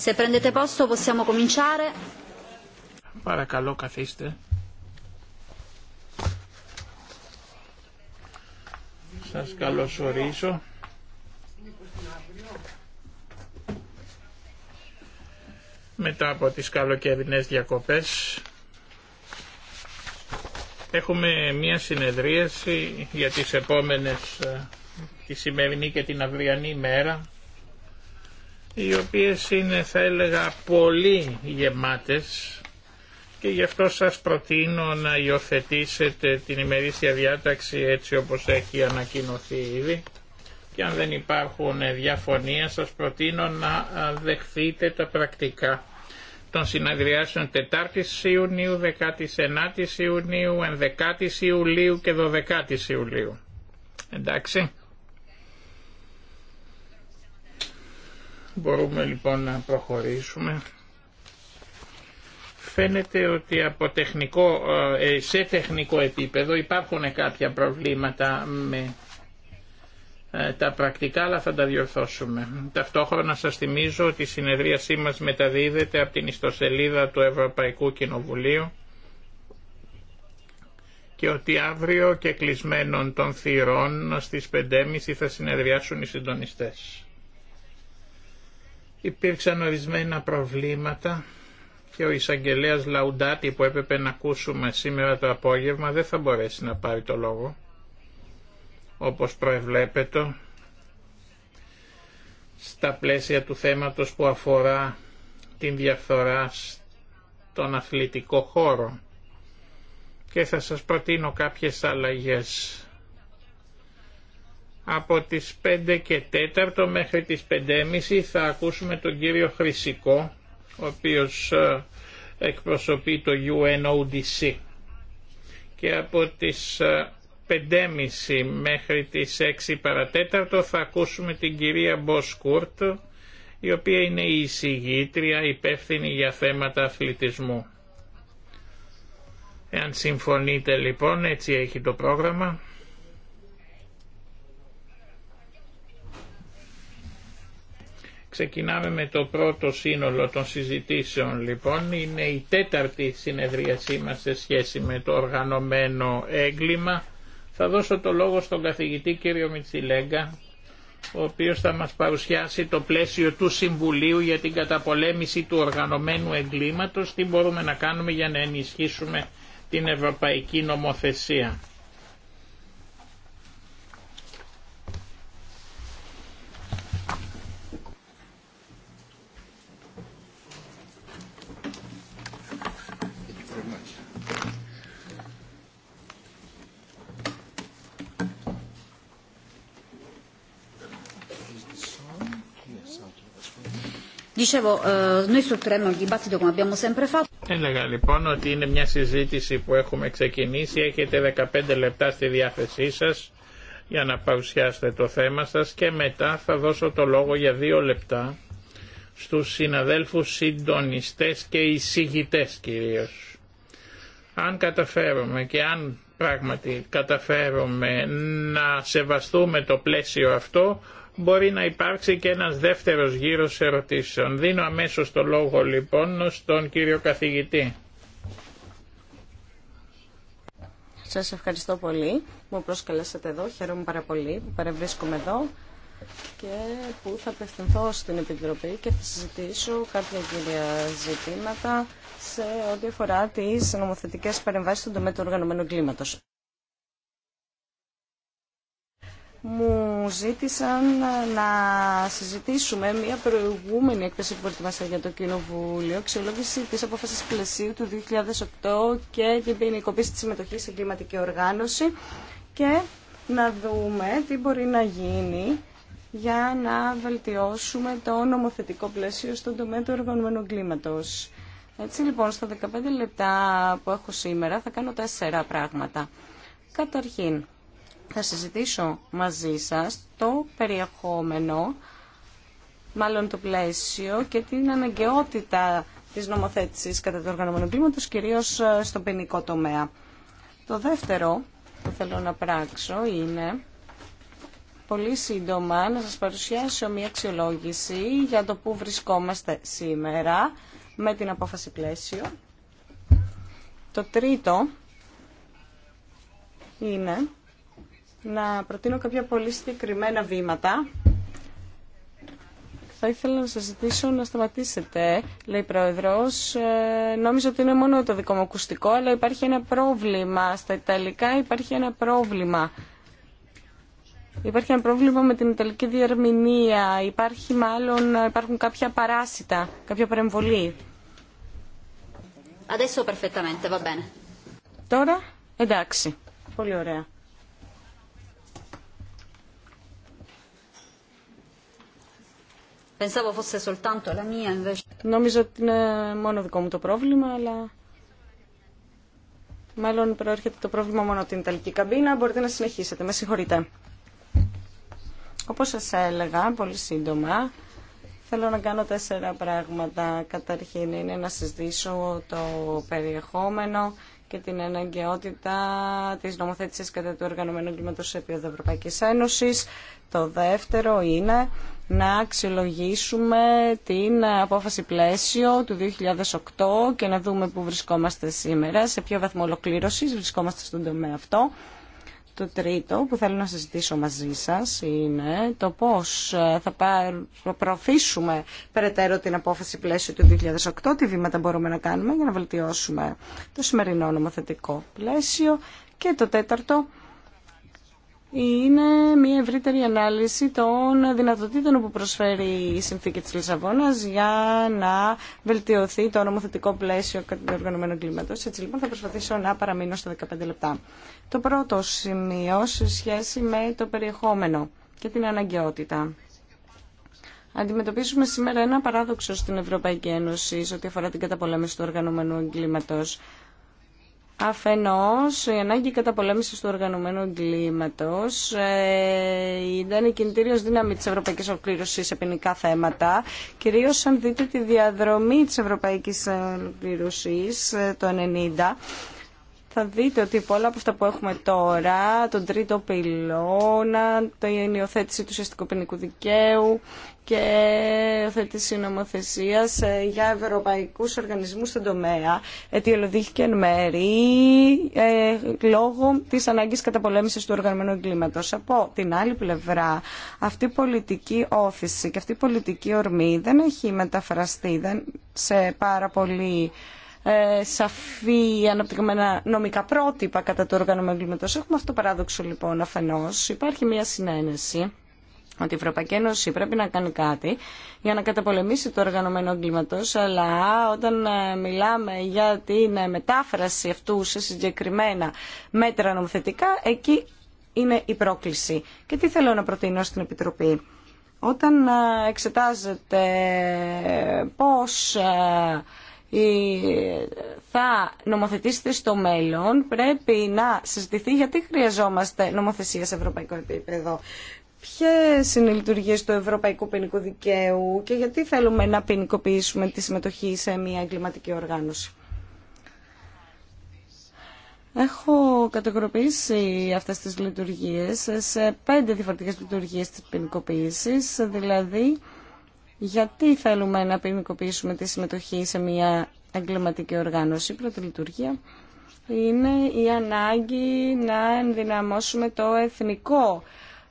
Se prendete posto possiamo cominciare. Παρακαλώ καθίστε. Σας καλωσορίζω. Μετά από τις καλοκαιρινές διακοπές έχουμε μια συνεδρίαση για τις επόμενες, ε, τη σημερινή και την αυριανή μέρα οι οποίες είναι θα έλεγα πολύ γεμάτες και γι' αυτό σας προτείνω να υιοθετήσετε την ημερήσια διάταξη έτσι όπως έχει ανακοινωθεί ήδη και αν δεν υπάρχουν διαφωνία σας προτείνω να δεχθείτε τα πρακτικά των συναδριάσεων 4η Ιουνίου, η Ιουνίου, η Ιουλίου και 12 η Ιουλίου. Εντάξει. Μπορούμε λοιπόν να προχωρήσουμε. Φαίνεται ότι από ε, σε τεχνικό επίπεδο υπάρχουν κάποια προβλήματα με ε, τα πρακτικά, αλλά θα τα διορθώσουμε. Ταυτόχρονα σας θυμίζω ότι η συνεδρίασή μας μεταδίδεται από την ιστοσελίδα του Ευρωπαϊκού Κοινοβουλίου και ότι αύριο και κλεισμένων των θυρών στις 5.30 θα συνεδριάσουν οι συντονιστές. Υπήρξαν ορισμένα προβλήματα και ο εισαγγελέα Λαουντάτη που έπρεπε να ακούσουμε σήμερα το απόγευμα δεν θα μπορέσει να πάρει το λόγο όπως προεβλέπετο στα πλαίσια του θέματος που αφορά την διαφθορά στον αθλητικό χώρο και θα σας προτείνω κάποιες αλλαγές από τις 5 και 4 μέχρι τις 5.30 θα ακούσουμε τον κύριο Χρυσικό, ο οποίος ε, εκπροσωπεί το UNODC. Και από τις 5.30 ε, μέχρι τις 6 θα ακούσουμε την κυρία Μποσκούρτ, η οποία είναι η εισηγήτρια υπεύθυνη για θέματα αθλητισμού. Εάν συμφωνείτε λοιπόν, έτσι έχει το πρόγραμμα. Ξεκινάμε με το πρώτο σύνολο των συζητήσεων λοιπόν. Είναι η τέταρτη συνεδρίασή μας σε σχέση με το οργανωμένο έγκλημα. Θα δώσω το λόγο στον καθηγητή κύριο Μιτσιλέγκα, ο οποίος θα μας παρουσιάσει το πλαίσιο του Συμβουλίου για την καταπολέμηση του οργανωμένου εγκλήματος, τι μπορούμε να κάνουμε για να ενισχύσουμε την ευρωπαϊκή νομοθεσία. Eh, Έλεγα λοιπόν ότι είναι μια συζήτηση που έχουμε ξεκινήσει. Έχετε 15 λεπτά στη διάθεσή σα για να παρουσιάσετε το θέμα σα και μετά θα δώσω το λόγο για δύο λεπτά στου συναδέλφου συντονιστέ και εισηγητέ κυρίω. Αν καταφέρουμε και αν πράγματι καταφέρουμε να σεβαστούμε το πλαίσιο αυτό, μπορεί να υπάρξει και ένας δεύτερος γύρος ερωτήσεων. Δίνω αμέσως το λόγο λοιπόν στον κύριο καθηγητή. Σας ευχαριστώ πολύ που με προσκαλέσατε εδώ. Χαίρομαι πάρα πολύ που παρευρίσκομαι εδώ και που θα απευθυνθώ στην Επιτροπή και θα συζητήσω κάποια κύρια ζητήματα σε ό,τι αφορά τις νομοθετικές παρεμβάσεις στον τομέα του οργανωμένου κλίματος. μου ζήτησαν να συζητήσουμε μια προηγούμενη έκθεση που προετοιμάσα για το Κοινοβούλιο, αξιολόγηση της απόφασης πλαισίου του 2008 και την ποινικοποίηση της συμμετοχής στην κλιματική οργάνωση και να δούμε τι μπορεί να γίνει για να βελτιώσουμε το νομοθετικό πλαίσιο στον τομέα του οργανωμένου κλίματος. Έτσι λοιπόν, στα 15 λεπτά που έχω σήμερα θα κάνω τέσσερα πράγματα. Καταρχήν, θα συζητήσω μαζί σας το περιεχόμενο, μάλλον το πλαίσιο και την αναγκαιότητα της νομοθέτησης κατά το οργανωμένο κλίματος, κυρίως ε, στον ποινικό τομέα. Το δεύτερο που θέλω να πράξω είναι πολύ σύντομα να σας παρουσιάσω μια αξιολόγηση για το που βρισκόμαστε σήμερα με την απόφαση πλαίσιο. Το τρίτο είναι να προτείνω κάποια πολύ συγκεκριμένα βήματα. Θα ήθελα να σας ζητήσω να σταματήσετε, λέει η Πρόεδρος. Ε, νόμιζα ότι είναι μόνο το δικό μου ακουστικό, αλλά υπάρχει ένα πρόβλημα. Στα Ιταλικά υπάρχει ένα πρόβλημα. Υπάρχει ένα πρόβλημα με την Ιταλική διαρμηνία. Υπάρχει μάλλον, υπάρχουν κάποια παράσιτα, κάποια παρεμβολή. Τώρα, εντάξει. Πολύ ωραία. Νομίζω ότι είναι μόνο δικό μου το πρόβλημα, αλλά μάλλον προέρχεται το πρόβλημα μόνο από την Ιταλική καμπίνα. Μπορείτε να συνεχίσετε. Με συγχωρείτε. Όπως σας έλεγα, πολύ σύντομα, θέλω να κάνω τέσσερα πράγματα. Καταρχήν είναι να συζητήσω το περιεχόμενο, και την αναγκαιότητα της νομοθέτησης κατά του οργανωμένου κλίματος σε επίπεδο Ευρωπαϊκής Ένωσης. Το δεύτερο είναι να αξιολογήσουμε την απόφαση πλαίσιο του 2008 και να δούμε πού βρισκόμαστε σήμερα, σε ποιο βαθμό ολοκλήρωση βρισκόμαστε στον τομέα αυτό. Το τρίτο που θέλω να συζητήσω μαζί σας είναι το πώς ε, θα προωθήσουμε περαιτέρω την απόφαση πλαίσιο του 2008, τι βήματα μπορούμε να κάνουμε για να βελτιώσουμε το σημερινό νομοθετικό πλαίσιο. Και το τέταρτο είναι μια ευρύτερη ανάλυση των δυνατοτήτων που προσφέρει η συνθήκη της Λισαβόνας για να βελτιωθεί το νομοθετικό πλαίσιο κατά του οργανωμένου κλίματος. Έτσι λοιπόν θα προσπαθήσω να παραμείνω στα 15 λεπτά. Το πρώτο σημείο σε σχέση με το περιεχόμενο και την αναγκαιότητα. Αντιμετωπίζουμε σήμερα ένα παράδοξο στην Ευρωπαϊκή Ένωση σε ό,τι αφορά την καταπολέμηση του οργανωμένου εγκλήματος. Αφενός, η ανάγκη καταπολέμησης του οργανωμένου εγκλήματος ε, ήταν η κινητήριος δύναμη της Ευρωπαϊκής Ολοκλήρωσης σε ποινικά θέματα. Κυρίως αν δείτε τη διαδρομή της Ευρωπαϊκής Ολοκλήρωσης ε, το 1990, θα δείτε ότι πολλά από αυτά που έχουμε τώρα, τον τρίτο πυλώνα, την υιοθέτηση του ουσιαστικού ποινικού δικαίου και θέτηση νομοθεσία για ευρωπαϊκού οργανισμού στον τομέα αιτιολογήθηκε εν μέρη ε, λόγω τη ανάγκη καταπολέμηση του οργανωμένου εγκλήματο. Από την άλλη πλευρά, αυτή η πολιτική όθηση και αυτή η πολιτική ορμή δεν έχει μεταφραστεί σε πάρα πολύ ε, σαφή αναπτυγμένα νομικά πρότυπα κατά του οργανωμένου εγκλήματο. Έχουμε αυτό το παράδοξο λοιπόν αφενό. Υπάρχει μια συνένεση ότι η Ευρωπαϊκή Ένωση πρέπει να κάνει κάτι για να καταπολεμήσει το οργανωμένο εγκλήματο, αλλά όταν ε, μιλάμε για την ε, μετάφραση αυτού σε συγκεκριμένα μέτρα νομοθετικά, εκεί είναι η πρόκληση. Και τι θέλω να προτείνω στην Επιτροπή. Όταν ε, εξετάζετε πώς θα νομοθετήσετε στο μέλλον πρέπει να συζητηθεί γιατί χρειαζόμαστε νομοθεσία σε ευρωπαϊκό επίπεδο. Ποιε είναι οι λειτουργίες του Ευρωπαϊκού Ποινικού Δικαίου και γιατί θέλουμε να ποινικοποιήσουμε τη συμμετοχή σε μια εγκληματική οργάνωση. Έχω κατηγοροποιήσει αυτές τις λειτουργίες σε πέντε διαφορετικές λειτουργίες της ποινικοποίηση, δηλαδή γιατί θέλουμε να ποινικοποιήσουμε τη συμμετοχή σε μια εγκληματική οργάνωση. Η πρώτη λειτουργία είναι η ανάγκη να ενδυναμώσουμε το εθνικό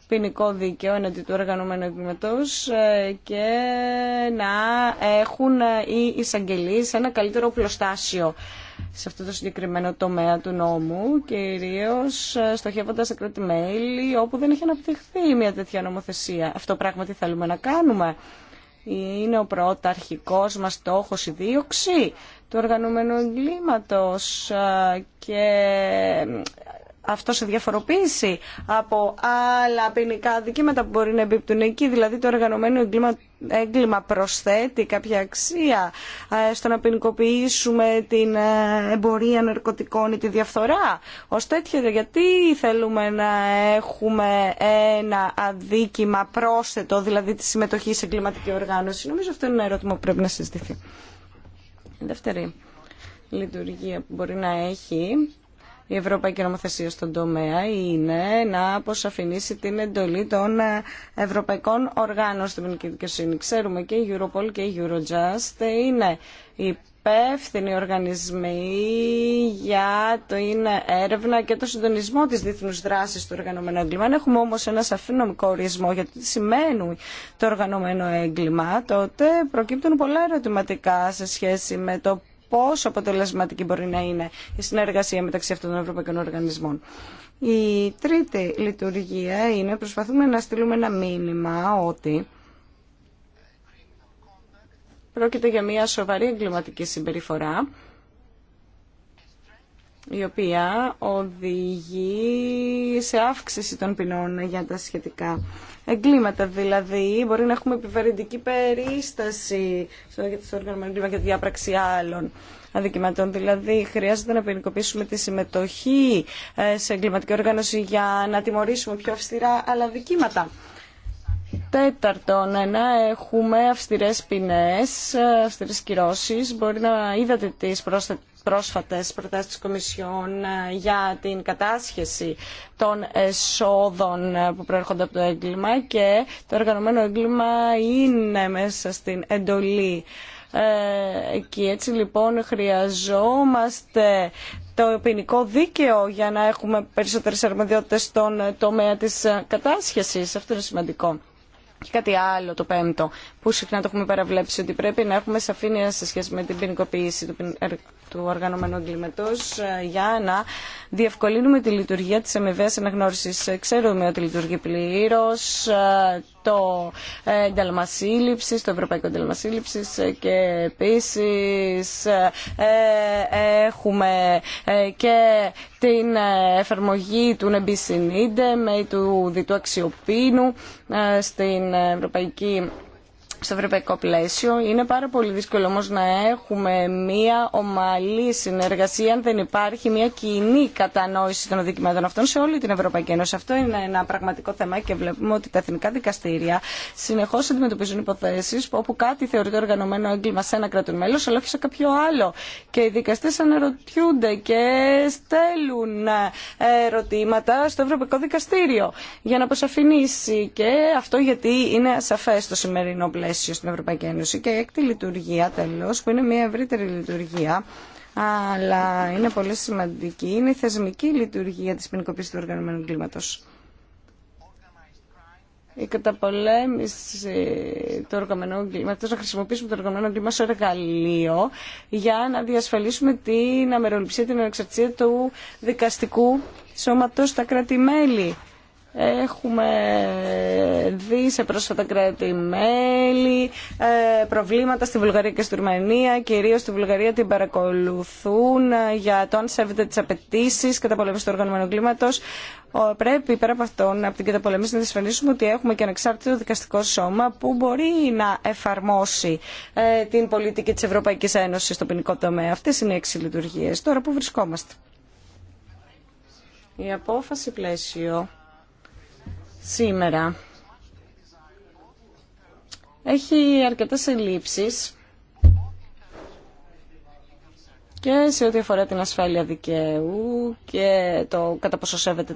ποινικό δίκαιο εναντί του οργανωμένου εγκληματός ε, και να έχουν ε, οι εισαγγελείς ένα καλύτερο πλωστάσιο σε αυτό το συγκεκριμένο τομέα του νόμου, κυρίω ε, στοχεύοντα σε κρατη όπου δεν έχει αναπτυχθεί μια τέτοια νομοθεσία. Αυτό πράγματι θέλουμε να κάνουμε. Είναι ο πρωταρχικός μας στόχο, η δίωξη του οργανωμένου εγκλήματο. και αυτό σε διαφοροποίηση από άλλα ποινικά δικήματα που μπορεί να εμπίπτουν εκεί. Δηλαδή το οργανωμένο εγκλήμα, έγκλημα προσθέτει κάποια αξία ε, στο να ποινικοποιήσουμε την ε, εμπορία ναρκωτικών ή τη διαφθορά. Ως τέτοιο γιατί θέλουμε να έχουμε ένα αδίκημα πρόσθετο, δηλαδή τη συμμετοχή σε εγκληματική οργάνωση. Νομίζω αυτό είναι ένα ερώτημα που πρέπει να συζητηθεί. Η δεύτερη λειτουργία που μπορεί να εχουμε ενα αδικημα προσθετο δηλαδη τη συμμετοχη σε εγκληματικη οργανωση νομιζω αυτο ειναι ενα ερωτημα που πρεπει να συζητηθει δευτερη λειτουργια που μπορει να εχει η Ευρωπαϊκή Νομοθεσία στον τομέα είναι να αποσαφηνίσει την εντολή των ε, ευρωπαϊκών οργάνων στην ποινική δικαιοσύνη. Ξέρουμε και η Europol και η Eurojust είναι υπεύθυνοι οργανισμοί για το είναι έρευνα και το συντονισμό της διεθνούς δράσης του οργανωμένου έγκλημα. Αν έχουμε όμως ένα σαφή νομικό ορισμό για το τι σημαίνει το οργανωμένο έγκλημα, τότε προκύπτουν πολλά ερωτηματικά σε σχέση με το πόσο αποτελεσματική μπορεί να είναι η συνεργασία μεταξύ αυτών των ευρωπαϊκών οργανισμών. Η τρίτη λειτουργία είναι προσπαθούμε να στείλουμε ένα μήνυμα ότι πρόκειται για μια σοβαρή εγκληματική συμπεριφορά η οποία οδηγεί σε αύξηση των ποινών για τα σχετικά εγκλήματα. Δηλαδή, μπορεί να έχουμε επιβαρυντική περίσταση στο όργανο και τη διάπραξη άλλων αδικηματών. Δηλαδή, χρειάζεται να ποινικοποιήσουμε τη συμμετοχή ε, σε εγκληματική οργάνωση για να τιμωρήσουμε πιο αυστηρά άλλα δικήματα. Τέταρτον, ε, να έχουμε αυστηρές ποινές, ε, αυστηρές κυρώσεις. Μπορεί να είδατε τις πρόσθετες πρόσφατες προτάσεις της Κομισιόν ε, για την κατάσχεση των εσόδων ε, που προέρχονται από το έγκλημα και το οργανωμένο έγκλημα είναι μέσα στην εντολή ε, και έτσι λοιπόν χρειαζόμαστε το ποινικό δίκαιο για να έχουμε περισσότερες αρμοδιότητες στον τομέα της κατάσχεσης. Αυτό είναι σημαντικό. Και κάτι άλλο το πέμπτο, που συχνά το έχουμε παραβλέψει, ότι πρέπει να έχουμε σαφήνεια σε σχέση με την ποινικοποίηση του ε, οργανωμένου εγκλήματο ε, για να διευκολύνουμε τη λειτουργία τη αμοιβαία αναγνώριση. Ξέρουμε ότι λειτουργεί πλήρω ε, το ένταλμα το ευρωπαϊκό ένταλμα και επίση έχουμε και την εφαρμογή του νεμπισινίντεμ με e του διτού αξιοπίνου στην Ευρωπαϊκή στο ευρωπαϊκό πλαίσιο. Είναι πάρα πολύ δύσκολο όμως να έχουμε μία ομαλή συνεργασία αν δεν υπάρχει μία κοινή κατανόηση των δικημάτων αυτών σε όλη την Ευρωπαϊκή Ένωση. Αυτό είναι ένα πραγματικό θέμα και βλέπουμε ότι τα εθνικά δικαστήρια συνεχώς αντιμετωπίζουν υποθέσεις όπου κάτι θεωρείται οργανωμένο έγκλημα σε ένα κράτο μέλος αλλά όχι σε κάποιο άλλο. Και οι δικαστές αναρωτιούνται και στέλνουν ε, ερωτήματα στο Ευρωπαϊκό Δικαστήριο για να αποσαφηνίσει και αυτό γιατί είναι σαφές το σημερινό πλαίσιο πλαίσιο στην Ευρωπαϊκή Ένωση και η έκτη λειτουργία τέλος που είναι μια ευρύτερη λειτουργία αλλά είναι πολύ σημαντική είναι η θεσμική λειτουργία της ποινικοποίησης του οργανωμένου κλίματος. Η καταπολέμηση του οργανωμένου κλίματος, να χρησιμοποιήσουμε το οργανωμένο κλίμα σε εργαλείο για να διασφαλίσουμε την αμεροληψία, την ανεξαρτησία του δικαστικού σώματος στα κράτη-μέλη. Έχουμε δει σε πρόσφατα κράτη-μέλη ε, προβλήματα στη Βουλγαρία και στη Ρουμανία. Κυρίω στη Βουλγαρία την παρακολουθούν ε, για το αν σέβεται τι απαιτήσει κατά πολέμηση του οργανωμένου κλίματο. Πρέπει πέρα από αυτό από την καταπολέμηση, να δυσφανίσουμε ότι έχουμε και εξάρτητο δικαστικό σώμα που μπορεί να εφαρμόσει ε, την πολιτική τη Ευρωπαϊκή Ένωση στο ποινικό τομέα. Αυτέ είναι οι έξι λειτουργίε. Τώρα που βρισκόμαστε. Η απόφαση πλαίσιο σήμερα έχει αρκετές ελλείψεις και σε ό,τι αφορά την ασφάλεια δικαίου και το κατά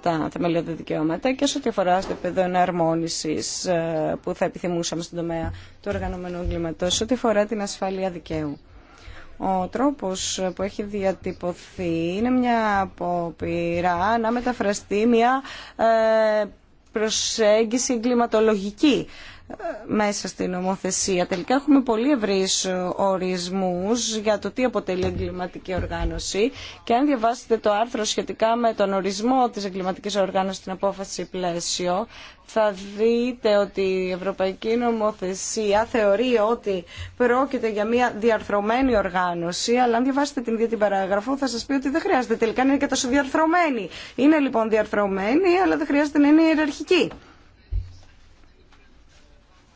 τα θεμελιώδη δικαιώματα και σε ό,τι αφορά στο επίπεδο εναρμόνιση ε, που θα επιθυμούσαμε στον τομέα του οργανωμένου εγκλήματο, σε ό,τι αφορά την ασφάλεια δικαίου. Ο τρόπος που έχει διατυπωθεί είναι μια απόπειρα να μεταφραστεί μια ε, προσέγγιση εγκληματολογική μέσα στην νομοθεσία. Τελικά έχουμε πολύ ευρύς ορισμούς για το τι αποτελεί εγκληματική οργάνωση και αν διαβάσετε το άρθρο σχετικά με τον ορισμό της εγκληματικής οργάνωσης στην απόφαση πλαίσιο θα δείτε ότι η Ευρωπαϊκή Νομοθεσία θεωρεί ότι πρόκειται για μια διαρθρωμένη οργάνωση, αλλά αν διαβάσετε την ίδια την παράγραφο θα σας πει ότι δεν χρειάζεται τελικά να είναι και τόσο διαρθρωμένη. Είναι λοιπόν διαρθρωμένη, αλλά δεν χρειάζεται να είναι ιεραρχική.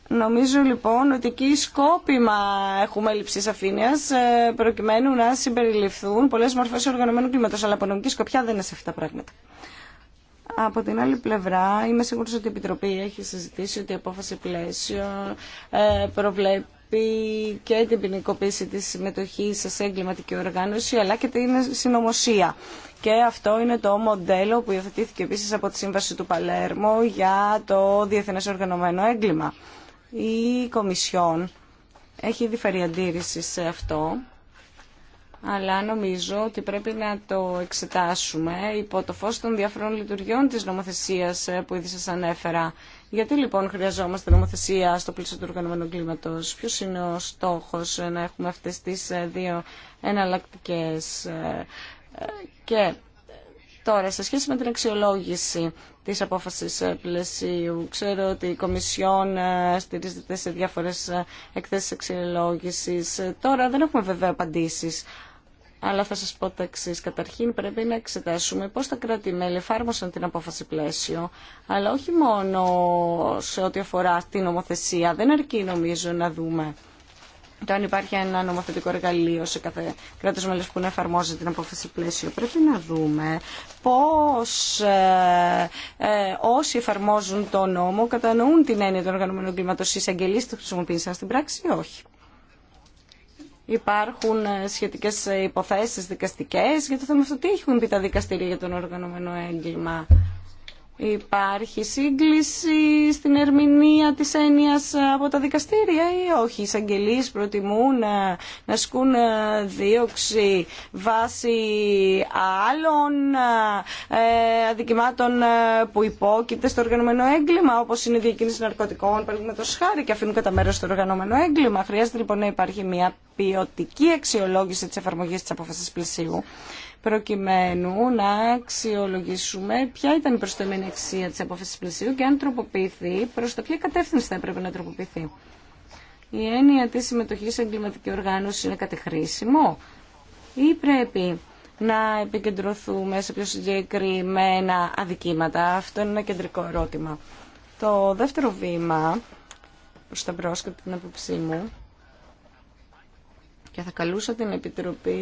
Νομίζω λοιπόν ότι εκεί σκόπιμα έχουμε έλλειψη σαφήνεια ε, προκειμένου να συμπεριληφθούν πολλέ μορφέ οργανωμένου κλίματο. Αλλά από νομική σκοπιά δεν είναι σε αυτά τα πράγματα. Από την άλλη πλευρά, είμαι σίγουρη ότι η Επιτροπή έχει συζητήσει ότι η απόφαση πλαίσιο ε, προβλέπει και την ποινικοποίηση τη συμμετοχή σε εγκληματική οργάνωση αλλά και την συνωμοσία. Και αυτό είναι το μοντέλο που υιοθετήθηκε επίση από τη Σύμβαση του Παλέρμο για το Διεθνέ οργανωμένο έγκλημα. Η Κομισιόν έχει ήδη αντίρρηση σε αυτό, αλλά νομίζω ότι πρέπει να το εξετάσουμε υπό το φως των διαφορών λειτουργιών της νομοθεσίας ε, που ήδη σας ανέφερα. Γιατί λοιπόν χρειαζόμαστε νομοθεσία στο πλήσιο του οργανωμένου κλίματος. Ποιος είναι ο στόχος ε, να έχουμε αυτές τις ε, δύο εναλλακτικές και Τώρα, σε σχέση με την αξιολόγηση της απόφασης ε, πλαισίου, ξέρω ότι η Κομισιόν ε, στηρίζεται σε διάφορες ε, εκθέσει αξιολόγησης. Τώρα δεν έχουμε βέβαια απαντήσεις. Αλλά θα σα πω τα εξή. Καταρχήν πρέπει να εξετάσουμε πώς τα κράτη-μέλη εφάρμοσαν την απόφαση πλαίσιο, αλλά όχι μόνο σε ό,τι αφορά την νομοθεσία. Δεν αρκεί νομίζω να δούμε το αν υπάρχει ένα νομοθετικό εργαλείο σε κάθε κράτος μέλος που να εφαρμόζει την απόφαση πλαίσιο. Πρέπει να δούμε πώς ε, ε, όσοι εφαρμόζουν το νόμο κατανοούν την έννοια των οργανωμένων κλίματος εισαγγελής, το χρησιμοποίησαν στην πράξη ή όχι. Υπάρχουν ε, σχετικές υποθέσεις δικαστικές για το θέμα αυτό τι έχουν πει τα δικαστήρια για τον οργανωμένο έγκλημα. Υπάρχει σύγκληση στην ερμηνεία της έννοιας από τα δικαστήρια ή όχι. Οι εισαγγελείς προτιμούν ε, να, να σκούν ε, δίωξη βάσει άλλων ε, αδικημάτων που υπόκειται στο οργανωμένο έγκλημα, όπως είναι η διακίνηση ναρκωτικών, παραδείγματο χάρη, και αφήνουν κατά μέρο το οργανωμένο έγκλημα. Χρειάζεται λοιπόν να υπάρχει μια ποιοτική αξιολόγηση της εφαρμογής της απόφασης πλησίου προκειμένου να αξιολογήσουμε ποια ήταν η προστομένη αξία της απόφασης πλαισίου και αν τροποποιηθεί, προς τα ποια κατεύθυνση θα έπρεπε να τροποποιηθεί. Η έννοια της συμμετοχής σε εγκληματική οργάνωση είναι κατεχρήσιμο ή πρέπει να επικεντρωθούμε σε πιο συγκεκριμένα αδικήματα. Αυτό είναι ένα κεντρικό ερώτημα. Το δεύτερο βήμα προς τα μπρος την άποψή μου και θα καλούσα την Επιτροπή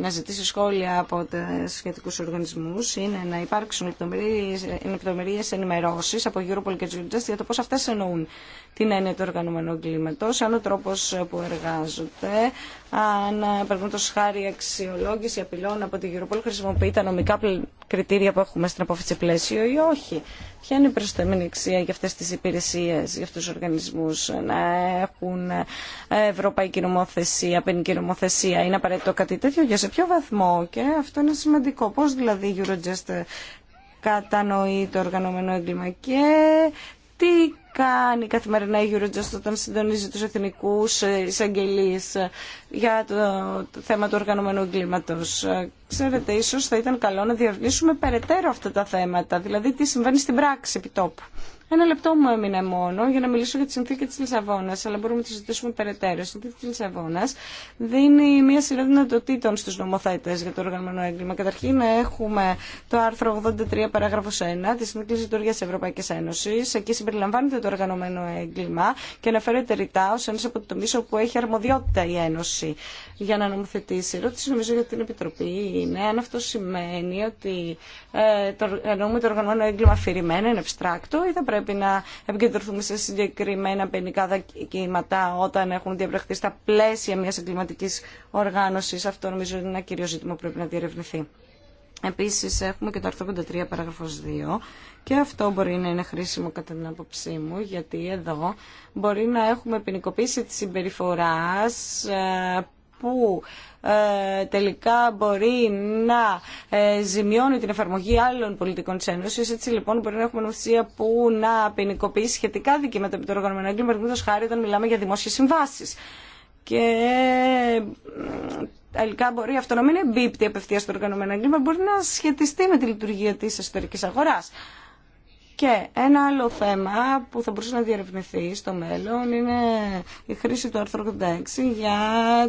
να ζητήσει σχόλια από τα σχετικού οργανισμού. Είναι να υπάρξουν λεπτομερίε ενημερώσει από Europol και για το πώ αυτέ εννοούν την έννοια του οργανωμένου εγκλήματο, αν ο τρόπο που εργάζονται, αν παραδείγματο χάρη αξιολόγηση απειλών από την Europol χρησιμοποιεί τα νομικά κριτήρια που έχουμε στην απόφαση πλαίσιο ή όχι. Ποια είναι η προσταμένη αξία για αυτές τις υπηρεσίες, για αυτούς τους οργανισμούς να έχουν ε, ευρωπαϊκή νομοθεσία, ποινική νομοθεσία. Είναι απαραίτητο κάτι τέτοιο, για σε ποιο βαθμό και αυτό είναι σημαντικό. Πώς δηλαδή η Eurojust κατανοεί το οργανωμένο έγκλημα και τι κάνει καθημερινά η Eurojust όταν συντονίζει τους εθνικούς εισαγγελείς για το θέμα του οργανωμένου εγκλήματος. Ξέρετε, ίσως θα ήταν καλό να διαρνήσουμε περαιτέρω αυτά τα θέματα, δηλαδή τι συμβαίνει στην πράξη επιτόπου. Ένα λεπτό μου έμεινε μόνο για να μιλήσω για τη συνθήκη τη Λισαβόνα, αλλά μπορούμε να τη συζητήσουμε περαιτέρω. Η συνθήκη τη Λισαβόνα δίνει μια σειρά δυνατοτήτων στου νομοθέτε για το οργανωμένο έγκλημα. Καταρχήν, έχουμε το άρθρο 83, παράγραφο 1 τη Συνθήκη Λειτουργία Ευρωπαϊκή Ένωση. Εκεί συμπεριλαμβάνεται το οργανωμένο έγκλημα και αναφέρεται ρητά ω ένα από το τομεί όπου έχει αρμοδιότητα η Ένωση για να νομοθετήσει. Η ερώτηση νομίζω για την Επιτροπή είναι αν αυτό σημαίνει ότι ε, το, εννοούμε το οργανωμένο έγκλημα αφηρημένο είναι ευστράκτο ή θα πρέπει πρέπει να επικεντρωθούμε σε συγκεκριμένα ποινικά δικήματα όταν έχουν διαπραχθεί στα πλαίσια μιας εγκληματική οργάνωσης. Αυτό νομίζω είναι ένα κύριο ζήτημα που πρέπει να διερευνηθεί. Επίσης έχουμε και το άρθρο 53 παράγραφος 2 και αυτό μπορεί να είναι χρήσιμο κατά την άποψή μου γιατί εδώ μπορεί να έχουμε ποινικοποίηση τη συμπεριφορά ε, που ε, τελικά μπορεί να ε, ζημιώνει την εφαρμογή άλλων πολιτικών της Ένωσης. Έτσι λοιπόν μπορεί να έχουμε νομοθεσία που να ποινικοποιεί σχετικά δικαιώματα από το οργανωμένο έγκλημα, παραδείγματος χάρη όταν μιλάμε για δημόσιες συμβάσεις. Και ε, τελικά μπορεί αυτό να μην εμπίπτει απευθεία στο οργανωμένο έγκλημα, μπορεί να σχετιστεί με τη λειτουργία της εσωτερικής αγοράς. Και ένα άλλο θέμα που θα μπορούσε να διερευνηθεί στο μέλλον είναι η χρήση του άρθρου 86 για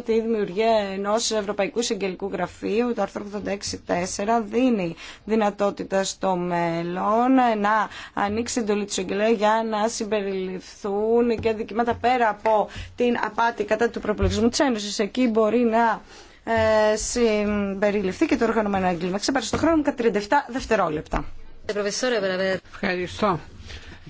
τη δημιουργία ενό Ευρωπαϊκού Συγγελικού Γραφείου. Το άρθρο 86 86-4 δίνει δυνατότητα στο μέλλον να ανοίξει εντολή του Συγγελέα για να συμπεριληφθούν και δικημάτα πέρα από την απάτη κατά του προπολογισμού τη Ένωση. Εκεί μπορεί να ε, συμπεριληφθεί και το οργανωμένο έγκλημα. Ξεπέρασε το χρόνο κατά 37 δευτερόλεπτα. Ευχαριστώ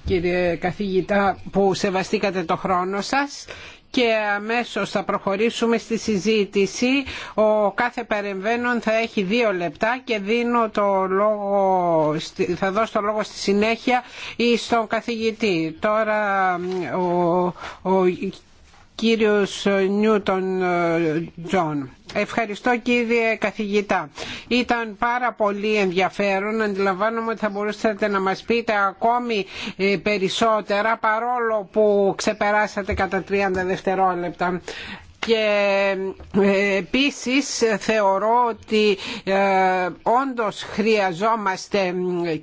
κύριε καθηγητά που σεβαστήκατε το χρόνο σας και αμέσως θα προχωρήσουμε στη συζήτηση. Ο κάθε παρεμβαίνων θα έχει δύο λεπτά και δίνω το λόγο, θα δώσω το λόγο στη συνέχεια ή στον καθηγητή. Τώρα ο κύριος Νιούτον ε, Τζον. Ευχαριστώ κύριε καθηγητά. Ήταν πάρα πολύ ενδιαφέρον. Αντιλαμβάνομαι ότι θα μπορούσατε να μας πείτε ακόμη ε, περισσότερα παρόλο που ξεπεράσατε κατά 30 δευτερόλεπτα και ε, επίσης θεωρώ ότι ε, όντως χρειαζόμαστε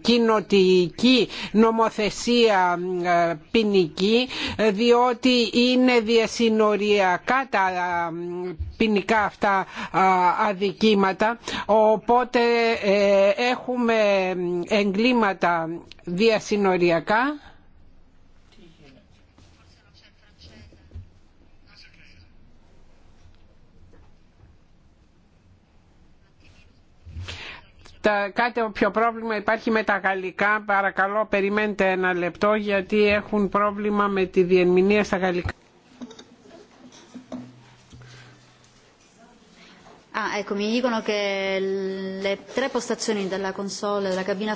κοινοτική νομοθεσία ε, ποινική διότι είναι διασυνοριακά τα ποινικά αυτά αδικήματα οπότε έχουμε εγκλήματα διασυνοριακά τα, κάτι πιο πρόβλημα υπάρχει με τα γαλλικά, παρακαλώ περιμένετε ένα λεπτό γιατί έχουν πρόβλημα με τη διερμηνία στα γαλλικά. Ah, ecco, mi dicono che le tre postazioni della console della cabina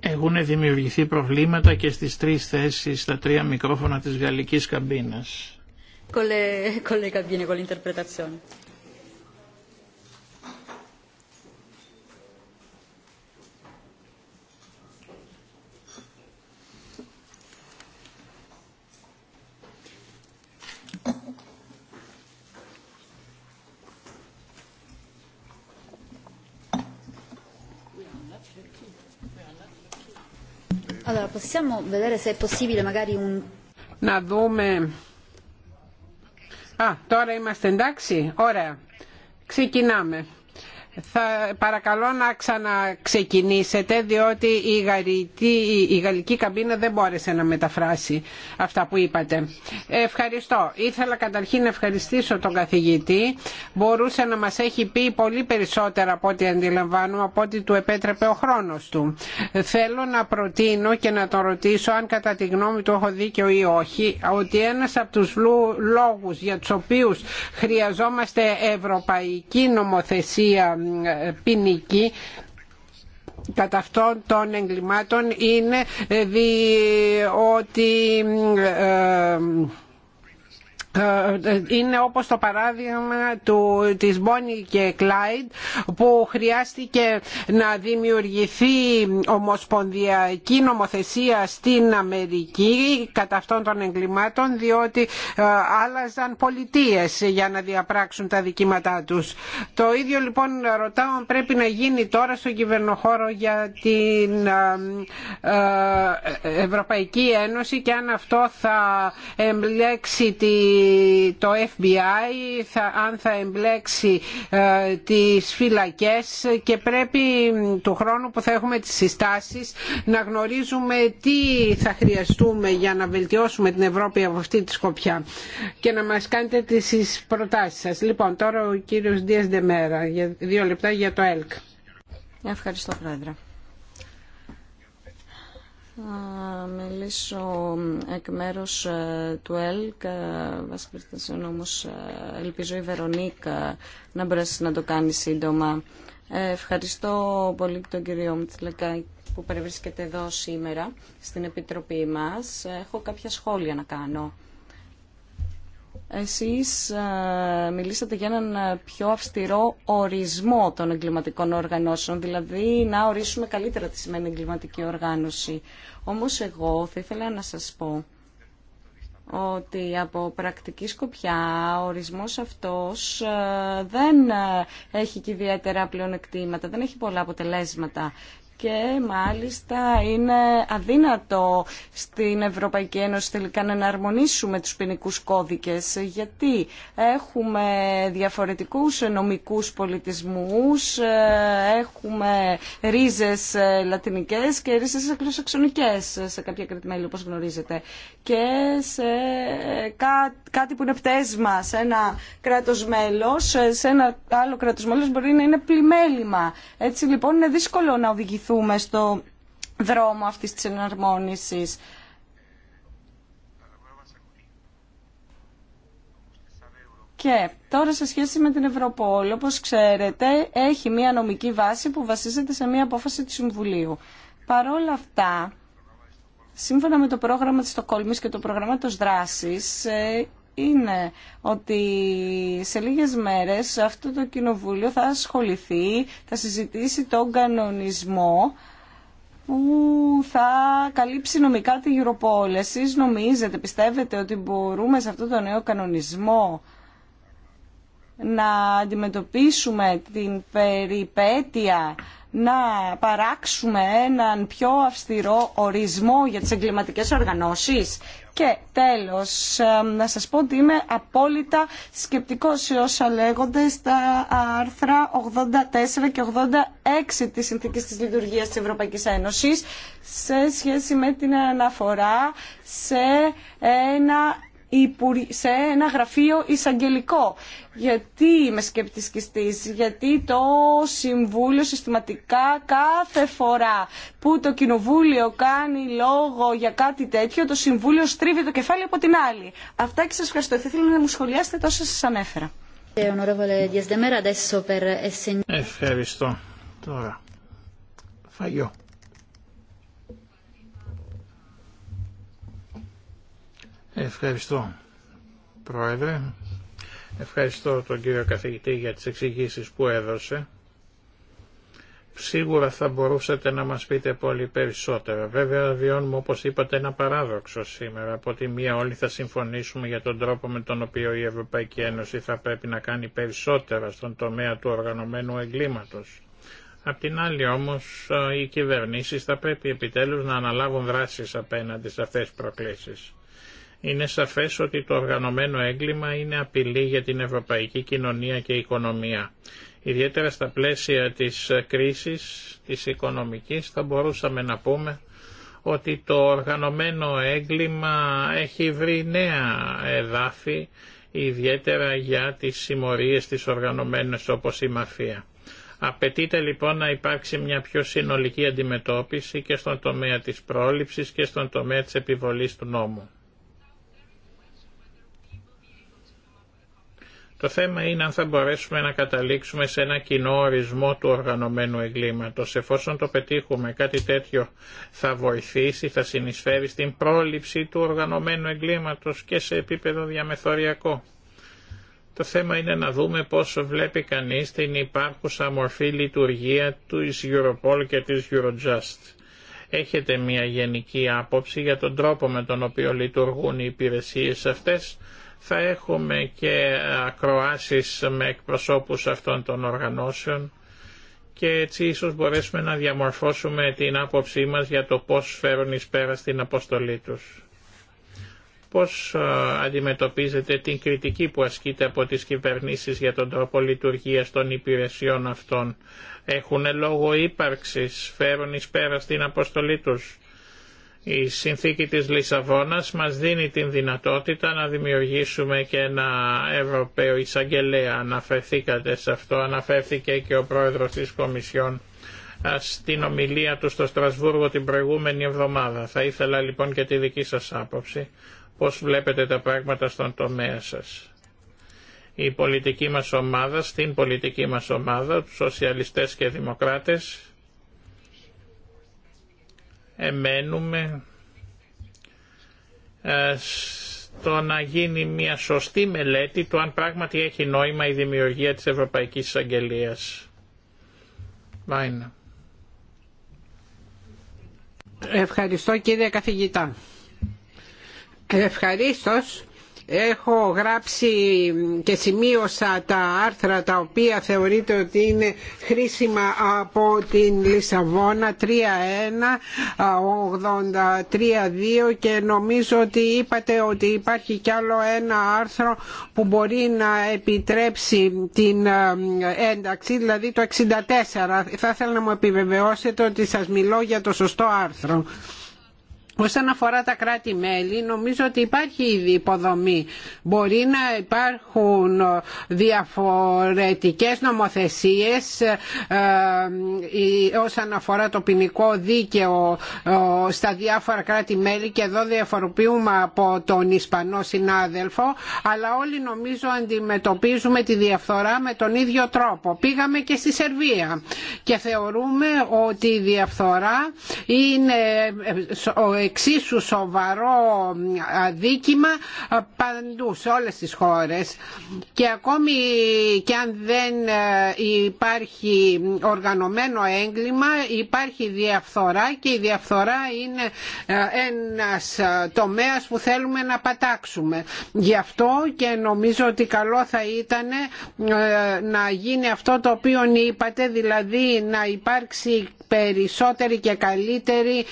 Έχουν δημιουργηθεί προβλήματα και στις τρεις θέσεις, στα τρία μικρόφωνα της γαλλικής καμπίνας. Con le, con le cabine, Allora, possiamo vedere se è possibile magari un... Να δούμε... Α, τώρα είμαστε εντάξει. Ωραία. Ξεκινάμε θα παρακαλώ να ξαναξεκινήσετε διότι η, γαλλική καμπίνα δεν μπόρεσε να μεταφράσει αυτά που είπατε. Ευχαριστώ. Ήθελα καταρχήν να ευχαριστήσω τον καθηγητή. Μπορούσε να μας έχει πει πολύ περισσότερα από ό,τι αντιλαμβάνουμε, από ό,τι του επέτρεπε ο χρόνος του. Θέλω να προτείνω και να τον ρωτήσω αν κατά τη γνώμη του έχω δίκιο ή όχι, ότι ένας από τους λόγους για τους οποίους χρειαζόμαστε ευρωπαϊκή νομοθεσία ποινική κατά αυτών των εγκλημάτων είναι ε, διότι ε, ε, είναι όπως το παράδειγμα του, της Μπόνι και Κλάιντ που χρειάστηκε να δημιουργηθεί ομοσπονδιακή νομοθεσία στην Αμερική κατά αυτών των εγκλημάτων διότι ε, άλλαζαν πολιτείες για να διαπράξουν τα δικήματά τους. Το ίδιο λοιπόν ρωτάω πρέπει να γίνει τώρα στον κυβερνοχώρο για την ε, Ευρωπαϊκή Ένωση και αν αυτό θα εμπλέξει τη το FBI θα, αν θα εμπλέξει ε, τις φυλακές και πρέπει του χρόνου που θα έχουμε τις συστάσεις να γνωρίζουμε τι θα χρειαστούμε για να βελτιώσουμε την Ευρώπη από αυτή τη σκοπιά και να μας κάνετε τις προτάσεις σας. Λοιπόν, τώρα ο κύριος Δίας Δεμέρα, για δύο λεπτά για το ΕΛΚ. Ευχαριστώ, Πρόεδρε. Θα μιλήσω εκ μέρους ε, του ΕΛΚ, ε, περιστασίων ε, ελπίζω η Βερονίκα να μπορέσει να το κάνει σύντομα. Ευχαριστώ πολύ τον κύριο Μητσλεκά που παρευρίσκεται εδώ σήμερα στην Επιτροπή μας. Έχω κάποια σχόλια να κάνω. Εσείς ε, μιλήσατε για έναν ε, πιο αυστηρό ορισμό των εγκληματικών οργανώσεων, δηλαδή να ορίσουμε καλύτερα τι σημαίνει εγκληματική οργάνωση. Όμως εγώ θα ήθελα να σας πω ότι από πρακτική σκοπιά ο ορισμός αυτός ε, δεν έχει και ιδιαίτερα πλεονεκτήματα, δεν έχει πολλά αποτελέσματα και μάλιστα είναι αδύνατο στην Ευρωπαϊκή Ένωση τελικά να εναρμονίσουμε τους ποινικού κώδικες γιατί έχουμε διαφορετικούς νομικούς πολιτισμούς, έχουμε ρίζες λατινικές και ρίζες εκλοσαξονικές σε κάποια κρατημέλη όπως γνωρίζετε και σε κάτι που είναι πτέσμα σε ένα κράτος μέλος, σε ένα άλλο κράτος μέλος μπορεί να είναι πλημέλημα. Έτσι λοιπόν είναι δύσκολο να οδηγηθούμε βρεθούμε στο δρόμο αυτής της εναρμόνισης. Και τώρα σε σχέση με την Ευρωπόλ, όπως ξέρετε, έχει μία νομική βάση που βασίζεται σε μία απόφαση του Συμβουλίου. Παρόλα αυτά, σύμφωνα με το πρόγραμμα της Στοκόλμης και το πρόγραμμα των δράσης, ε, είναι ότι σε λίγες μέρες αυτό το κοινοβούλιο θα ασχοληθεί, θα συζητήσει τον κανονισμό που θα καλύψει νομικά τη Europol. Εσείς νομίζετε, πιστεύετε ότι μπορούμε σε αυτό το νέο κανονισμό να αντιμετωπίσουμε την περιπέτεια να παράξουμε έναν πιο αυστηρό ορισμό για τις εγκληματικές οργανώσεις και τέλος, ε, να σας πω ότι είμαι απόλυτα σκεπτικός σε όσα λέγονται στα άρθρα 84 και 86 της Συνθήκης της Λειτουργίας της Ευρωπαϊκής Ένωσης σε σχέση με την αναφορά σε ένα σε ένα γραφείο εισαγγελικό. Γιατί είμαι σκεπτισκιστής, γιατί το Συμβούλιο συστηματικά κάθε φορά που το Κοινοβούλιο κάνει λόγο για κάτι τέτοιο, το Συμβούλιο στρίβει το κεφάλι από την άλλη. Αυτά και σας ευχαριστώ. Θα να μου σχολιάσετε τόσο σας ανέφερα. Ε, ε, ευχαριστώ. Τώρα, φαγιό. Ευχαριστώ, Πρόεδρε. Ευχαριστώ τον κύριο καθηγητή για τις εξηγήσεις που έδωσε. Σίγουρα θα μπορούσατε να μας πείτε πολύ περισσότερα. Βέβαια βιώνουμε όπως είπατε ένα παράδοξο σήμερα. Από τη μία όλοι θα συμφωνήσουμε για τον τρόπο με τον οποίο η Ευρωπαϊκή Ένωση θα πρέπει να κάνει περισσότερα στον τομέα του οργανωμένου εγκλήματος. Απ' την άλλη όμως οι κυβερνήσεις θα πρέπει επιτέλους να αναλάβουν δράσεις απέναντι σε αυτές τις προκλήσεις. Είναι σαφές ότι το οργανωμένο έγκλημα είναι απειλή για την ευρωπαϊκή κοινωνία και οικονομία. Ιδιαίτερα στα πλαίσια της κρίσης, της οικονομικής, θα μπορούσαμε να πούμε ότι το οργανωμένο έγκλημα έχει βρει νέα εδάφη, ιδιαίτερα για τις συμμορίες της οργανωμένες όπως η μαφία. Απαιτείται λοιπόν να υπάρξει μια πιο συνολική αντιμετώπιση και στον τομέα της πρόληψης και στον τομέα της επιβολής του νόμου. Το θέμα είναι αν θα μπορέσουμε να καταλήξουμε σε ένα κοινό ορισμό του οργανωμένου εγκλήματος. Εφόσον το πετύχουμε κάτι τέτοιο θα βοηθήσει, θα συνεισφέρει στην πρόληψη του οργανωμένου εγκλήματος και σε επίπεδο διαμεθοριακό. Το θέμα είναι να δούμε πόσο βλέπει κανείς την υπάρχουσα μορφή λειτουργία του Europol και της Eurojust. Έχετε μια γενική άποψη για τον τρόπο με τον οποίο λειτουργούν οι υπηρεσίες αυτές θα έχουμε και ακροάσεις με εκπροσώπους αυτών των οργανώσεων και έτσι ίσως μπορέσουμε να διαμορφώσουμε την άποψή μας για το πώς φέρουν εις πέρα στην αποστολή τους. Πώς αντιμετωπίζετε την κριτική που ασκείται από τις κυβερνήσεις για τον τρόπο λειτουργίας των υπηρεσιών αυτών. Έχουν λόγο ύπαρξης, φέρουν εις πέρα στην αποστολή τους. Η συνθήκη της Λισαβόνας μας δίνει την δυνατότητα να δημιουργήσουμε και ένα Ευρωπαίο εισαγγελέα. Αναφερθήκατε σε αυτό, αναφέρθηκε και ο πρόεδρος της Κομισιόν στην ομιλία του στο Στρασβούργο την προηγούμενη εβδομάδα. Θα ήθελα λοιπόν και τη δική σας άποψη, πώς βλέπετε τα πράγματα στον τομέα σας. Η πολιτική μας ομάδα, στην πολιτική μας ομάδα, τους σοσιαλιστές και δημοκράτες, εμένουμε ε, στο να γίνει μια σωστή μελέτη του αν πράγματι έχει νόημα η δημιουργία της Ευρωπαϊκής Εισαγγελίας. Ευχαριστώ κύριε καθηγητά. Ευχαρίστως έχω γράψει και σημείωσα τα άρθρα τα οποία θεωρείτε ότι είναι χρήσιμα από την Λισαβόνα 3.1, 83.2 και νομίζω ότι είπατε ότι υπάρχει κι άλλο ένα άρθρο που μπορεί να επιτρέψει την ε, ένταξη, δηλαδή το 64. Θα ήθελα να μου επιβεβαιώσετε ότι σας μιλώ για το σωστό άρθρο. Όσον αφορά τα κράτη-μέλη, νομίζω ότι υπάρχει ήδη υποδομή. Μπορεί να υπάρχουν διαφορετικές νομοθεσίες ε, ε, όσον αφορά το ποινικό δίκαιο ε, στα διάφορα κράτη-μέλη και εδώ διαφοροποιούμε από τον Ισπανό συνάδελφο, αλλά όλοι νομίζω αντιμετωπίζουμε τη διαφθορά με τον ίδιο τρόπο. Πήγαμε και στη Σερβία και θεωρούμε ότι η διαφθορά είναι εξίσου σοβαρό αδίκημα ε, παντού σε όλες τις χώρες και ακόμη και αν δεν ε, υπάρχει οργανωμένο έγκλημα υπάρχει διαφθορά και η διαφθορά είναι ε, ένας τομέας που θέλουμε να πατάξουμε. Γι' αυτό και νομίζω ότι καλό θα ήταν να γίνει αυτό το οποίο είπατε, δηλαδή να υπάρξει περισσότερη και καλύτερη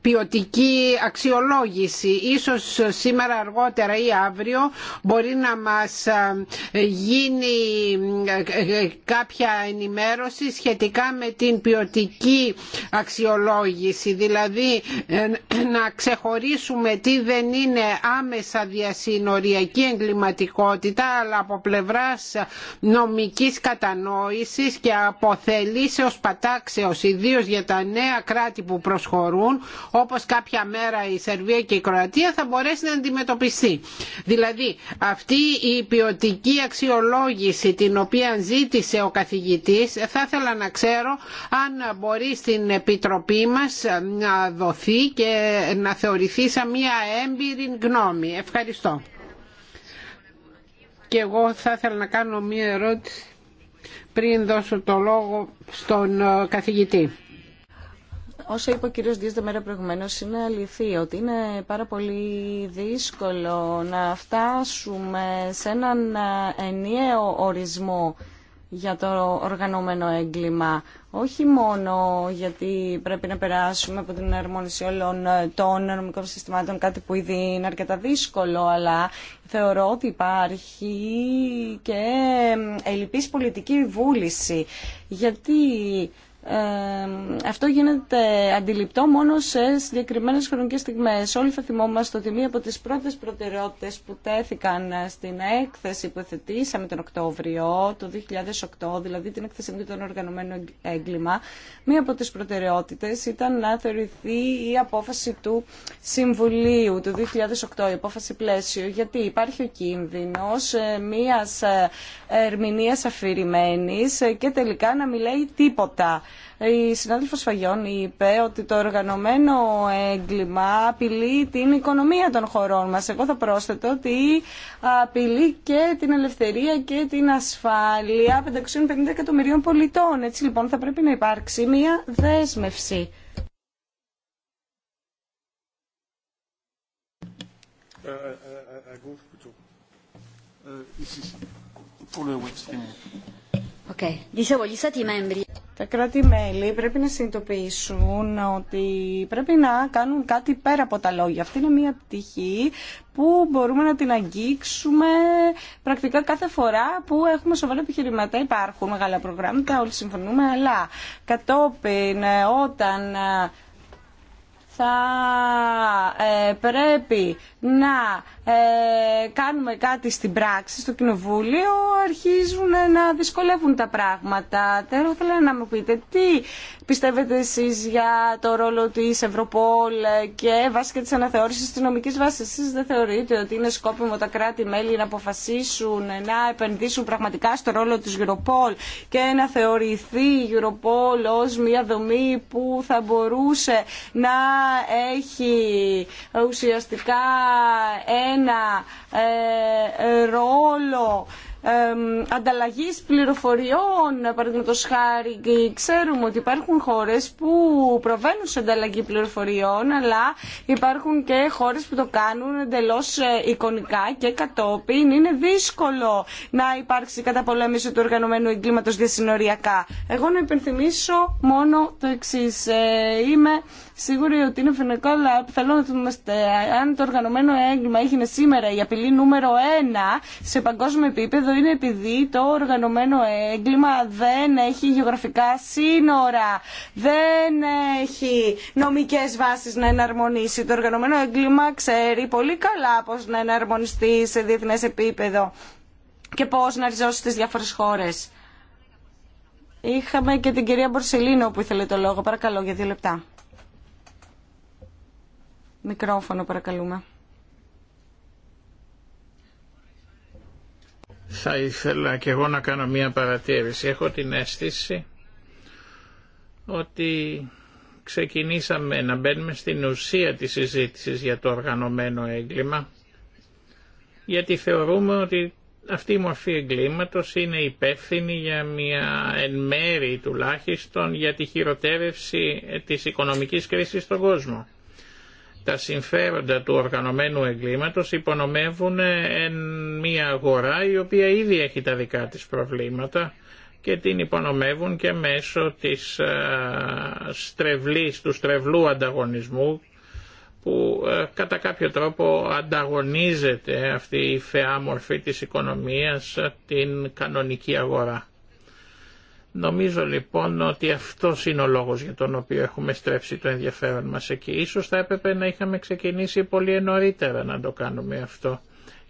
ποιοτική αξιολόγηση. Ίσως σήμερα αργότερα ή αύριο μπορεί να μας ε, γίνει ε, ε, κάποια ενημέρωση σχετικά με την ποιοτική αξιολόγηση. Δηλαδή να ξεχωρίσουμε τι δεν είναι άμεσα διασυνοριακή εγκληματικότητα αλλά από πλευράς νομικής κατανόησης και αποθελήσεως πατάξεως ιδίως για τα νέα κράτη που προσχωρούν όπως κάποια μέρα η Σερβία και η Κροατία θα μπορέσει να αντιμετωπιστεί. Δηλαδή αυτή η ποιοτική αξιολόγηση την οποία ζήτησε ο καθηγητής θα ήθελα να ξέρω αν μπορεί στην Επιτροπή μας να δοθεί και να θεωρηθεί σαν μια έμπειρη γνώμη. Ευχαριστώ. Και εγώ θα ήθελα να κάνω μια ερώτηση πριν δώσω το λόγο στον ε, καθηγητή όσο είπε ο κύριος Δίας μέρα προηγουμένως είναι αληθή ότι είναι πάρα πολύ δύσκολο να φτάσουμε σε έναν ε, ενιαίο ορισμό για το οργανωμένο έγκλημα. Όχι μόνο γιατί πρέπει να περάσουμε από την αρμόνιση όλων ε, των νομικών συστημάτων, κάτι που ήδη είναι αρκετά δύσκολο, αλλά θεωρώ ότι υπάρχει και ε, ελληπής πολιτική βούληση. Γιατί ε, αυτό γίνεται αντιληπτό μόνο σε συγκεκριμένε χρονικέ στιγμές. Όλοι θα θυμόμαστε ότι μία από τι πρώτε προτεραιότητε που τέθηκαν στην έκθεση που εθετήσαμε τον Οκτώβριο του 2008, δηλαδή την έκθεση με τον οργανωμένο έγκλημα, μία από τι προτεραιότητε ήταν να θεωρηθεί η απόφαση του Συμβουλίου του 2008, η απόφαση πλαίσιο, γιατί υπάρχει ο κίνδυνο, ε, μια ε, ερμηνεία αφηρημένη και τελικά να μην λέει τίποτα η συνάδελφος Φαγιών είπε ότι το οργανωμένο έγκλημα απειλεί την οικονομία των χωρών μας. Εγώ θα πρόσθετο ότι απειλεί και την ελευθερία και την ασφάλεια 550 εκατομμυρίων πολιτών. Έτσι λοιπόν θα πρέπει να υπάρξει μια δέσμευση. Uh, uh, uh, τα κράτη-μέλη πρέπει να συνειδητοποιήσουν ότι πρέπει να κάνουν κάτι πέρα από τα λόγια. Αυτή είναι μια πτυχή που μπορούμε να την αγγίξουμε πρακτικά κάθε φορά που έχουμε σοβαρά επιχειρηματά. Υπάρχουν μεγάλα προγράμματα, όλοι συμφωνούμε, αλλά κατόπιν ε, όταν ε, θα ε, πρέπει να ε, κάνουμε κάτι στην πράξη, στο κοινοβούλιο, αρχίζουν να δυσκολεύουν τα πράγματα. Θέλω, θέλω να μου πείτε τι πιστεύετε εσείς για το ρόλο της Ευρωπόλ και βάσει και της αναθεώρησης της νομικής βάσης. Εσείς δεν θεωρείτε ότι είναι σκόπιμο τα κράτη-μέλη να αποφασίσουν να επενδύσουν πραγματικά στο ρόλο της Ευρωπόλ και να θεωρηθεί η Ευρωπόλ ως μια δομή που θα μπορούσε να έχει ουσιαστικά ένα ε, ρόλο ανταλλαγής πληροφοριών, παραδείγματο χάρη. Ξέρουμε ότι υπάρχουν χώρες που προβαίνουν σε ανταλλαγή πληροφοριών, αλλά υπάρχουν και χώρες που το κάνουν εντελώς ε, εικονικά και κατόπιν. Είναι δύσκολο να υπάρξει καταπολέμηση του οργανωμένου εγκλήματος διασυνοριακά. Εγώ να υπενθυμίσω μόνο το εξή. Ε, είμαι σίγουροι ότι είναι φαινικό, αλλά θέλω να θυμάστε, αν το οργανωμένο έγκλημα έγινε σήμερα η απειλή νούμερο ένα σε παγκόσμιο επίπεδο, είναι επειδή το οργανωμένο έγκλημα δεν έχει γεωγραφικά σύνορα, δεν έχει νομικέ βάσει να εναρμονίσει. Το οργανωμένο έγκλημα ξέρει πολύ καλά πώ να εναρμονιστεί σε διεθνέ επίπεδο και πώς να ριζώσει στις διάφορες χώρες. Είχαμε και την κυρία Μπορσελίνο που ήθελε το λόγο. Παρακαλώ για δύο λεπτά. Μικρόφωνο παρακαλούμε. Θα ήθελα και εγώ να κάνω μία παρατήρηση. Έχω την αίσθηση ότι ξεκινήσαμε να μπαίνουμε στην ουσία της συζήτησης για το οργανωμένο έγκλημα γιατί θεωρούμε ότι αυτή η μορφή εγκλήματος είναι υπεύθυνη για μια εν μέρη τουλάχιστον για τη χειροτέρευση της οικονομικής κρίσης στον κόσμο τα συμφέροντα του οργανωμένου εγκλήματος υπονομεύουν ε, μια αγορά η οποία ήδη έχει τα δικά της προβλήματα και την υπονομεύουν και μέσω της ε, στρεβλής, του στρεβλού ανταγωνισμού που ε, κατά κάποιο τρόπο ανταγωνίζεται αυτή η φαιά μορφή της οικονομίας την κανονική αγορά. Νομίζω λοιπόν ότι αυτό είναι ο λόγος για τον οποίο έχουμε στρέψει το ενδιαφέρον μας εκεί. Ίσως θα έπρεπε να είχαμε ξεκινήσει πολύ νωρίτερα να το κάνουμε αυτό,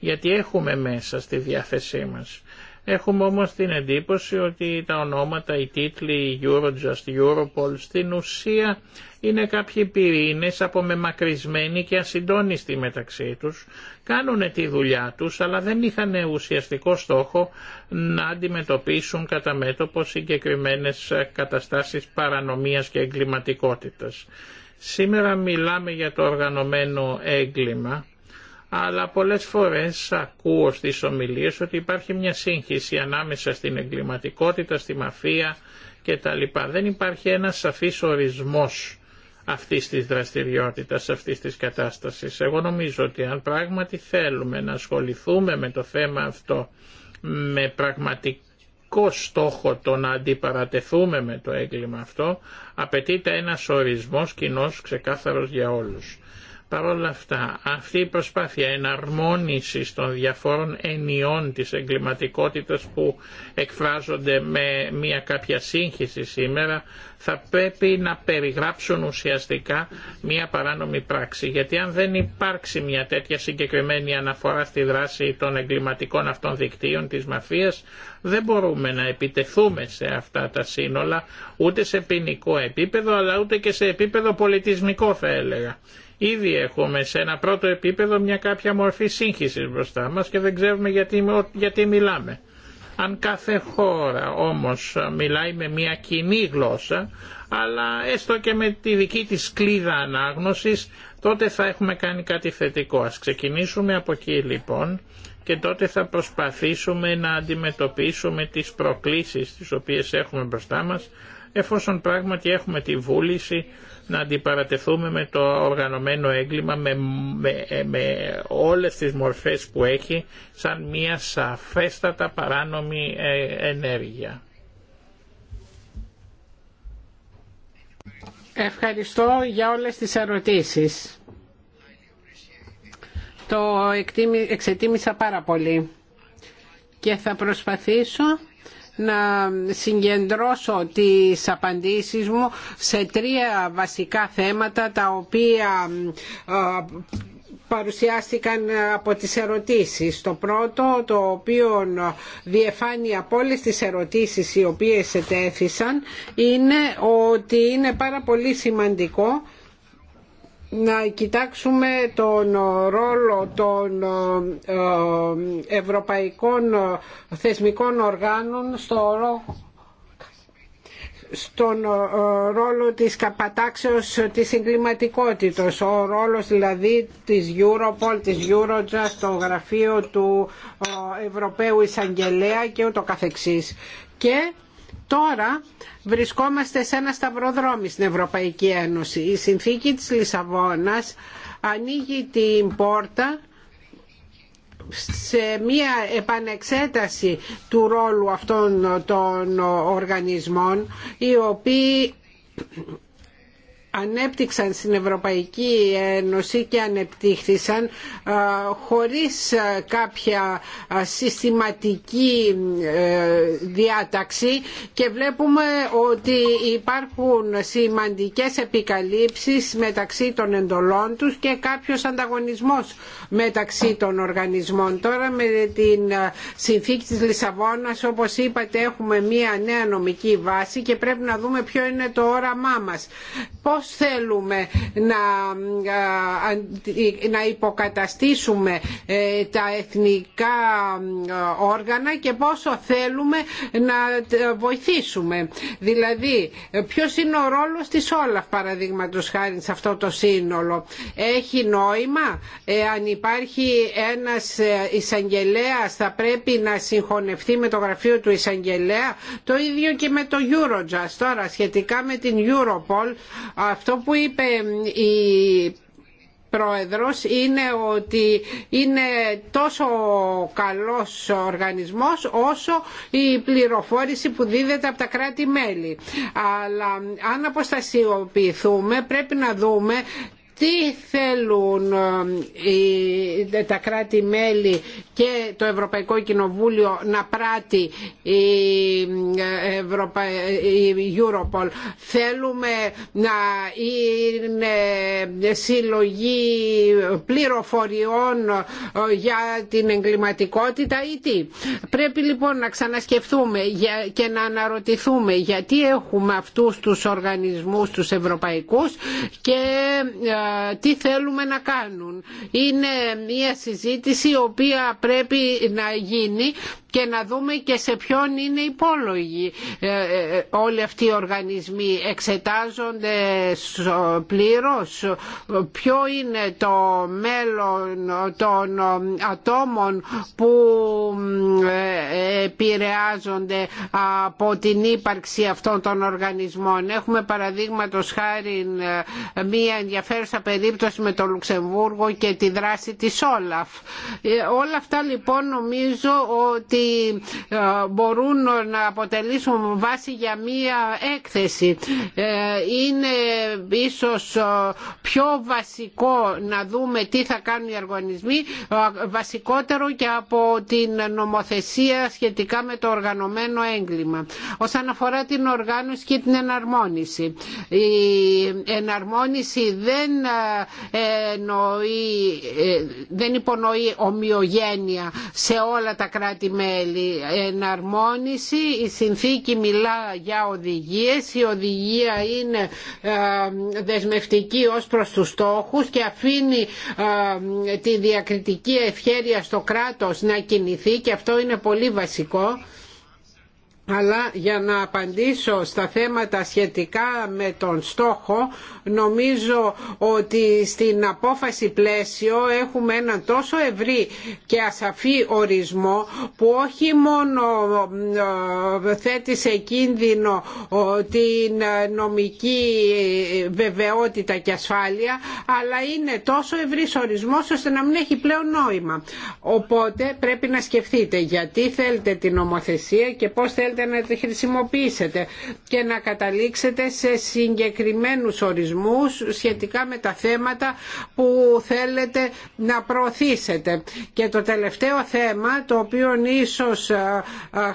γιατί έχουμε μέσα στη διάθεσή μας. Έχουμε όμως την εντύπωση ότι τα ονόματα, οι τίτλοι Eurojust, Europol στην ουσία είναι κάποιοι πυρήνες απομεμακρυσμένοι και ασυντόνιστοι μεταξύ τους κάνουν τη δουλειά τους αλλά δεν είχαν ουσιαστικό στόχο να αντιμετωπίσουν κατά μέτωπο συγκεκριμένες καταστάσεις παρανομίας και εγκληματικότητας. Σήμερα μιλάμε για το οργανωμένο έγκλημα αλλά πολλές φορές ακούω στις ομιλίες ότι υπάρχει μια σύγχυση ανάμεσα στην εγκληματικότητα, στη μαφία κτλ. Δεν υπάρχει ένας σαφής ορισμός αυτής της δραστηριότητας, αυτής της κατάστασης. Εγώ νομίζω ότι αν πράγματι θέλουμε να ασχοληθούμε με το θέμα αυτό με πραγματικό στόχο το να αντιπαρατεθούμε με το έγκλημα αυτό, απαιτείται ένας ορισμός κοινός ξεκάθαρος για όλους. Παρ' όλα αυτά, αυτή η προσπάθεια εναρμόνισης των διαφόρων ενιών της εγκληματικότητας που εκφράζονται με μια κάποια σύγχυση σήμερα θα πρέπει να περιγράψουν ουσιαστικά μια παράνομη πράξη. Γιατί αν δεν υπάρξει μια τέτοια συγκεκριμένη αναφορά στη δράση των εγκληματικών αυτών δικτύων της μαφίας δεν μπορούμε να επιτεθούμε σε αυτά τα σύνολα ούτε σε ποινικό επίπεδο αλλά ούτε και σε επίπεδο πολιτισμικό θα έλεγα Ήδη έχουμε σε ένα πρώτο επίπεδο μια κάποια μορφή σύγχυσης μπροστά μας και δεν ξέρουμε γιατί, γιατί μιλάμε. Αν κάθε χώρα όμως μιλάει με μια κοινή γλώσσα, αλλά έστω και με τη δική της κλίδα ανάγνωσης, τότε θα έχουμε κάνει κάτι θετικό. Ας ξεκινήσουμε από εκεί λοιπόν και τότε θα προσπαθήσουμε να αντιμετωπίσουμε τις προκλήσεις τις οποίες έχουμε μπροστά μας, εφόσον πράγματι έχουμε τη βούληση να αντιπαρατεθούμε με το οργανωμένο έγκλημα με, με, όλες τις μορφές που έχει σαν μια σαφέστατα παράνομη ε, ενέργεια. Ευχαριστώ για όλες τις ερωτήσεις. Το εξετίμησα πάρα πολύ και θα προσπαθήσω να συγκεντρώσω τις απαντήσεις μου σε τρία βασικά θέματα τα οποία ε, παρουσιάστηκαν από τις ερωτήσεις. Το πρώτο, το οποίο διεφάνει από όλες τις ερωτήσεις οι οποίες ετέθησαν, είναι ότι είναι πάρα πολύ σημαντικό να κοιτάξουμε τον ρόλο των ε, ε, ευρωπαϊκών ε, θεσμικών οργάνων στον ρόλο της καπατάξεως της εγκληματικότητα, ο ρόλος δηλαδή της Europol, της Eurojust, το γραφείο του Ευρωπαίου Ισαγγελέα και ούτω καθεξής. Και Τώρα βρισκόμαστε σε ένα σταυροδρόμι στην Ευρωπαϊκή Ένωση. Η συνθήκη της Λισαβόνας ανοίγει την πόρτα σε μια επανεξέταση του ρόλου αυτών των οργανισμών οι οποίοι ανέπτυξαν στην Ευρωπαϊκή Ένωση και ανεπτύχθησαν χωρίς κάποια συστηματική ε, διάταξη και βλέπουμε ότι υπάρχουν σημαντικές επικαλύψεις μεταξύ των εντολών τους και κάποιος ανταγωνισμός μεταξύ των οργανισμών. Τώρα με την συνθήκη της Λισαβόνας όπως είπατε έχουμε μία νέα νομική βάση και πρέπει να δούμε ποιο είναι το όραμά μας. Πώς πώς θέλουμε να, υποκαταστήσουμε ε, τα εθνικά όργανα και πόσο θέλουμε να βοηθήσουμε. Δηλαδή, ποιος είναι ο ρόλος της Όλαφ παραδείγματος χάρη σε αυτό το σύνολο. Έχει νόημα, αν υπάρχει ένας ε, εισαγγελέας θα πρέπει να συγχωνευτεί με το γραφείο του εισαγγελέα, το ίδιο και με το Eurojust. Τώρα, σχετικά με την Europol, αυτό που είπε η πρόεδρος είναι ότι είναι τόσο καλός οργανισμός όσο η πληροφόρηση που δίδεται από τα κράτη-μέλη. Αλλά αν αποστασιοποιηθούμε πρέπει να δούμε τι θέλουν ε, τα κράτη-μέλη και το Ευρωπαϊκό Κοινοβούλιο να πράττει η, ε, Ευρωπα... Europol. Θέλουμε να είναι συλλογή πληροφοριών ε, για την εγκληματικότητα ή τι. Πρέπει λοιπόν να ξανασκεφτούμε και να αναρωτηθούμε γιατί έχουμε αυτούς τους οργανισμούς τους ευρωπαϊκούς και τι θέλουμε να κάνουν. Είναι μια συζήτηση η οποία πρέπει να γίνει και να δούμε και σε ποιον είναι υπόλογοι ε, ε, όλοι αυτοί οι οργανισμοί. Εξετάζονται πλήρως ποιο είναι το μέλλον των ατόμων που ε, επηρεάζονται από την ύπαρξη αυτών των οργανισμών. Έχουμε παραδείγματο χάρη μία ενδιαφέρουσα περίπτωση με το Λουξεμβούργο και τη δράση της Όλαφ. Όλα αυτά λοιπόν νομίζω ότι ε, μπορούν να αποτελήσουν βάση για μία έκθεση. Ε, είναι ίσως ε, πιο βασικό να δούμε τι θα κάνουν οι οργανισμοί, βασικότερο και από την νομοθεσία σχετικά με το οργανωμένο έγκλημα. Όσον αφορά την οργάνωση και την εναρμόνιση. Η εναρμόνιση δεν, εννοεί, δεν υπονοεί ομοιογένεια σε όλα τα κρατη με θέλει Εναρμόνιση, η συνθήκη μιλά για οδηγίες, η οδηγία είναι δεσμευτική ως προς τους στόχους και αφήνει τη διακριτική ευχέρεια στο κράτος να κινηθεί και αυτό είναι πολύ βασικό αλλά για να απαντήσω στα θέματα σχετικά με τον στόχο νομίζω ότι στην απόφαση πλαίσιο έχουμε ένα τόσο ευρύ και ασαφή ορισμό που όχι μόνο ε, θέτει σε κίνδυνο την ε, νομική βεβαιότητα και ασφάλεια αλλά είναι τόσο ευρύς ορισμός ώστε να μην έχει πλέον νόημα. Οπότε πρέπει να σκεφτείτε γιατί θέλετε την νομοθεσία και πώς θέλετε να τη χρησιμοποιήσετε και να καταλήξετε σε συγκεκριμένους ορισμούς σχετικά με τα θέματα που θέλετε να προωθήσετε. Και το τελευταίο θέμα το οποίο ίσως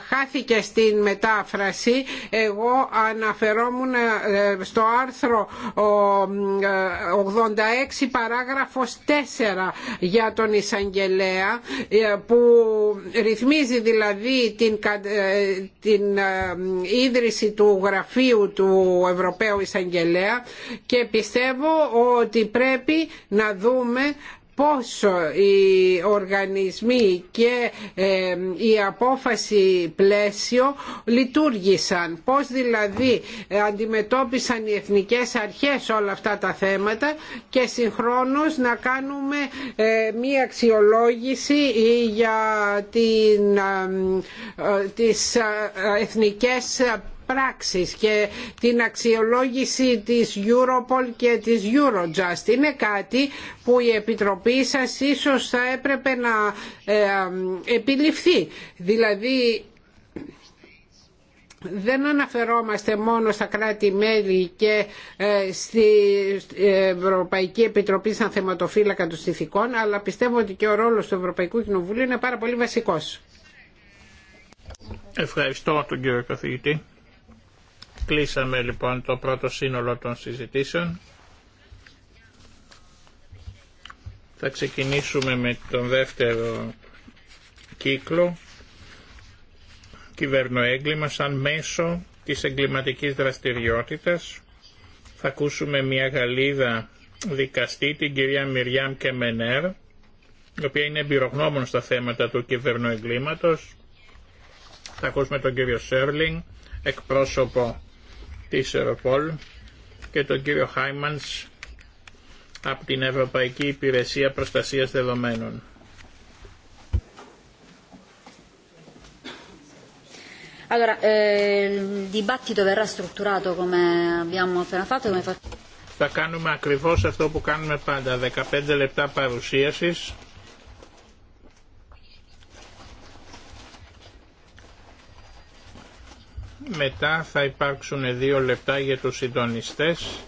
χάθηκε στην μετάφραση εγώ αναφερόμουν ε, στο άρθρο 86 ε, παράγραφος 4 για τον Ισαγγελέα ε, που ρυθμίζει δηλαδή την την ε, ίδρυση του γραφείου του Ευρωπαίου Εισαγγελέα και πιστεύω ότι πρέπει να δούμε πόσο οι οργανισμοί και η απόφαση πλαίσιο λειτουργήσαν. Πώς δηλαδή ε, αντιμετώπισαν οι εθνικές αρχές όλα αυτά τα θέματα και συγχρόνως να κάνουμε ε, μία αξιολόγηση για την, ε, τις εθνικές πράξεις και την αξιολόγηση της Europol και της Eurojust. Είναι κάτι που η Επιτροπή σας ίσως θα έπρεπε να ε, επιληφθεί. Δηλαδή δεν αναφερόμαστε μόνο στα κράτη-μέλη και ε, στην ε, Ευρωπαϊκή Επιτροπή σαν θεματοφύλακα των συνθηκών, αλλά πιστεύω ότι και ο ρόλος του Ευρωπαϊκού Κοινοβουλίου είναι πάρα πολύ βασικός. Ευχαριστώ τον κύριο καθηγητή. Κλείσαμε λοιπόν το πρώτο σύνολο των συζητήσεων. Θα ξεκινήσουμε με τον δεύτερο κύκλο κυβερνοέγκλημα σαν μέσο της εγκληματικής δραστηριότητας. Θα ακούσουμε μια γαλίδα δικαστή, την κυρία Μυριάμ Κεμενέρ, η οποία είναι εμπειρογνώμων στα θέματα του κυβερνοεγκλήματος. Θα ακούσουμε τον κύριο Σέρλινγκ, εκπρόσωπο της Europol και τον κύριο Χάιμανς από την Ευρωπαϊκή Υπηρεσία Προστασίας Δεδομένων. Θα κάνουμε ακριβώς αυτό που κάνουμε πάντα, 15 λεπτά παρουσίασης μετά θα υπάρξουν δύο λεπτά για τους συντονιστές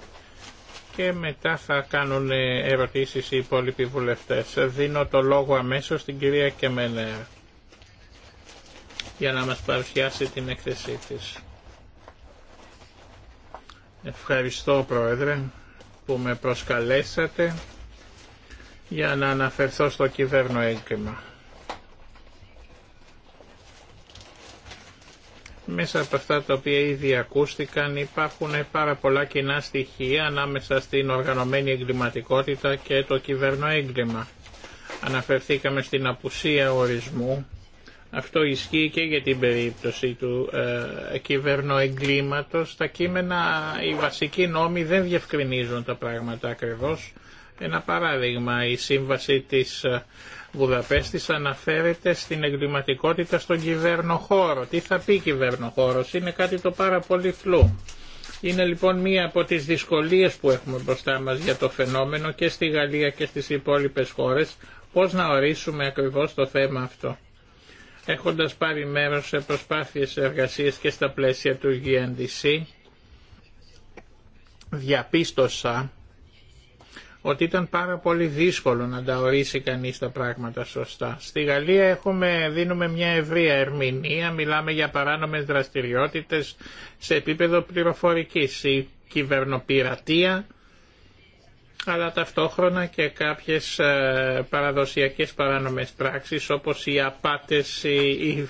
και μετά θα κάνουν ερωτήσεις οι υπόλοιποι βουλευτές. Δίνω το λόγο αμέσως στην κυρία Κεμενέα για να μας παρουσιάσει την έκθεσή της. Ευχαριστώ Πρόεδρε που με προσκαλέσατε για να αναφερθώ στο κυβέρνο έγκλημα. Μέσα από αυτά τα οποία ήδη ακούστηκαν υπάρχουν πάρα πολλά κοινά στοιχεία ανάμεσα στην οργανωμένη εγκληματικότητα και το κυβερνοέγκλημα. Αναφερθήκαμε στην απουσία ορισμού. Αυτό ισχύει και για την περίπτωση του ε, κυβερνοεγκλήματος. Τα κείμενα, οι βασικοί νόμοι δεν διευκρινίζουν τα πράγματα ακριβώς. Ένα παράδειγμα, η σύμβαση της ε, Βουδαπέστης αναφέρεται στην εγκληματικότητα στον κυβέρνοχώρο. Τι θα πει κυβέρνοχώρος, είναι κάτι το πάρα πολύ φλού. Είναι λοιπόν μία από τις δυσκολίες που έχουμε μπροστά μας για το φαινόμενο και στη Γαλλία και στις υπόλοιπες χώρες, πώς να ορίσουμε ακριβώς το θέμα αυτό. Έχοντας πάρει μέρος σε προσπάθειες εργασίες και στα πλαίσια του GNDC, διαπίστωσα ότι ήταν πάρα πολύ δύσκολο να τα κανείς τα πράγματα σωστά. Στη Γαλλία έχουμε, δίνουμε μια ευρεία ερμηνεία, μιλάμε για παράνομες δραστηριότητες σε επίπεδο πληροφορικής ή κυβερνοπειρατεία, αλλά ταυτόχρονα και κάποιες ε, παραδοσιακές παράνομες πράξεις όπως οι απάτες, οι, οι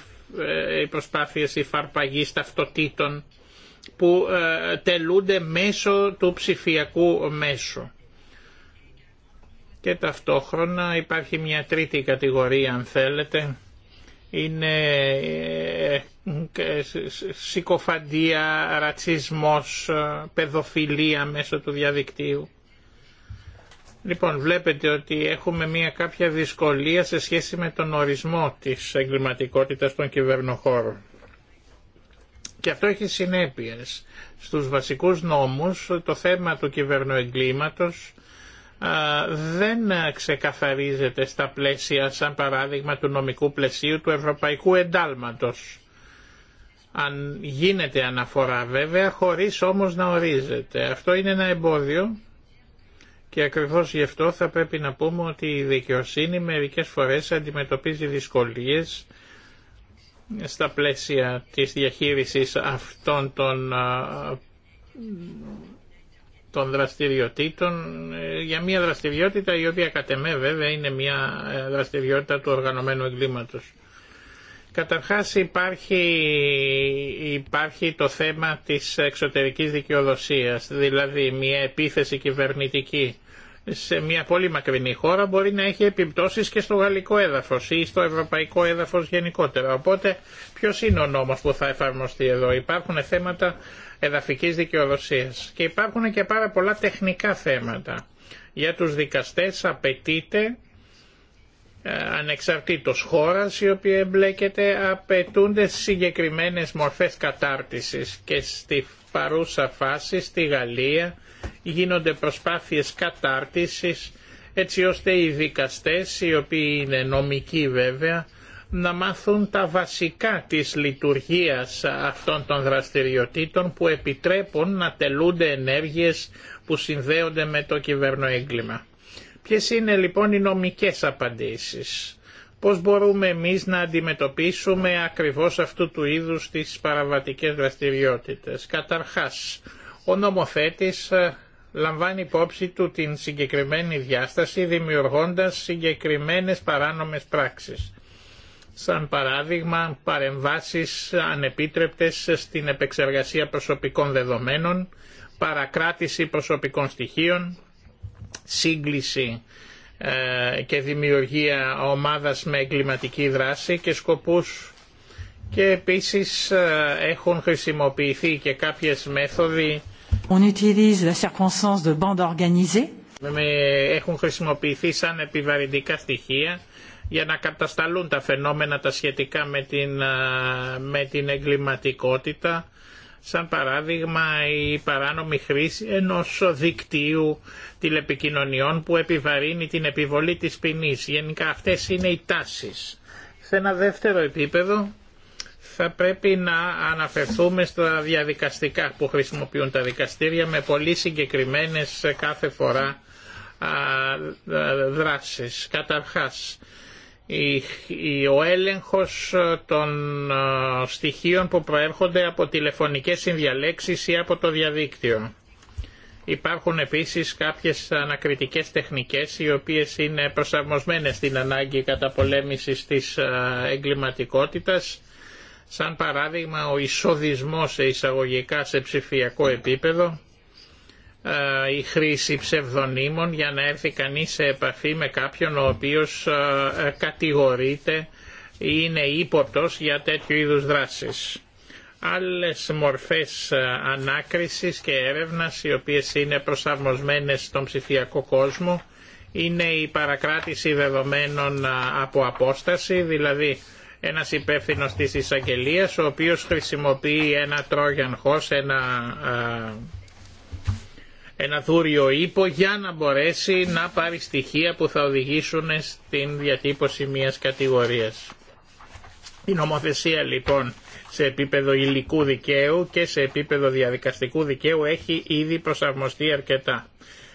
ε, προσπάθειες υφαρπαγής ταυτοτήτων που ε, τελούνται μέσω του ψηφιακού μέσου και ταυτόχρονα υπάρχει μια τρίτη κατηγορία αν θέλετε είναι ε, συκοφαντία, ρατσισμός, ε, παιδοφιλία μέσω του διαδικτύου. Λοιπόν, βλέπετε ότι έχουμε μια κάποια δυσκολία σε σχέση με τον ορισμό της εγκληματικότητας των κυβερνοχώρων. Και αυτό έχει συνέπειες. Στους βασικούς νόμους το θέμα του κυβερνοεγκλήματος δεν ξεκαθαρίζεται στα πλαίσια σαν παράδειγμα του νομικού πλαισίου του Ευρωπαϊκού Εντάλματος. Αν γίνεται αναφορά βέβαια χωρίς όμως να ορίζεται. Αυτό είναι ένα εμπόδιο και ακριβώς γι' αυτό θα πρέπει να πούμε ότι η δικαιοσύνη μερικές φορές αντιμετωπίζει δυσκολίες στα πλαίσια της διαχείρισης αυτών των των δραστηριοτήτων ε, για μια δραστηριότητα η οποία κατ' εμέ βέβαια είναι μια ε, δραστηριότητα του οργανωμένου εγκλήματος. Καταρχάς υπάρχει, υπάρχει το θέμα της εξωτερικής δικαιοδοσίας, δηλαδή μια επίθεση κυβερνητική σε μια πολύ μακρινή χώρα μπορεί να έχει επιπτώσεις και στο γαλλικό έδαφος ή στο ευρωπαϊκό έδαφος γενικότερα. Οπότε ποιος είναι ο νόμος που θα εφαρμοστεί εδώ. Υπάρχουν θέματα εδαφικής δικαιοδοσίας. Και υπάρχουν και πάρα πολλά τεχνικά θέματα. Για τους δικαστές απαιτείται ε, ανεξαρτήτως χώρας η οποία εμπλέκεται απαιτούνται συγκεκριμένες μορφές κατάρτισης και στη παρούσα φάση στη Γαλλία γίνονται προσπάθειες κατάρτισης έτσι ώστε οι δικαστές οι οποίοι είναι νομικοί βέβαια να μάθουν τα βασικά της λειτουργίας αυτών των δραστηριοτήτων που επιτρέπουν να τελούνται ενέργειες που συνδέονται με το κυβερνοέγκλημα. Ποιες είναι λοιπόν οι νομικές απαντήσεις. Πώς μπορούμε εμείς να αντιμετωπίσουμε ακριβώς αυτού του είδους τις παραβατικές δραστηριότητες. Καταρχάς, ο νομοθέτης ε, λαμβάνει υπόψη του την συγκεκριμένη διάσταση δημιουργώντας συγκεκριμένες παράνομες πράξεις σαν παράδειγμα παρεμβάσεις ανεπίτρεπτες στην επεξεργασία προσωπικών δεδομένων, παρακράτηση προσωπικών στοιχείων, σύγκληση ε, και δημιουργία ομάδας με εγκληματική δράση και σκοπούς και επίσης ε, έχουν χρησιμοποιηθεί και κάποιες μέθοδοι έχουν χρησιμοποιηθεί σαν επιβαρυντικά στοιχεία για να κατασταλούν τα φαινόμενα τα σχετικά με την, με την εγκληματικότητα σαν παράδειγμα η παράνομη χρήση ενός δικτύου τηλεπικοινωνιών που επιβαρύνει την επιβολή της ποινή. Γενικά αυτές είναι οι τάσεις. Σε ένα δεύτερο επίπεδο θα πρέπει να αναφερθούμε στα διαδικαστικά που χρησιμοποιούν τα δικαστήρια με πολύ συγκεκριμένες κάθε φορά δράσεις. Καταρχάς, ο έλεγχος ε, των ε, στοιχείων που προέρχονται από τηλεφωνικές συνδιαλέξεις ή από το διαδίκτυο. Υπάρχουν επίσης κάποιες ανακριτικές τεχνικές οι οποίες είναι προσαρμοσμένες στην ανάγκη καταπολέμησης της ε, εγκληματικότητας σαν παράδειγμα ο εισοδισμός σε εισαγωγικά σε ψηφιακό επίπεδο η χρήση ψευδονύμων για να έρθει κανείς σε επαφή με κάποιον ο οποίος ε, κατηγορείται ή είναι ύποπτος για τέτοιου είδους δράσεις. Άλλες μορφές ανάκρισης και έρευνας οι οποίες είναι προσαρμοσμένες στον ψηφιακό κόσμο είναι η παρακράτηση δεδομένων από απόσταση, δηλαδή ένας δηλαδη ένα υπευθυνο της εισαγγελία, ο οποίος χρησιμοποιεί ένα Trojan ένα ένα δούριο ύπο για να μπορέσει να πάρει στοιχεία που θα οδηγήσουν στην διατύπωση μιας κατηγορίας. Η νομοθεσία λοιπόν σε επίπεδο υλικού δικαίου και σε επίπεδο διαδικαστικού δικαίου έχει ήδη προσαρμοστεί αρκετά.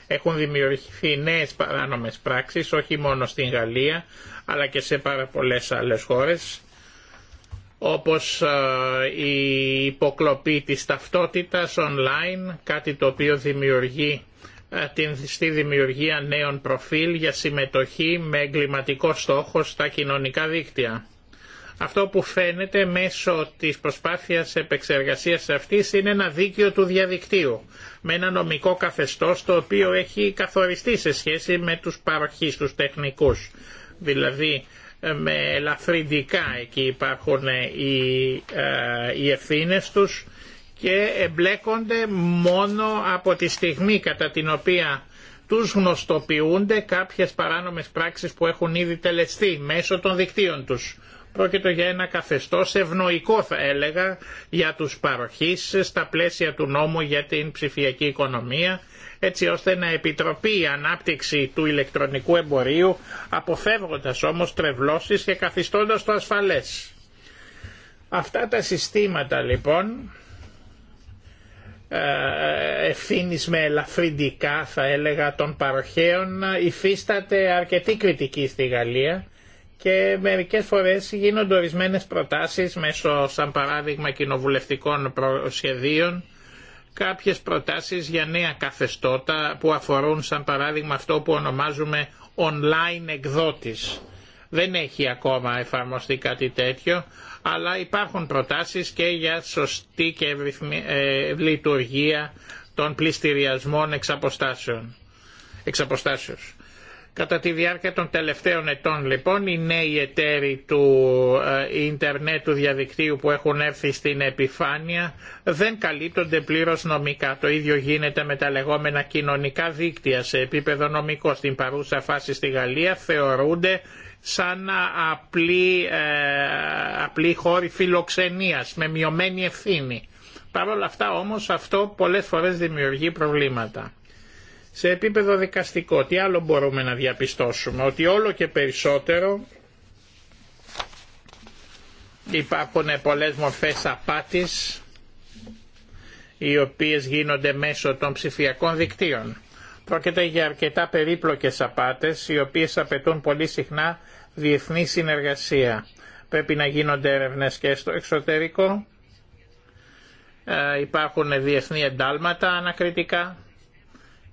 Έχουν δημιουργηθεί νέες παράνομες πράξεις όχι μόνο στην Γαλλία αλλά και σε πάρα πολλές άλλες χώρες όπως ε, η υποκλοπή της ταυτότητας online, κάτι το οποίο δημιουργεί ε, στη δημιουργία νέων προφίλ για συμμετοχή με εγκληματικό στόχο στα κοινωνικά δίκτυα. Αυτό που φαίνεται μέσω της προσπάθειας επεξεργασίας αυτής είναι ένα δίκαιο του διαδικτύου με ένα νομικό καθεστώς το οποίο έχει καθοριστεί σε σχέση με τους παροχείς, τους τεχνικούς. Δηλαδή με ελαφρυντικά εκεί υπάρχουν ε, οι, ε, οι ευθύνε τους και εμπλέκονται μόνο από τη στιγμή κατά την οποία τους γνωστοποιούνται κάποιες παράνομες πράξεις που έχουν ήδη τελεστεί μέσω των δικτύων τους. Πρόκειται για ένα καθεστώς ευνοϊκό θα έλεγα για τους παροχείς στα πλαίσια του νόμου για την ψηφιακή οικονομία έτσι ώστε να επιτροπεί η ανάπτυξη του ηλεκτρονικού εμπορίου αποφεύγοντας όμως τρευλώσεις και καθιστώντας το ασφαλές. Αυτά τα συστήματα λοιπόν ε, ευθύνης με ελαφρυντικά θα έλεγα των παροχέων ε, υφίσταται αρκετή κριτική στη Γαλλία και μερικές φορές γίνονται ορισμένες προτάσεις μέσω σαν παράδειγμα κοινοβουλευτικών προσχεδίων κάποιες προτάσεις για νέα καθεστώτα που αφορούν σαν παράδειγμα αυτό που ονομάζουμε online εκδότης. Δεν έχει ακόμα εφαρμοστεί κάτι τέτοιο, αλλά υπάρχουν προτάσεις και για σωστή και ευρυθμι... Ε, λειτουργία των πληστηριασμών εξαποστάσεων. Εξαποστάσεως. Κατά τη διάρκεια των τελευταίων ετών λοιπόν οι νέοι εταίροι του ε, ίντερνετ του διαδικτύου που έχουν έρθει στην επιφάνεια δεν καλύπτονται πλήρως νομικά. Το ίδιο γίνεται με τα λεγόμενα κοινωνικά δίκτυα σε επίπεδο νομικό. Στην παρούσα φάση στη Γαλλία θεωρούνται σαν απλή, ε, απλή χώρη φιλοξενίας με μειωμένη ευθύνη. Παρ' όλα αυτά όμως αυτό πολλές φορές δημιουργεί προβλήματα. Σε επίπεδο δικαστικό, τι άλλο μπορούμε να διαπιστώσουμε, ότι όλο και περισσότερο υπάρχουν πολλές μορφές απάτης οι οποίες γίνονται μέσω των ψηφιακών δικτύων. Πρόκειται για αρκετά περίπλοκες απάτες οι οποίες απαιτούν πολύ συχνά διεθνή συνεργασία. Πρέπει να γίνονται έρευνες και στο εξωτερικό. Ε, υπάρχουν διεθνή εντάλματα ανακριτικά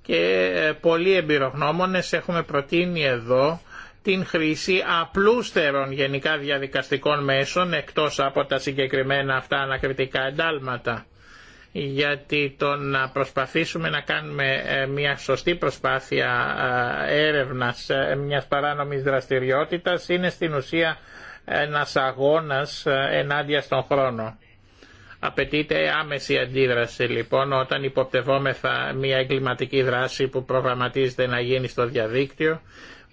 και ε, πολλοί εμπειρογνώμονες έχουμε προτείνει εδώ την χρήση απλούστερων γενικά διαδικαστικών μέσων εκτός από τα συγκεκριμένα αυτά ανακριτικά εντάλματα γιατί το να προσπαθήσουμε να κάνουμε ε, μια σωστή προσπάθεια ε, έρευνας μιας παράνομης δραστηριότητας είναι στην ουσία ένας αγώνας ενάντια στον χρόνο. Απαιτείται άμεση αντίδραση λοιπόν όταν υποπτευόμεθα μια εγκληματική δράση που προγραμματίζεται να γίνει στο διαδίκτυο.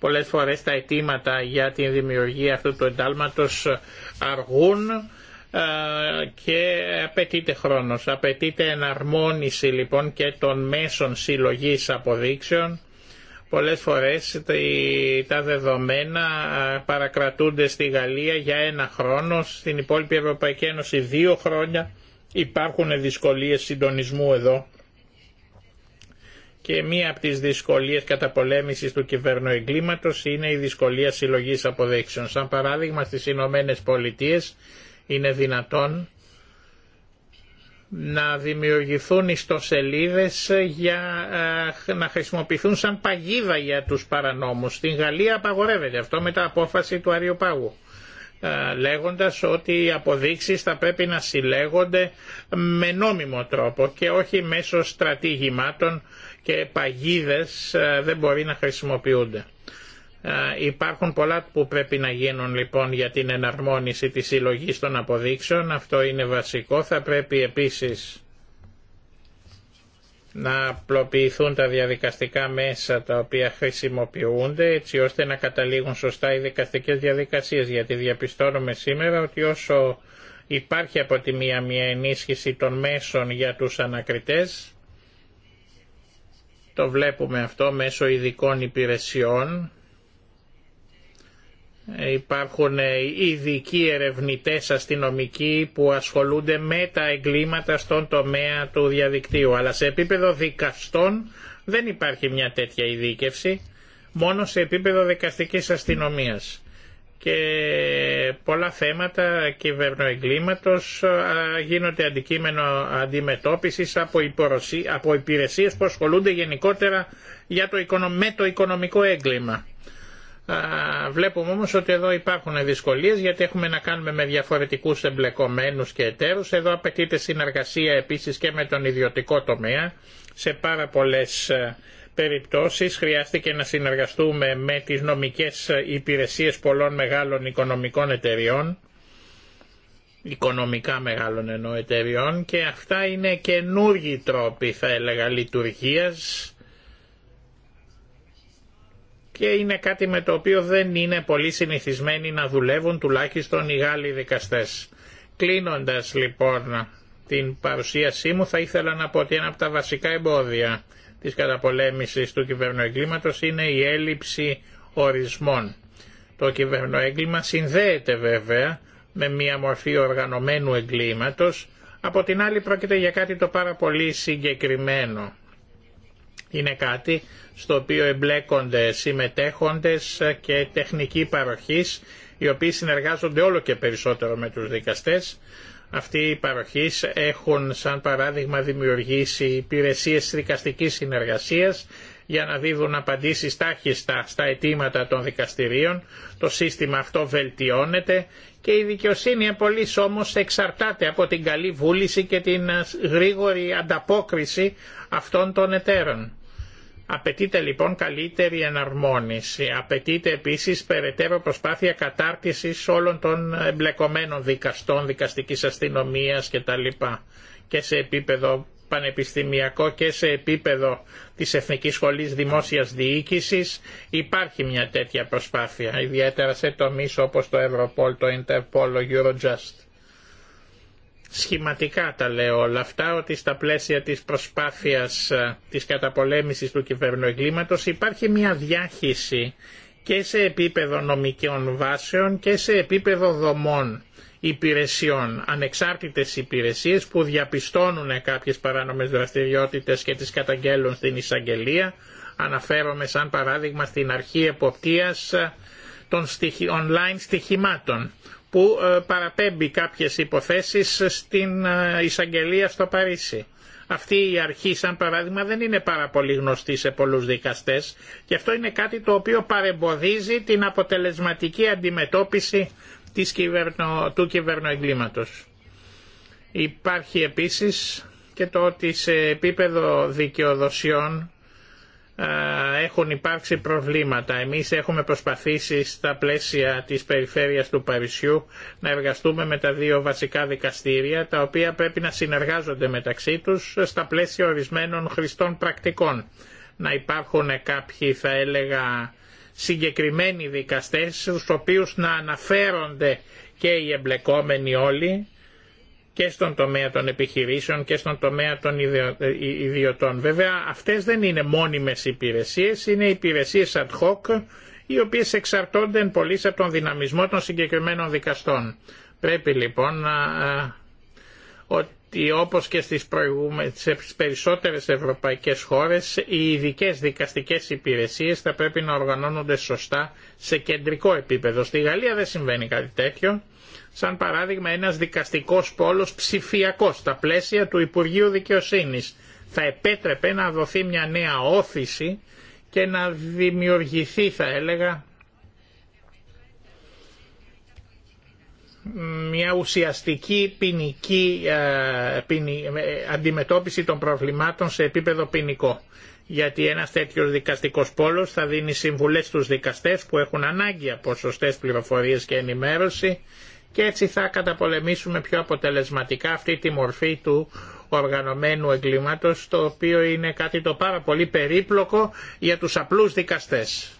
Πολλές φορές τα αιτήματα για τη δημιουργία αυτού του εντάλματος αργούν ε, και απαιτείται χρόνος. Απαιτείται εναρμόνιση λοιπόν και των μέσων συλλογής αποδείξεων Πολλές φορές τα δεδομένα παρακρατούνται στη Γαλλία για ένα χρόνο, στην υπόλοιπη Ευρωπαϊκή Ένωση δύο χρόνια. Υπάρχουν δυσκολίες συντονισμού εδώ και μία από τις δυσκολίες καταπολέμησης του κυβερνοεγκλήματος είναι η δυσκολία συλλογής αποδείξεων. Σαν παράδειγμα στις Ηνωμένε Πολιτείες είναι δυνατόν να δημιουργηθούν ιστοσελίδες για ε, να χρησιμοποιηθούν σαν παγίδα για τους παρανόμους. Στην Γαλλία απαγορεύεται αυτό με τα απόφαση του Αριοπάγου ε, λέγοντας ότι οι αποδείξεις θα πρέπει να συλλέγονται με νόμιμο τρόπο και όχι μέσω στρατηγημάτων και παγίδες ε, δεν μπορεί να χρησιμοποιούνται. Ε, υπάρχουν πολλά που πρέπει να γίνουν λοιπόν για την εναρμόνιση της συλλογή των αποδείξεων. Αυτό είναι βασικό. Θα πρέπει επίσης να απλοποιηθούν τα διαδικαστικά μέσα τα οποία χρησιμοποιούνται έτσι ώστε να καταλήγουν σωστά οι δικαστικές διαδικασίες γιατί διαπιστώνουμε σήμερα ότι όσο υπάρχει από τη μία μια ενίσχυση των μέσων για τους ανακριτές το βλέπουμε αυτό μέσω ειδικών υπηρεσιών Υπάρχουν ε, ειδικοί ερευνητές αστυνομικοί που ασχολούνται με τα εγκλήματα στον τομέα του διαδικτύου. Αλλά σε επίπεδο δικαστών δεν υπάρχει μια τέτοια ειδίκευση, μόνο σε επίπεδο δικαστικής αστυνομίας. Και πολλά θέματα κυβερνοεγκλήματος γίνονται αντικείμενο αντιμετώπισης από υπηρεσίες που ασχολούνται γενικότερα για το, με το οικονομικό έγκλημα. Βλέπουμε όμως ότι εδώ υπάρχουν δυσκολίες γιατί έχουμε να κάνουμε με διαφορετικούς εμπλεκομένους και εταίρους. Εδώ απαιτείται συνεργασία επίσης και με τον ιδιωτικό τομέα. Σε πάρα πολλές ε, περιπτώσεις χρειάστηκε να συνεργαστούμε με τις νομικές υπηρεσίες πολλών μεγάλων οικονομικών εταιριών οικονομικά μεγάλων ενώ εταιριών και αυτά είναι καινούργιοι τρόποι θα έλεγα λειτουργίας και είναι κάτι με το οποίο δεν είναι πολύ συνηθισμένοι να δουλεύουν τουλάχιστον οι Γάλλοι δικαστές. Κλείνοντας λοιπόν την παρουσίασή μου θα ήθελα να πω ότι ένα από τα βασικά εμπόδια της καταπολέμησης του κυβερνοεγκλήματος είναι η έλλειψη ορισμών. Το κυβερνοέγκλημα συνδέεται βέβαια με μια μορφή οργανωμένου εγκλήματος, από την άλλη πρόκειται για κάτι το πάρα πολύ συγκεκριμένο. Είναι κάτι στο οποίο εμπλέκονται συμμετέχοντες και τεχνικοί παροχής οι οποίοι συνεργάζονται όλο και περισσότερο με τους δικαστές. Αυτοί οι παροχείς έχουν σαν παράδειγμα δημιουργήσει υπηρεσίες δικαστικής συνεργασίας για να δίδουν απαντήσεις τάχιστα στα αιτήματα των δικαστηρίων. Το σύστημα αυτό βελτιώνεται και η δικαιοσύνη πολύ όμως εξαρτάται από την καλή βούληση και την γρήγορη ανταπόκριση αυτών των εταίρων. Απαιτείται λοιπόν καλύτερη εναρμόνιση. Απαιτείται επίσης περαιτέρω προσπάθεια κατάρτισης όλων των εμπλεκομένων δικαστών, δικαστική αστυνομία κτλ. και σε επίπεδο πανεπιστημιακό και σε επίπεδο της Εθνικής Σχολής Δημόσιας Διοίκησης υπάρχει μια τέτοια προσπάθεια, ιδιαίτερα σε τομείς όπως το Ευρωπόλ, το Interpol, το Eurojust. Σχηματικά τα λέω όλα αυτά ότι στα πλαίσια της προσπάθειας ε, της καταπολέμησης του κυβερνοεγκλήματος υπάρχει μια διάχυση και σε επίπεδο νομικών βάσεων και σε επίπεδο δομών υπηρεσιών, ανεξάρτητες υπηρεσίες που διαπιστώνουν κάποιες παράνομες δραστηριότητες και τις καταγγέλουν στην εισαγγελία. Αναφέρομαι σαν παράδειγμα στην αρχή εποπτείας των online στοιχημάτων που ε, παραπέμπει κάποιες υποθέσεις στην ε, εισαγγελία στο Παρίσι. Αυτή η αρχή σαν παράδειγμα δεν είναι πάρα πολύ γνωστή σε πολλούς δικαστές και αυτό είναι κάτι το οποίο παρεμποδίζει την αποτελεσματική αντιμετώπιση της κυβερνο, του κυβερνοεγκλήματος. Υπάρχει επίσης και το ότι σε επίπεδο δικαιοδοσιών ε, έχουν υπάρξει προβλήματα. Εμείς έχουμε προσπαθήσει στα πλαίσια της περιφέρειας του Παρισιού να εργαστούμε με τα δύο βασικά δικαστήρια τα οποία πρέπει να συνεργάζονται μεταξύ τους στα πλαίσια ορισμένων χρηστών πρακτικών. Να υπάρχουν κάποιοι θα έλεγα συγκεκριμένοι δικαστές στους οποίους να αναφέρονται και οι εμπλεκόμενοι όλοι και στον τομέα των επιχειρήσεων και στον τομέα των ε, ε, ιδιωτών. Βέβαια αυτές δεν είναι μόνιμες υπηρεσίες, είναι υπηρεσίες ad hoc οι οποίες εξαρτώνται πολύ από τον δυναμισμό των συγκεκριμένων δικαστών. Πρέπει λοιπόν ε, ότι όπως και στις, προηγούμενες, περισσότερες ευρωπαϊκές χώρες οι ειδικέ δικαστικές υπηρεσίες θα πρέπει να οργανώνονται σωστά σε κεντρικό επίπεδο. Στη Γαλλία δεν συμβαίνει κάτι τέτοιο. Σαν παράδειγμα ένας δικαστικός πόλος ψηφιακός στα πλαίσια του Υπουργείου Δικαιοσύνης θα επέτρεπε να δοθεί μια νέα όθηση και να δημιουργηθεί θα έλεγα μια ουσιαστική ποινική ε, ε, αντιμετώπιση των προβλημάτων σε επίπεδο ποινικό. Γιατί ένας τέτοιο δικαστικός πόλος θα δίνει συμβουλέ στους δικαστές που έχουν ανάγκη από σωστέ πληροφορίες και ενημέρωση και έτσι θα καταπολεμήσουμε πιο αποτελεσματικά αυτή τη μορφή του οργανωμένου εγκλήματος το οποίο είναι κάτι το πάρα πολύ περίπλοκο για τους απλούς δικαστές.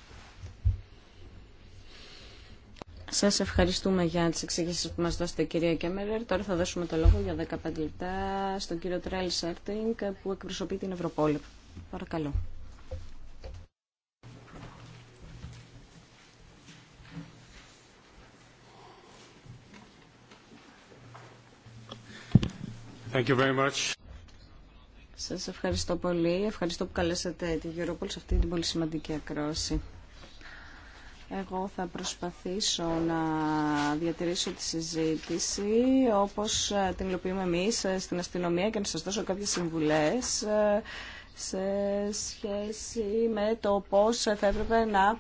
Σας ευχαριστούμε για τις εξηγήσεις που μας δώσετε κυρία Κέμερερ. Τώρα θα δώσουμε το λόγο για 15 λεπτά στον κύριο Τρέλ Σέρτινγκ που εκπροσωπεί την Ευρωπόλη. Παρακαλώ. Thank you very much. Σας ευχαριστώ πολύ. Ευχαριστώ που καλέσατε τη Γεωρόπολη σε αυτή την πολύ σημαντική ακρόαση. Εγώ θα προσπαθήσω να διατηρήσω τη συζήτηση όπως την υλοποιούμε εμείς στην αστυνομία και να σας δώσω κάποιες συμβουλές ε, σε σχέση με το πώς θα έπρεπε να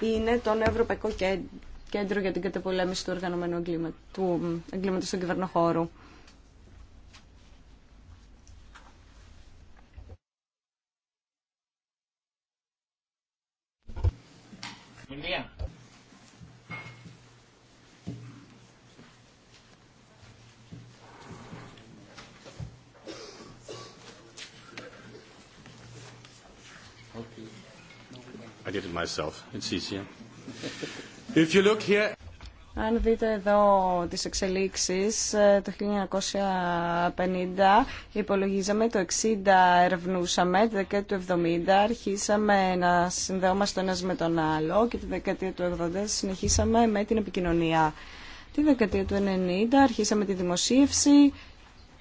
είναι το Ευρωπαϊκό Κέντρο για την Κατεπολέμηση του οργανωμένου εγκλήματος, του στον κυβερνοχώρο. ομιλία. I did it myself. It's easier. If you look here... Αν δείτε εδώ τις εξελίξεις, ε, το 1950 υπολογίζαμε το 60 ερευνούσαμε, τη δεκαετία του 70 αρχίσαμε να συνδεόμαστε ένας με τον άλλο και τη δεκαετία του 80 συνεχίσαμε με την επικοινωνία. Τη δεκαετία του 90 αρχίσαμε τη δημοσίευση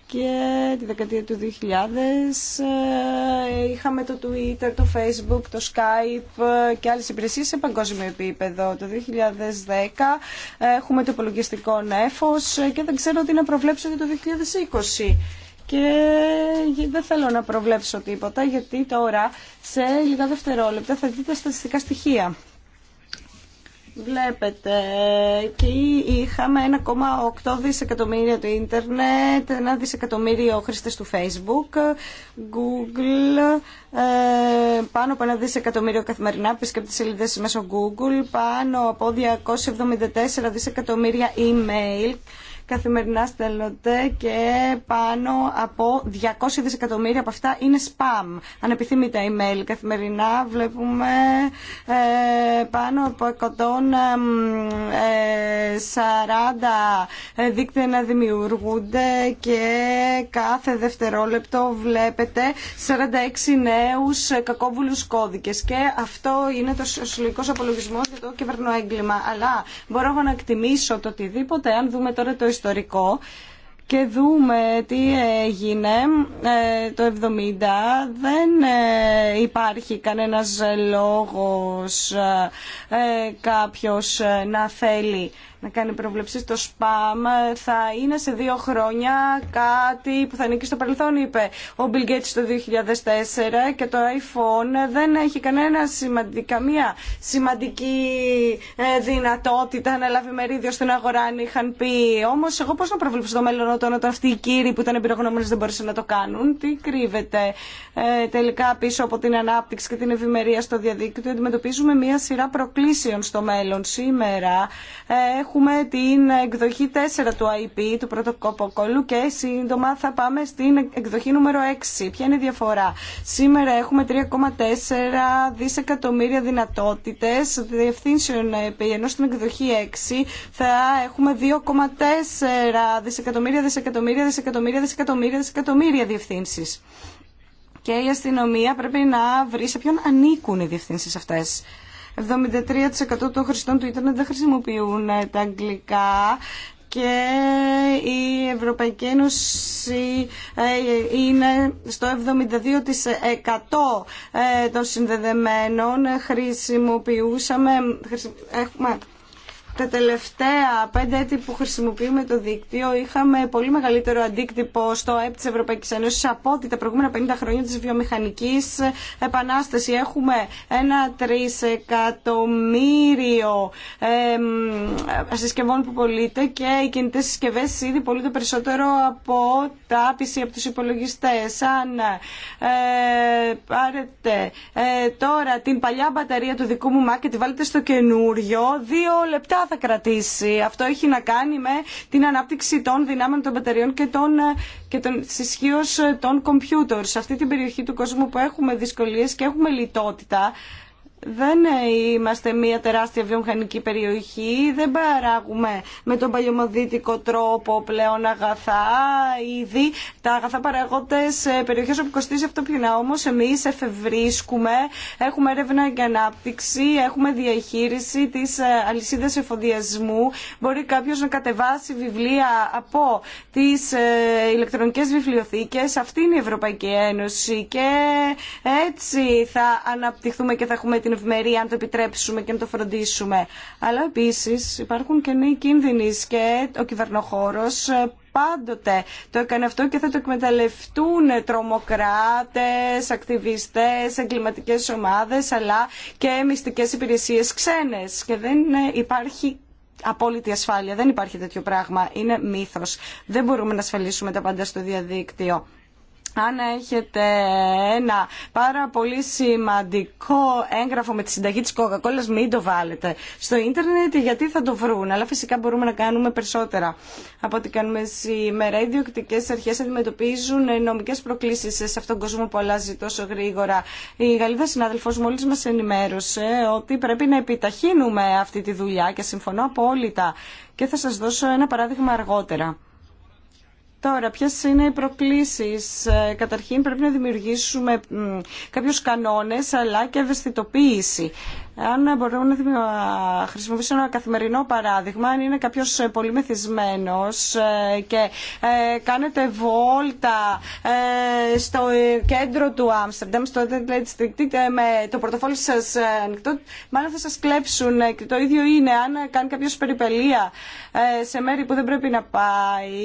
και τη δεκαετία του 2000 ε, είχαμε το Twitter, το Facebook, το Skype ε, και άλλες υπηρεσίες σε παγκόσμιο επίπεδο. Το 2010 έχουμε το υπολογιστικό νέφος ε, και δεν ξέρω τι να προβλέψω για το 2020. Και δεν θέλω να προβλέψω τίποτα γιατί τώρα σε λίγα δευτερόλεπτα θα δείτε στατιστικά στοιχεία. Βλέπετε, εκεί είχαμε 1,8 δισεκατομμύρια το ίντερνετ, 1 δισεκατομμύριο χρήστες του Facebook, Google, ε, πάνω από 1 δισεκατομμύριο καθημερινά επισκέπτες σελίδες μέσω Google, πάνω από 274 δισεκατομμύρια email, καθημερινά στέλνονται και πάνω από 200 δισεκατομμύρια από αυτά είναι spam, ανεπιθύμητα email. Καθημερινά βλέπουμε ε, πάνω από 140 ε, ε, δίκτυα να δημιουργούνται και κάθε δευτερόλεπτο βλέπετε 46 νέους κακόβουλους κώδικες και αυτό είναι το συλλογικό απολογισμός για το κυβερνοέγκλημα. Αλλά μπορώ να εκτιμήσω το οτιδήποτε αν δούμε τώρα το ιστορικό και δούμε τι έγινε ε, το 70 δεν ε, υπάρχει κανένας λόγος ε, κάποιος να θέλει να κάνει προβλέψεις στο σπαμ θα είναι σε δύο χρόνια κάτι που θα ανήκει στο παρελθόν, είπε ο Bill Gates το 2004 και το iPhone δεν έχει κανένα σημαντική, καμία σημαντική ε, δυνατότητα να λάβει μερίδιο στην αγορά αν είχαν πει. Όμως εγώ πώς να προβλέψω το μέλλον όταν, όταν αυτοί οι κύριοι που ήταν εμπειρογνώμενες δεν μπορούσαν να το κάνουν. Τι κρύβεται ε, τελικά πίσω από την ανάπτυξη και την ευημερία στο διαδίκτυο. Αντιμετωπίζουμε μία σειρά προκλήσεων στο μέλλον. Σήμερα ε, έχουμε την εκδοχή 4 του IP, του πρωτοκοποκόλου και σύντομα θα πάμε στην εκδοχή νούμερο 6. Ποια είναι η διαφορά. Σήμερα έχουμε 3,4 δισεκατομμύρια δυνατότητες διευθύνσεων IP, ε, ενώ στην εκδοχή 6 θα έχουμε 2,4 δισεκατομμύρια, δισεκατομμύρια, δισεκατομμύρια, δισεκατομμύρια, δισεκατομμύρια διευθύνσεις. Και η αστυνομία πρέπει να βρει σε ποιον ανήκουν οι διευθύνσεις αυτές. 73% των χρηστών του ίντερνετ δεν χρησιμοποιούν τα αγγλικά και η Ευρωπαϊκή Ένωση ε, είναι στο 72% ε, των συνδεδεμένων χρησιμοποιούσαμε, έχουμε τα τελευταία πέντε έτη που χρησιμοποιούμε το δίκτυο είχαμε πολύ μεγαλύτερο αντίκτυπο στο ΑΕΠ της Ευρωπαϊκής Ένωσης από ότι τα προηγούμενα 50 χρόνια της βιομηχανικής επανάσταση. Έχουμε ένα τρισεκατομμύριο ε, συσκευών που πωλείται και οι κινητές συσκευές ήδη το περισσότερο από τα PC, από τους υπολογιστές. Αν ε, πάρετε ε, τώρα την παλιά μπαταρία του δικού μου Mac και τη βάλετε στο καινούριο, δύο λεπτά θα κρατήσει. Αυτό έχει να κάνει με την ανάπτυξη των δυνάμεων των μπαταριών και των, και των ισχύω ε, των κομπιούτερ Σε αυτή την περιοχή του κόσμου που έχουμε δυσκολίε και έχουμε λιτότητα, δεν είμαστε μια τεράστια βιομηχανική περιοχή, δεν παράγουμε με τον παλιωμοδίτικο τρόπο πλέον αγαθά, ήδη τα αγαθά παράγονται σε περιοχές όπου κοστίζει αυτό να Όμω Εμεί εφευρίσκουμε, έχουμε έρευνα και ανάπτυξη, έχουμε διαχείριση της ε, αλυσίδας εφοδιασμού, μπορεί κάποιος να κατεβάσει βιβλία από τι ε, ηλεκτρονικέ βιβλιοθήκε αυτή είναι η Ευρωπαϊκή Ένωση και έτσι θα αναπτυχθούμε και θα έχουμε την ευμερία αν το επιτρέψουμε και να το φροντίσουμε. Αλλά επίσης υπάρχουν και νέοι κίνδυνοι και ο κυβερνοχώρος ε, πάντοτε το έκανε αυτό και θα το εκμεταλλευτούν τρομοκράτες, ακτιβιστές, εγκληματικές ομάδες αλλά και μυστικές υπηρεσίες ξένες και δεν ε, υπάρχει απόλυτη ασφάλεια. Δεν υπάρχει τέτοιο πράγμα. Είναι μύθος. Δεν μπορούμε να ασφαλίσουμε τα πάντα στο διαδίκτυο αν έχετε ένα πάρα πολύ σημαντικό έγγραφο με τη συνταγή της Coca-Cola, μην το βάλετε στο ίντερνετ γιατί θα το βρουν. Αλλά φυσικά μπορούμε να κάνουμε περισσότερα από ό,τι κάνουμε σήμερα. Οι διοκτικές αρχές αντιμετωπίζουν νομικές προκλήσεις σε αυτόν τον κόσμο που αλλάζει τόσο γρήγορα. Η Γαλλίδα συνάδελφος μόλις μας ενημέρωσε ότι πρέπει να επιταχύνουμε αυτή τη δουλειά και συμφωνώ απόλυτα. Και θα σας δώσω ένα παράδειγμα αργότερα. Τώρα, ποιε είναι οι προκλήσει. Ε, καταρχήν, πρέπει να δημιουργήσουμε κάποιου κανόνε αλλά και ευαισθητοποίηση αν μπορούμε να χρησιμοποιήσω ένα καθημερινό παράδειγμα, αν είναι κάποιος ε, πολύ μεθυσμένος ε, και ε, κάνετε βόλτα στο κέντρο του Άμστερνταμ, στο με το πορτοφόλι σας ανοιχτό, μάλλον θα σας κλέψουν. Και το ίδιο είναι αν κάνει κάποιος περιπελία σε μέρη που δεν πρέπει να πάει,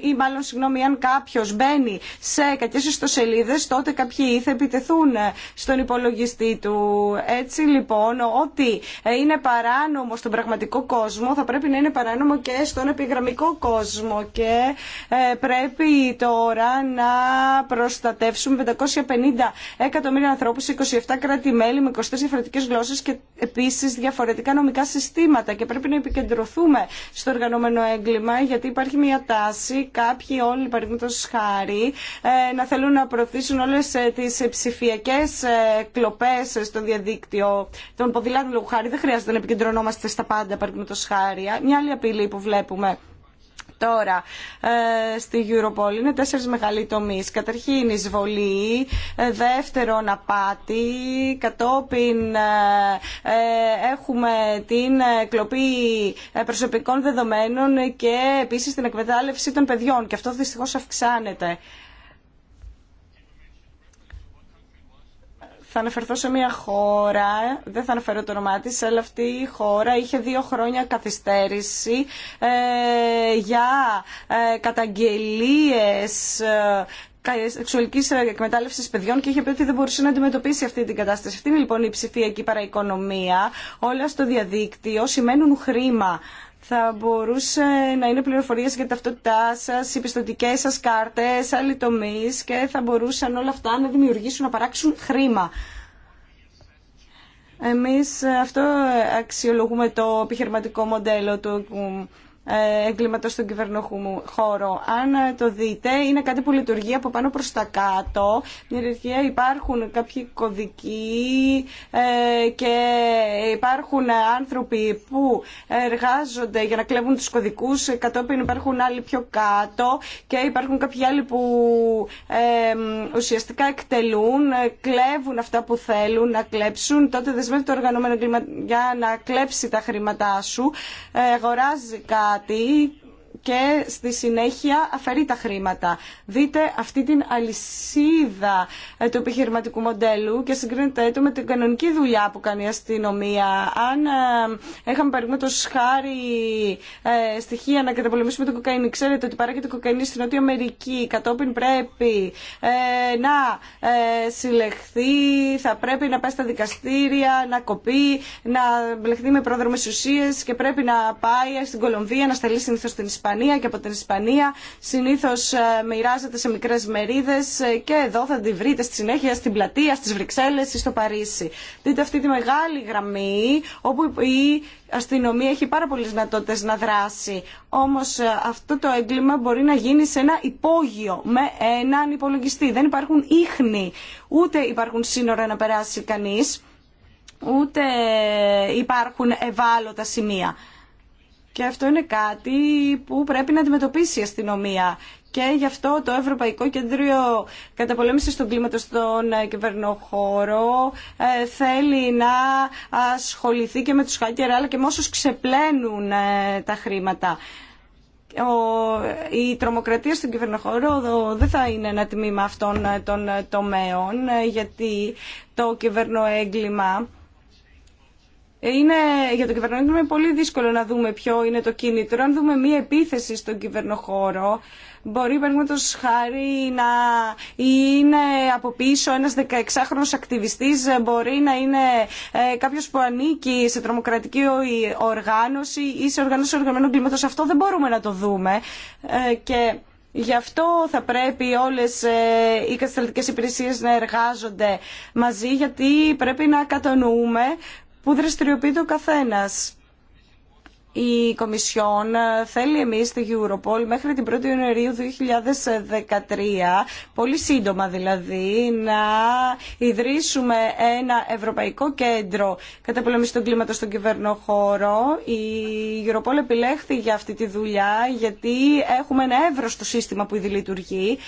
ή μάλλον συγγνώμη, αν κάποιος μπαίνει σε κακές ιστοσελίδε, τότε κάποιοι θα επιτεθούν στον υπολογιστή του. Έτσι λοιπόν ότι είναι παράνομο στον πραγματικό κόσμο θα πρέπει να είναι παράνομο και στον επιγραμμικό κόσμο και ε, πρέπει τώρα να προστατεύσουμε 550 εκατομμύρια ανθρώπους σε 27 κράτη-μέλη με 23 διαφορετικές γλώσσες και επίσης διαφορετικά νομικά συστήματα και πρέπει να επικεντρωθούμε στο οργανωμένο έγκλημα γιατί υπάρχει μια τάση κάποιοι όλοι χάρη ε, να θέλουν να προωθήσουν όλε τι ψηφιακέ ε, κλοπέ στο διαδίκτυο τον των ποδηλάτων λόγου χάρη δεν χρειάζεται να επικεντρωνόμαστε στα πάντα παραδείγματο χάρη. Μια άλλη απειλή που βλέπουμε τώρα ε, στη Europol είναι τέσσερις μεγάλοι τομεί. Καταρχήν εισβολή, ε, δεύτερον απάτη, κατόπιν ε, ε, έχουμε την κλοπή προσωπικών δεδομένων και επίσης την εκμετάλλευση των παιδιών και αυτό δυστυχώς αυξάνεται. θα αναφερθώ σε μια χώρα, δεν θα αναφέρω το όνομά της, αλλά αυτή η χώρα είχε δύο χρόνια καθυστέρηση ε, για ε, καταγγελίες ε, σεξουαλική εκμετάλλευση παιδιών και είχε πει ότι δεν μπορούσε να αντιμετωπίσει αυτή την κατάσταση. Αυτή είναι λοιπόν η ψηφιακή παραοικονομία. Όλα στο διαδίκτυο σημαίνουν χρήμα θα μπορούσε να είναι πληροφορίες για ταυτότητά σας, οι πιστοτικές σας κάρτες, άλλοι τομείς και θα μπορούσαν όλα αυτά να δημιουργήσουν, να παράξουν χρήμα. Εμείς αυτό αξιολογούμε το επιχειρηματικό μοντέλο του ε, εγκλήματος στον χώρο. Αν ε, το δείτε, είναι κάτι που λειτουργεί από πάνω προς τα κάτω. Μια υπάρχουν κάποιοι κωδικοί ε, και υπάρχουν άνθρωποι που εργάζονται για να κλέβουν τους κωδικούς, κατόπιν υπάρχουν άλλοι πιο κάτω και υπάρχουν κάποιοι άλλοι που ουσιαστικά εκτελούν, κλέβουν αυτά που θέλουν να κλέψουν. Τότε δεσμεύει το οργανωμένο για να κλέψει τα χρήματά σου, αγοράζει κάτι κάτι και στη συνέχεια αφαιρεί τα χρήματα. Δείτε αυτή την αλυσίδα ε, του επιχειρηματικού μοντέλου και συγκρίνεται το με την κανονική δουλειά που κάνει η αστυνομία. Αν είχαμε παραδείγματο χάρη ε, στοιχεία να καταπολεμήσουμε το κοκαίνι, ξέρετε ότι παράγεται κοκαίνι στην Νότια Αμερική, κατόπιν πρέπει ε, να συλλεχθεί, θα πρέπει να πάει στα δικαστήρια, να κοπεί, να μπλεχθεί με πρόδρομέ ουσίε και πρέπει να πάει στην Κολομβία, να σταλεί συνήθω στην Ισπανία Γερμανία και από την Ισπανία συνήθως ε, μοιράζεται σε μικρές μερίδε ε, και εδώ θα τη βρείτε στη συνέχεια στην πλατεία, στι Βρυξέλλε ή στο Παρίσι. Δείτε αυτή τη μεγάλη γραμμή όπου η αστυνομία έχει πάρα πολλές πολλε δυνατοτητε να δράσει. Όμως ε, αυτό το έγκλημα μπορεί να γίνει σε ένα υπόγειο με έναν υπολογιστή. Δεν υπάρχουν ίχνη, ούτε υπάρχουν σύνορα να περάσει κανεί, ούτε υπάρχουν ευάλωτα σημεία. Και αυτό είναι κάτι που πρέπει να αντιμετωπίσει η αστυνομία. Και γι' αυτό το Ευρωπαϊκό Κέντριο Καταπολέμησης των Κλίματος στον ε, κυβερνοχώρο ε, θέλει να ασχοληθεί και με τους χάκερα, αλλά και με όσου ξεπλένουν ε, τα χρήματα. Η τρομοκρατία στον κυβερνοχώρο δεν θα είναι ένα τμήμα αυτών των τομέων γιατί το κυβερνοέγκλημα είναι, για τον κυβερνόμενο είναι πολύ δύσκολο να δούμε ποιο είναι το κίνητρο. Αν δούμε μία επίθεση στον κυβερνοχώρο, μπορεί παραδείγματο χάρη να είναι από πίσω ένας 16χρονος ακτιβιστής, μπορεί να είναι ε, κάποιος που ανήκει σε τρομοκρατική οργάνωση ή σε οργάνωση οργανωμένου κλίματος. Αυτό δεν μπορούμε να το δούμε. Ε, και Γι' αυτό θα πρέπει όλες ε, οι κατασταλτικές υπηρεσίες να εργάζονται μαζί, γιατί πρέπει να κατανοούμε που δραστηριοποιείται ο καθένα, Η Κομισιόν θέλει εμείς στη Europol μέχρι την 1η Ιανουαρίου 2013, πολύ σύντομα δηλαδή, να ιδρύσουμε ένα ευρωπαϊκό κέντρο κατά πολεμή των κλίματο στον κυβέρνοχώρο. Η Europol επιλέχθη για αυτή τη δουλειά γιατί έχουμε ένα εύρωστο σύστημα που ήδη λειτουργεί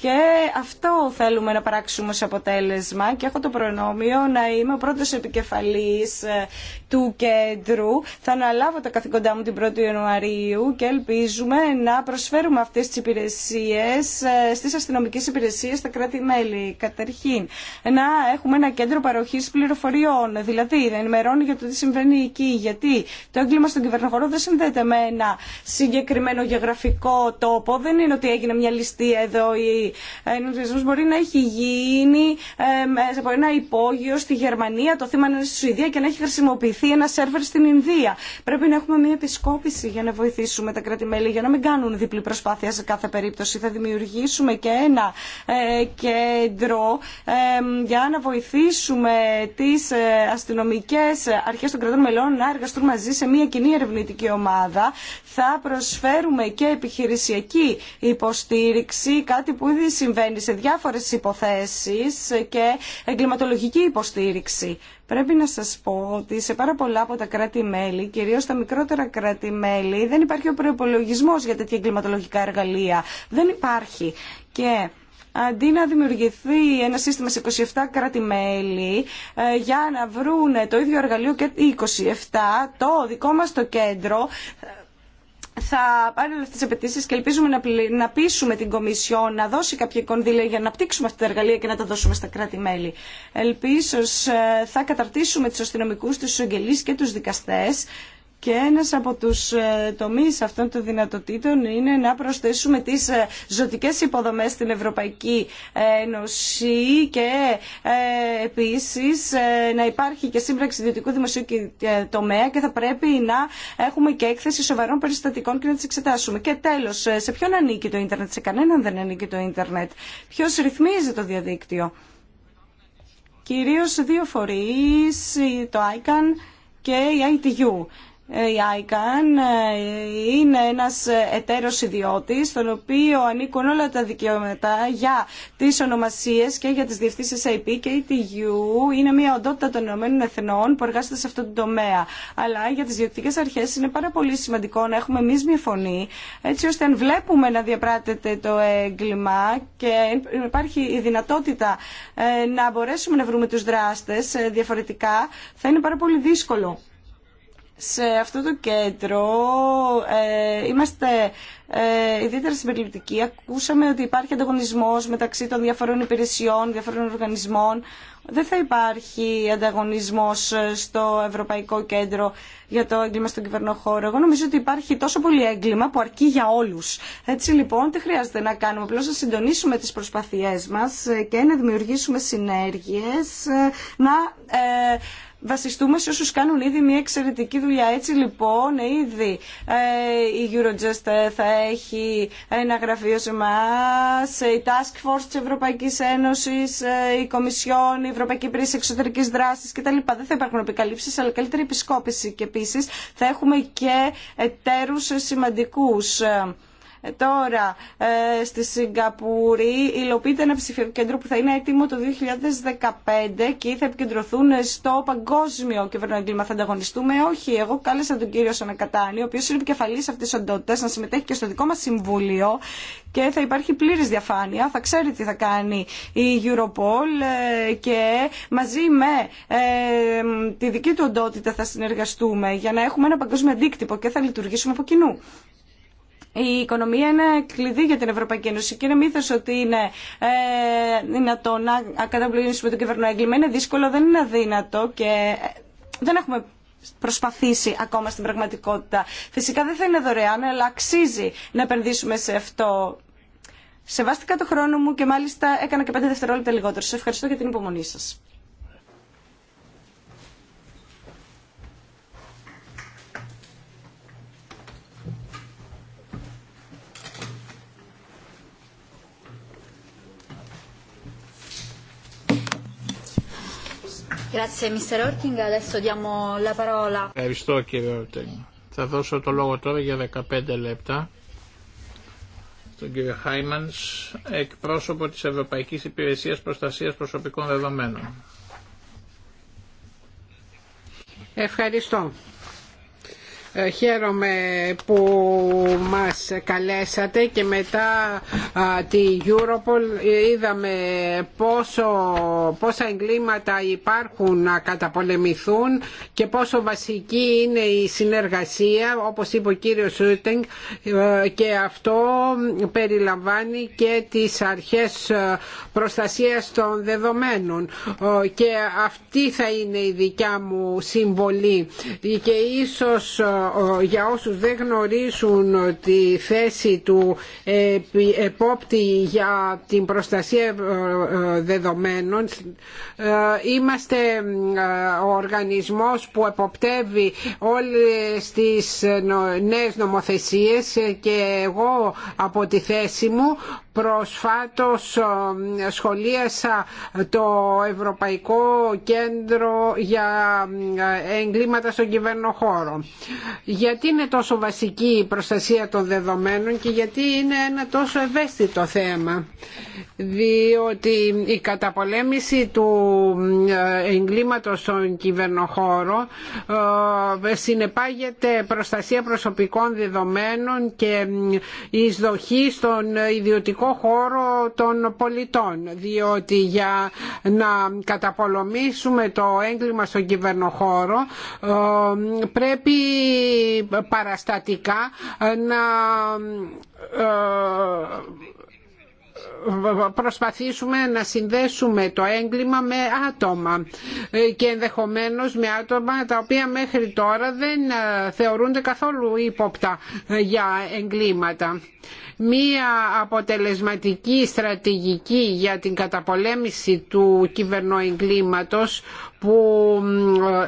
και αυτό θέλουμε να παράξουμε ως αποτέλεσμα και έχω το προνόμιο να είμαι ο πρώτος επικεφαλής ε, του κέντρου. Θα αναλάβω τα καθήκοντά μου την 1η Ιανουαρίου και ελπίζουμε να προσφέρουμε αυτές τις υπηρεσίες ε, στις αστυνομικές υπηρεσίες στα κράτη-μέλη. Καταρχήν, να έχουμε ένα κέντρο παροχής πληροφοριών, δηλαδή να ενημερώνει για το τι συμβαίνει εκεί, γιατί το έγκλημα στον κυβερνοχώρο δεν συνδέεται με ένα συγκεκριμένο γεωγραφικό τόπο, δεν είναι ότι έγινε μια ληστεία εδώ ή ένα βιασμό μπορεί να έχει γίνει, σε ένα υπόγειο στη Γερμανία, το θύμα να είναι στη Σουηδία και να έχει χρησιμοποιηθεί ένα σερβερ στην Ινδία. Πρέπει να έχουμε μια επισκόπηση για να βοηθήσουμε τα κράτη-μέλη για να μην κάνουν διπλή προσπάθεια σε κάθε περίπτωση. Θα δημιουργήσουμε και ένα ε, κέντρο για να βοηθήσουμε τις ε, αστυνομικέ αρχέ των κρατών μελών να εργαστούν μαζί σε μια κοινή ερευνητική ομάδα. Θα προσφέρουμε και επιχειρησιακή υποστήριξη, κάτι που ήδη συμβαίνει σε διάφορες υποθέσεις και εγκληματολογική υποστήριξη. Πρέπει να σας πω ότι σε πάρα πολλά από τα κράτη-μέλη, κυρίως τα μικρότερα κράτη-μέλη, δεν υπάρχει ο προπολογισμό για τέτοια εγκληματολογικά εργαλεία. Δεν υπάρχει. Και αντί να δημιουργηθεί ένα σύστημα σε 27 κράτη-μέλη ε, για να βρουν το ίδιο εργαλείο και 27, το δικό μας το κέντρο θα πάρει όλε αυτέ τι απαιτήσει και ελπίζουμε να πείσουμε την Κομισιόν να δώσει κάποια κονδύλια για να αναπτύξουμε αυτά τα εργαλεία και να τα δώσουμε στα κράτη-μέλη. Ελπίζω ε, θα καταρτήσουμε του αστυνομικού, του εισαγγελεί και του δικαστέ και ένας από τους ε, τομείς αυτών των δυνατοτήτων είναι να προσθέσουμε τις ε, ζωτικές υποδομές στην Ευρωπαϊκή ε, Ένωση και επίσης να υπάρχει και σύμπραξη ιδιωτικού δημοσίου τομέα και θα πρέπει να έχουμε και έκθεση σοβαρών περιστατικών και να τις εξετάσουμε. Και τέλος, σε ποιον ανήκει το ίντερνετ, σε κανέναν δεν ανήκει το ίντερνετ. Ποιος ρυθμίζει το διαδίκτυο. Κυρίως δύο φορείς, το ICAN και η ITU. Ε, η ICAN ε, είναι ένας εταίρος ιδιώτης στον οποίο ανήκουν όλα τα δικαιώματα για τις ονομασίες και για τις διευθύνσεις IP και ETU. είναι μια οντότητα των Ηνωμένων Εθνών που εργάζεται σε αυτό το τομέα. Αλλά για τις διοκτικές αρχές είναι πάρα πολύ σημαντικό να έχουμε εμεί μια φωνή έτσι ώστε αν βλέπουμε να διαπράτεται το έγκλημα και υπάρχει η δυνατότητα ε, να μπορέσουμε να βρούμε τους δράστες διαφορετικά θα είναι πάρα πολύ δύσκολο σε αυτό το κέντρο ε, είμαστε ε, ιδιαίτερα συμπεριληπτικοί. Ακούσαμε ότι υπάρχει ανταγωνισμός μεταξύ των διαφορών υπηρεσιών, διαφορών οργανισμών. Δεν θα υπάρχει ανταγωνισμός ε, στο Ευρωπαϊκό Κέντρο για το έγκλημα στον χώρο. Εγώ νομίζω ότι υπάρχει τόσο πολύ έγκλημα που αρκεί για όλους. Έτσι λοιπόν τι χρειάζεται να κάνουμε. Απλώς να συντονίσουμε τις προσπαθίες μας ε, και να δημιουργήσουμε συνέργειες, ε, να... Ε, βασιστούμε σε όσους κάνουν ήδη μια εξαιρετική δουλειά. Έτσι λοιπόν ήδη ε, η Eurojust θα έχει ένα γραφείο σε εμάς, η Task Force της Ευρωπαϊκής Ένωσης, ε, η Κομισιόν, η Ευρωπαϊκή Υπηρεσία Εξωτερικής Δράσης κτλ. Δεν θα υπάρχουν επικαλύψεις αλλά καλύτερη επισκόπηση και επίσης θα έχουμε και εταίρους σημαντικούς Τώρα, ε, στη Σιγκαπούρη υλοποιείται ένα ψηφιακό κέντρο που θα είναι έτοιμο το 2015 και θα επικεντρωθούν στο παγκόσμιο κυβερνοεγκλήμα. Θα ανταγωνιστούμε. Όχι, εγώ κάλεσα τον κύριο Σανακατάνη, ο οποίο είναι επικεφαλή αυτή τη οντότητα, να συμμετέχει και στο δικό μα συμβούλιο και θα υπάρχει πλήρη διαφάνεια. Θα ξέρει τι θα κάνει η Europol ε, και μαζί με ε, τη δική του οντότητα θα συνεργαστούμε για να έχουμε ένα παγκόσμιο αντίκτυπο και θα λειτουργήσουμε από κοινού. Η οικονομία είναι κλειδί για την Ευρωπαϊκή Ένωση και είναι μύθο ότι είναι ε, δυνατό να καταπληρώσουμε το κυβερνό έγκλημα. Είναι δύσκολο, δεν είναι αδύνατο και ε, δεν έχουμε προσπαθήσει ακόμα στην πραγματικότητα. Φυσικά δεν θα είναι δωρεάν, αλλά αξίζει να επενδύσουμε σε αυτό. Σεβάστηκα το χρόνο μου και μάλιστα έκανα και πέντε δευτερόλεπτα λιγότερο. Σα ευχαριστώ για την υπομονή σας. Ευχαριστώ κύριε Όρτινγκ. Θα δώσω το λόγο τώρα για 15 λεπτά στον κύριο Χάιμανς, εκπρόσωπο της Ευρωπαϊκής Υπηρεσίας Προστασίας Προσωπικών Δεδομένων. Ευχαριστώ. Ε, χαίρομαι που μας καλέσατε και μετά τη Europol είδαμε πόσο, πόσα εγκλήματα υπάρχουν να καταπολεμηθούν και πόσο βασική είναι η συνεργασία όπως είπε ο κύριος Σούτεγκ ε, και αυτό περιλαμβάνει και τις αρχές ε, προστασίας των δεδομένων και αυτή θα είναι η δικιά μου συμβολή και ίσως για όσους δεν γνωρίζουν τη θέση του επόπτη για την προστασία ε, δεδομένων ε, είμαστε ε, ο οργανισμός που εποπτεύει όλες τις νέες νομοθεσίες και εγώ από τη θέση μου Προσφάτως σχολίασα το Ευρωπαϊκό Κέντρο για ε, εγκλήματα στον κυβερνοχώρο. Γιατί είναι τόσο βασική η προστασία των δεδομένων και γιατί είναι ένα τόσο ευαίσθητο θέμα. Διότι η καταπολέμηση του ε, εγκλήματος στον κυβερνοχώρο ε, συνεπάγεται προστασία προσωπικών δεδομένων και εισδοχή στον ιδιωτικό χώρο των πολιτών διότι για να καταπολεμήσουμε το έγκλημα στον κυβερνοχώρο ε, πρέπει παραστατικά να ε, προσπαθήσουμε να συνδέσουμε το έγκλημα με άτομα και ενδεχομένως με άτομα τα οποία μέχρι τώρα δεν ε, θεωρούνται καθόλου ύποπτα για εγκλήματα μία αποτελεσματική στρατηγική για την καταπολέμηση του κυβερνοεγκλήματος που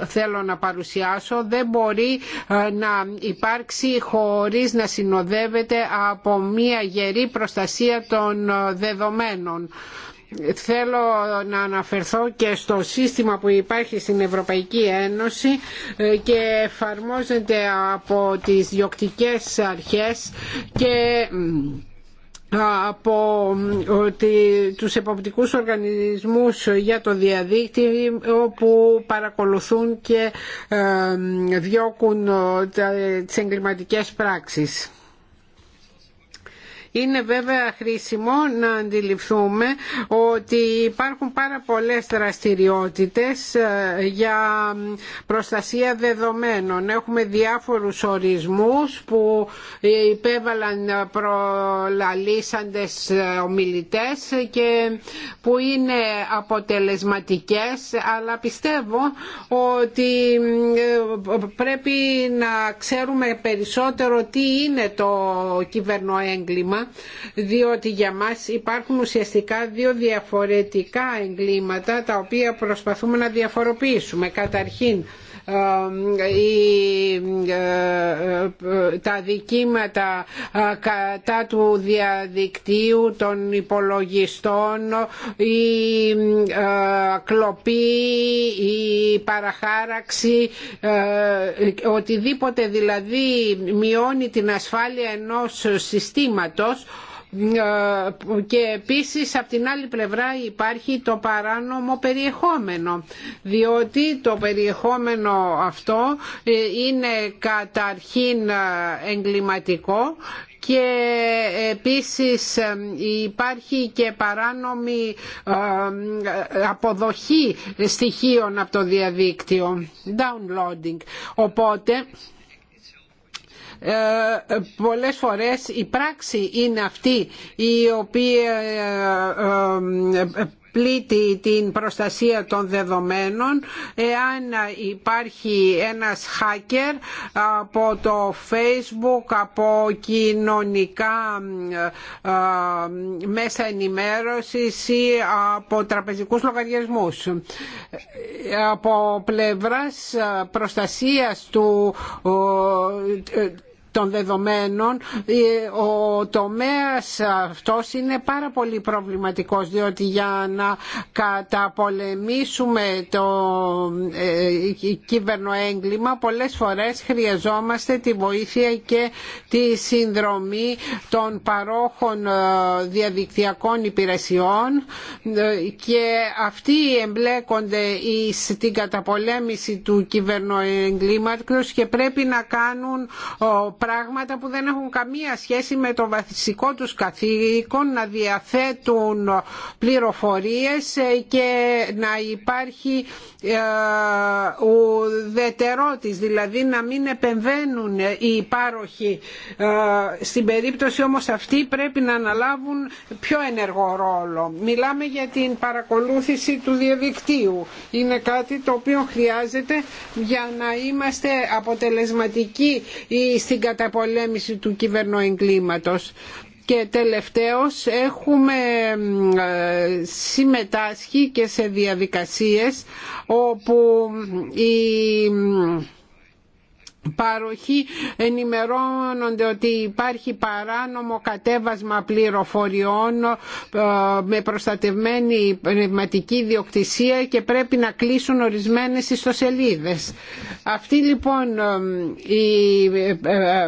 ε, θέλω να παρουσιάσω δεν μπορεί ε, να υπάρξει χωρίς να συνοδεύεται από μια γερή προστασία των ε, δεδομένων θέλω να αναφερθώ και στο σύστημα που υπάρχει στην Ευρωπαϊκή Ένωση και εφαρμόζεται από τις διοκτικές αρχές και από τους εποπτικούς οργανισμούς για το διαδίκτυο όπου παρακολουθούν και ε, διώκουν ε, τις εγκληματικές πράξεις. Είναι βέβαια χρήσιμο να αντιληφθούμε ότι υπάρχουν πάρα πολλές δραστηριότητες ε, για προστασία δεδομένων. Έχουμε διάφορους ορισμούς που υπέβαλαν ε, προλαλήσαντες ε, ομιλητές και που είναι αποτελεσματικές αλλά πιστεύω ότι πρέπει να ξέρουμε περισσότερο τι είναι το κυβερνοέγκλημα διότι για μας υπάρχουν ουσιαστικά δύο διαφορετικά εγκλήματα τα οποία προσπαθούμε να διαφοροποιήσουμε. Καταρχήν ε, ε, τα δικήματα ε, κατά του διαδικτύου των υπολογιστών η κλοπή, η παραχάραξη οτιδήποτε δηλαδή μειώνει την ασφάλεια ενός συστήματος ε, και επίσης από την άλλη πλευρά υπάρχει το παράνομο περιεχόμενο διότι το περιεχόμενο αυτό ε, είναι καταρχήν ε, εγκληματικό και επίσης υπάρχει και παράνομη αποδοχή στοιχείων από το διαδίκτυο downloading οπότε ε, πολλές φορές η πράξη είναι αυτή η οποία ε, ε, πλήττει την προστασία των δεδομένων εάν υπάρχει ένας hacker από το facebook από κοινωνικά μέσα ενημέρωσης ή από τραπεζικούς λογαριασμούς από πλευράς προστασίας του των δεδομένων ε, ο τομέας αυτός είναι πάρα πολύ προβληματικός διότι για να καταπολεμήσουμε το ε, ε, κυβερνοέγκλημα πολλές φορές χρειαζόμαστε τη βοήθεια και τη συνδρομή των παρόχων διαδικτυακών υπηρεσιών και αυτοί εμπλέκονται στην καταπολέμηση του κυβερνοεγκλήματος και πρέπει να κάνουν πράγματα που δεν έχουν καμία σχέση με το βασικό τους καθήκον να διαθέτουν πληροφορίες και να υπάρχει ε, ουδετερότης, δηλαδή να μην επεμβαίνουν οι υπάροχοι. Ε, στην περίπτωση όμως αυτή πρέπει να αναλάβουν πιο ενεργό ρόλο. Μιλάμε για την παρακολούθηση του διαδικτύου. Είναι κάτι το οποίο χρειάζεται για να είμαστε αποτελεσματικοί στην καταπολέμηση του κυβερνοεγκλήματος και τελευταίος έχουμε ε, συμμετάσχει και σε διαδικασίες όπου η παροχή ενημερώνονται ότι υπάρχει παράνομο κατέβασμα πληροφοριών ε, με προστατευμένη πνευματική διοκτησία και πρέπει να κλείσουν ορισμένες ιστοσελίδες. Αυτή λοιπόν ε, η, ε,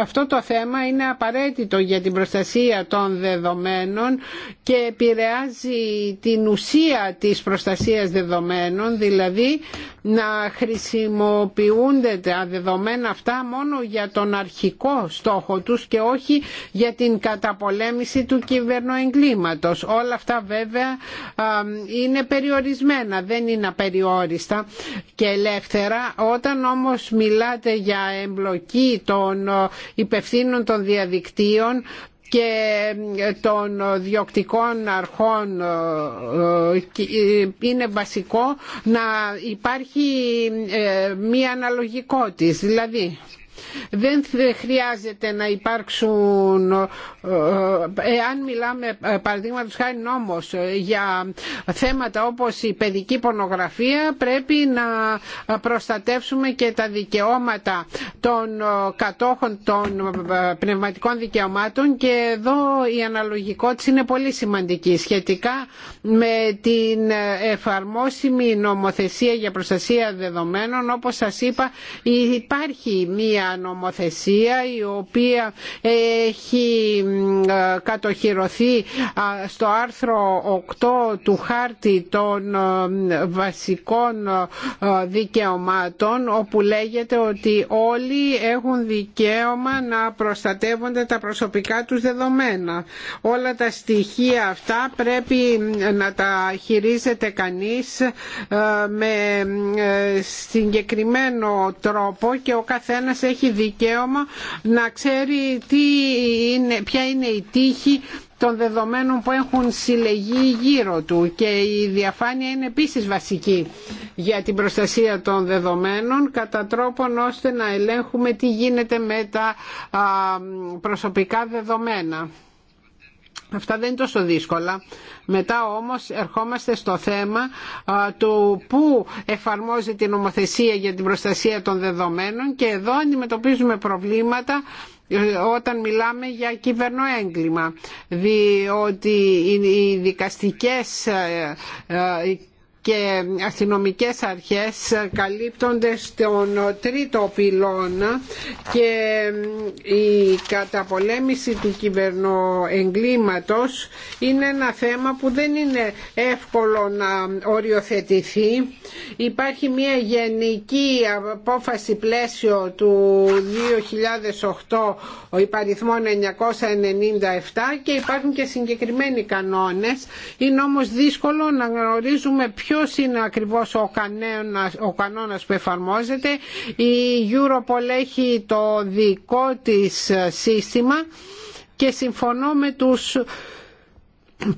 αυτό το θέμα είναι απαραίτητο για την προστασία των δεδομένων και επηρεάζει την ουσία της προστασίας δεδομένων, δηλαδή να χρησιμοποιούνται τα δεδομένα αυτά μόνο για τον αρχικό στόχο τους και όχι για την καταπολέμηση του κυβερνοεγκλήματος. Όλα αυτά βέβαια είναι περιορισμένα, δεν είναι απεριόριστα και ελεύθερα. Όταν όμως μιλάτε για εμπλοκή των υπευθύνων των διαδικτύων και ε, των διοκτικών αρχών ε, ε, είναι βασικό να υπάρχει μία αναλογικότητα. Δηλαδή δεν χρειάζεται να υπάρξουν, εάν ε, μιλάμε ε, παραδείγματος χάρη νόμος ε, για θέματα όπως η παιδική πονογραφία πρέπει να προστατεύσουμε και τα δικαιώματα των κατόχων των πνευματικών δικαιωμάτων και εδώ η αναλογικότητα είναι πολύ σημαντική σχετικά με την εφαρμόσιμη νομοθεσία για προστασία δεδομένων όπως σας είπα υπάρχει μία νομοθεσία η οποία έχει κατοχυρωθεί στο άρθρο 8 του χάρτη των βασικών δικαιωμάτων όπου λέγεται ότι όλοι έχουν δικαίωμα να προστατεύονται τα προσωπικά τους δεδομένα. Όλα τα στοιχεία αυτά πρέπει να τα χειρίζεται κανείς ε, με ε, συγκεκριμένο τρόπο και ο καθένας έχει έχει δικαίωμα να ξέρει τι είναι, ποια είναι η τύχη των δεδομένων που έχουν συλλεγεί γύρω του και η διαφάνεια είναι επίσης βασική για την προστασία των δεδομένων κατά τρόπον ώστε να ελέγχουμε τι γίνεται με τα προσωπικά δεδομένα. Αυτά δεν είναι τόσο δύσκολα. Μετά όμως ερχόμαστε στο θέμα του πού εφαρμόζει την νομοθεσία για την προστασία των δεδομένων και εδώ αντιμετωπίζουμε προβλήματα ε, όταν μιλάμε για κυβερνοέγκλημα διότι οι δικαστικές ε, ε, και αστυνομικές αρχές καλύπτονται στον τρίτο πυλώνα και η καταπολέμηση του κυβερνοεγκλήματος είναι ένα θέμα που δεν είναι εύκολο να οριοθετηθεί. Υπάρχει μια γενική απόφαση πλαίσιο του 2008 υπαριθμών 997 και υπάρχουν και συγκεκριμένοι κανόνες. Είναι όμως δύσκολο να γνωρίζουμε ποιο ποιος είναι ακριβώς ο κανόνας, ο που εφαρμόζεται. Η Europol έχει το δικό της σύστημα και συμφωνώ με τους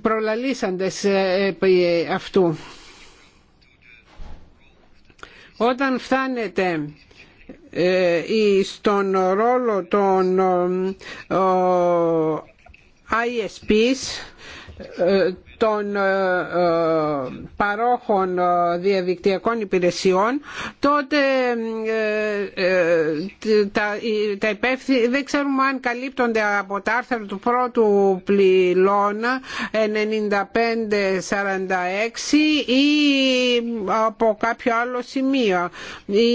προλαλήσαντες ε, ε, αυτού. Όταν φτάνετε ε, στον ρόλο των ISPs, των ε, ε, παρόχων ε, διαδικτυακών υπηρεσιών τότε τα δεν ξέρουμε αν καλύπτονται από τα άρθρα του πρώτου πληλώνα 95-46 ή από κάποιο άλλο σημείο. Η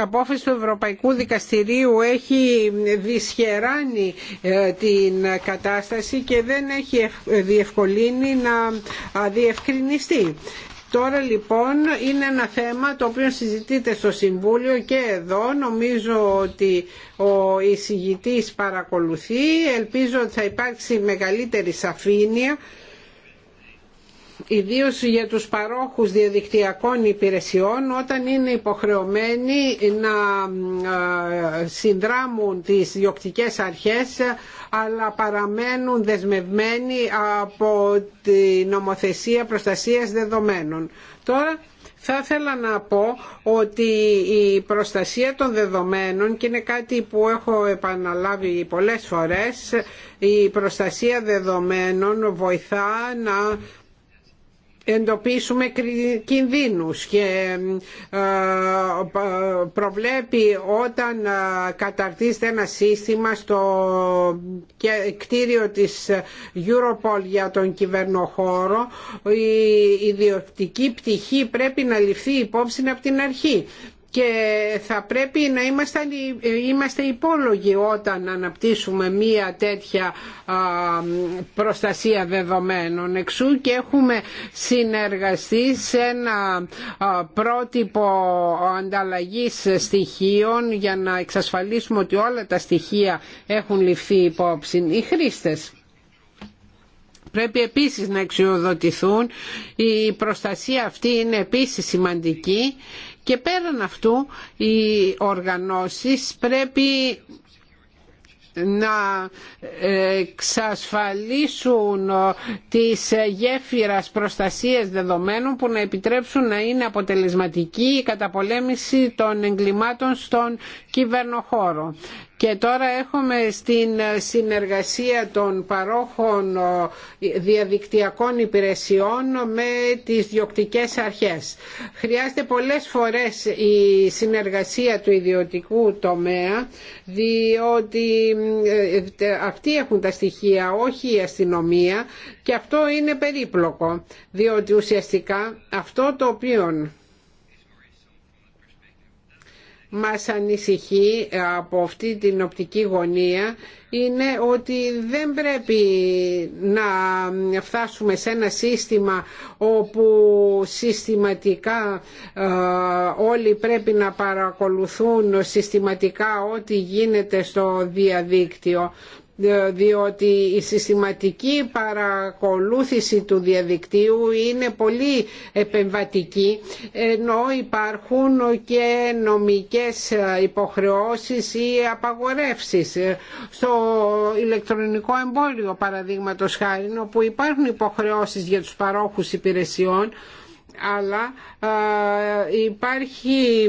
απόφαση του Ευρωπαϊκού Δικαστηρίου έχει δυσχεράνει την κατάσταση και δεν έχει διευκολύνει να διευκρινιστεί. Τώρα λοιπόν είναι ένα θέμα το οποίο συζητείται στο Συμβούλιο και εδώ νομίζω ότι ο εισηγητής παρακολουθεί. Ελπίζω ότι θα υπάρξει μεγαλύτερη σαφήνεια Ιδίω για τους παρόχους διαδικτυακών υπηρεσιών όταν είναι υποχρεωμένοι να συνδράμουν τις διοκτικές αρχές αλλά παραμένουν δεσμευμένοι από τη νομοθεσία προστασίας δεδομένων. Τώρα θα ήθελα να πω ότι η προστασία των δεδομένων και είναι κάτι που έχω επαναλάβει πολλές φορές η προστασία δεδομένων βοηθά να εντοπίσουμε κινδύνους και ε, προβλέπει όταν ε, καταρτίζεται ένα σύστημα στο κτίριο της Europol για τον κυβερνοχώρο η ιδιωτική πτυχή πρέπει να ληφθεί υπόψη από την αρχή και θα πρέπει να είμαστε, είμαστε υπόλογοι όταν αναπτύσσουμε μία τέτοια προστασία δεδομένων εξού και έχουμε συνεργαστεί σε ένα πρότυπο ανταλλαγής στοιχείων για να εξασφαλίσουμε ότι όλα τα στοιχεία έχουν ληφθεί υπόψη οι χρήστες. Πρέπει επίσης να εξοδοτηθούν. Η προστασία αυτή είναι επίσης σημαντική και πέραν αυτού οι οργανώσεις πρέπει να εξασφαλίσουν τις γέφυρας προστασίες δεδομένων που να επιτρέψουν να είναι αποτελεσματική η καταπολέμηση των εγκλημάτων στον κυβερνοχώρο. Και τώρα έχουμε στην συνεργασία των παρόχων ε, διαδικτυακών υπηρεσιών με τις διοκτικές αρχές. Χρειάζεται πολλές φορές η συνεργασία του ιδιωτικού τομέα διότι ε, ε, αυτοί έχουν τα στοιχεία, όχι η αστυνομία και αυτό είναι περίπλοκο διότι ουσιαστικά αυτό το οποίο μας ανησυχεί από αυτή την οπτική γωνία είναι ότι δεν πρέπει να φτάσουμε σε ένα σύστημα όπου συστηματικά ε, όλοι πρέπει να παρακολουθούν συστηματικά ό,τι γίνεται στο διαδίκτυο διότι η συστηματική παρακολούθηση του διαδικτύου είναι πολύ επεμβατική ενώ υπάρχουν και νομικές υποχρεώσεις ή απαγορεύσεις στο ηλεκτρονικό εμπόριο παραδείγματος χάρη όπου υπάρχουν υποχρεώσεις για τους παρόχους υπηρεσιών αλλά υπάρχει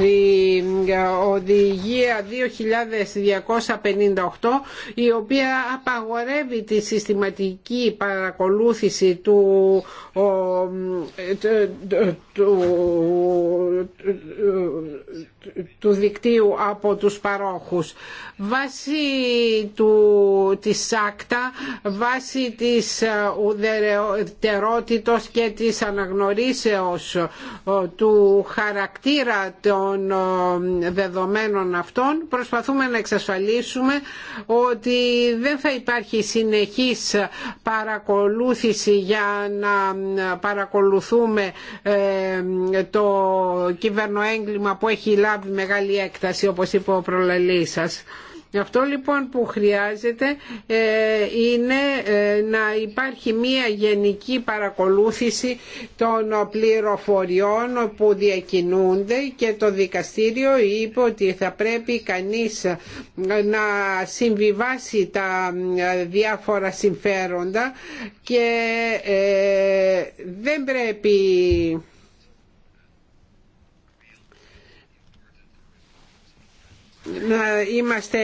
η ε, οδηγία 2258 η οποία απαγορεύει τη συστηματική παρακολούθηση του, ε, του, του δικτύου από τους παρόχους. Βάσει του, της σάκτα βάσει της ε, ουδετερότητος και της αναγνωρίσεως ε, του χαρακτήρα των ε, δεδομένων αυτών προσπαθούμε να εξασφαλίσουμε ότι δεν θα υπάρχει συνεχής παρακολούθηση για να παρακολουθούμε το κυβερνοέγκλημα που έχει μεγάλη έκταση όπως είπε ο προλαλής σας. Αυτό λοιπόν που χρειάζεται ε, είναι ε, να υπάρχει μία γενική παρακολούθηση των πληροφοριών που διακινούνται και το δικαστήριο είπε ότι θα πρέπει κανείς ε, να συμβιβάσει τα διάφορα συμφέροντα και δεν πρέπει να είμαστε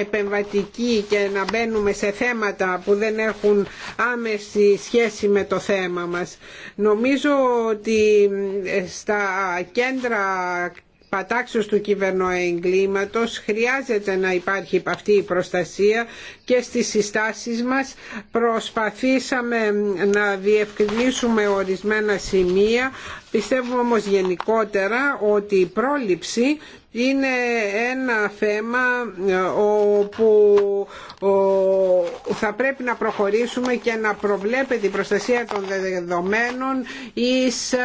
επεμβατικοί και να μπαίνουμε σε θέματα που δεν έχουν άμεση σχέση με το θέμα μας. Νομίζω ότι στα κέντρα πατάξεως του κυβερνοεγκλήματος χρειάζεται να υπάρχει αυτή η προστασία και στις συστάσεις μας προσπαθήσαμε να διευκρινίσουμε ορισμένα σημεία πιστεύουμε όμως γενικότερα ότι η πρόληψη είναι ένα θέμα ε, όπου ε, θα πρέπει να προχωρήσουμε και να προβλέπεται την προστασία των δεδομένων εις ε,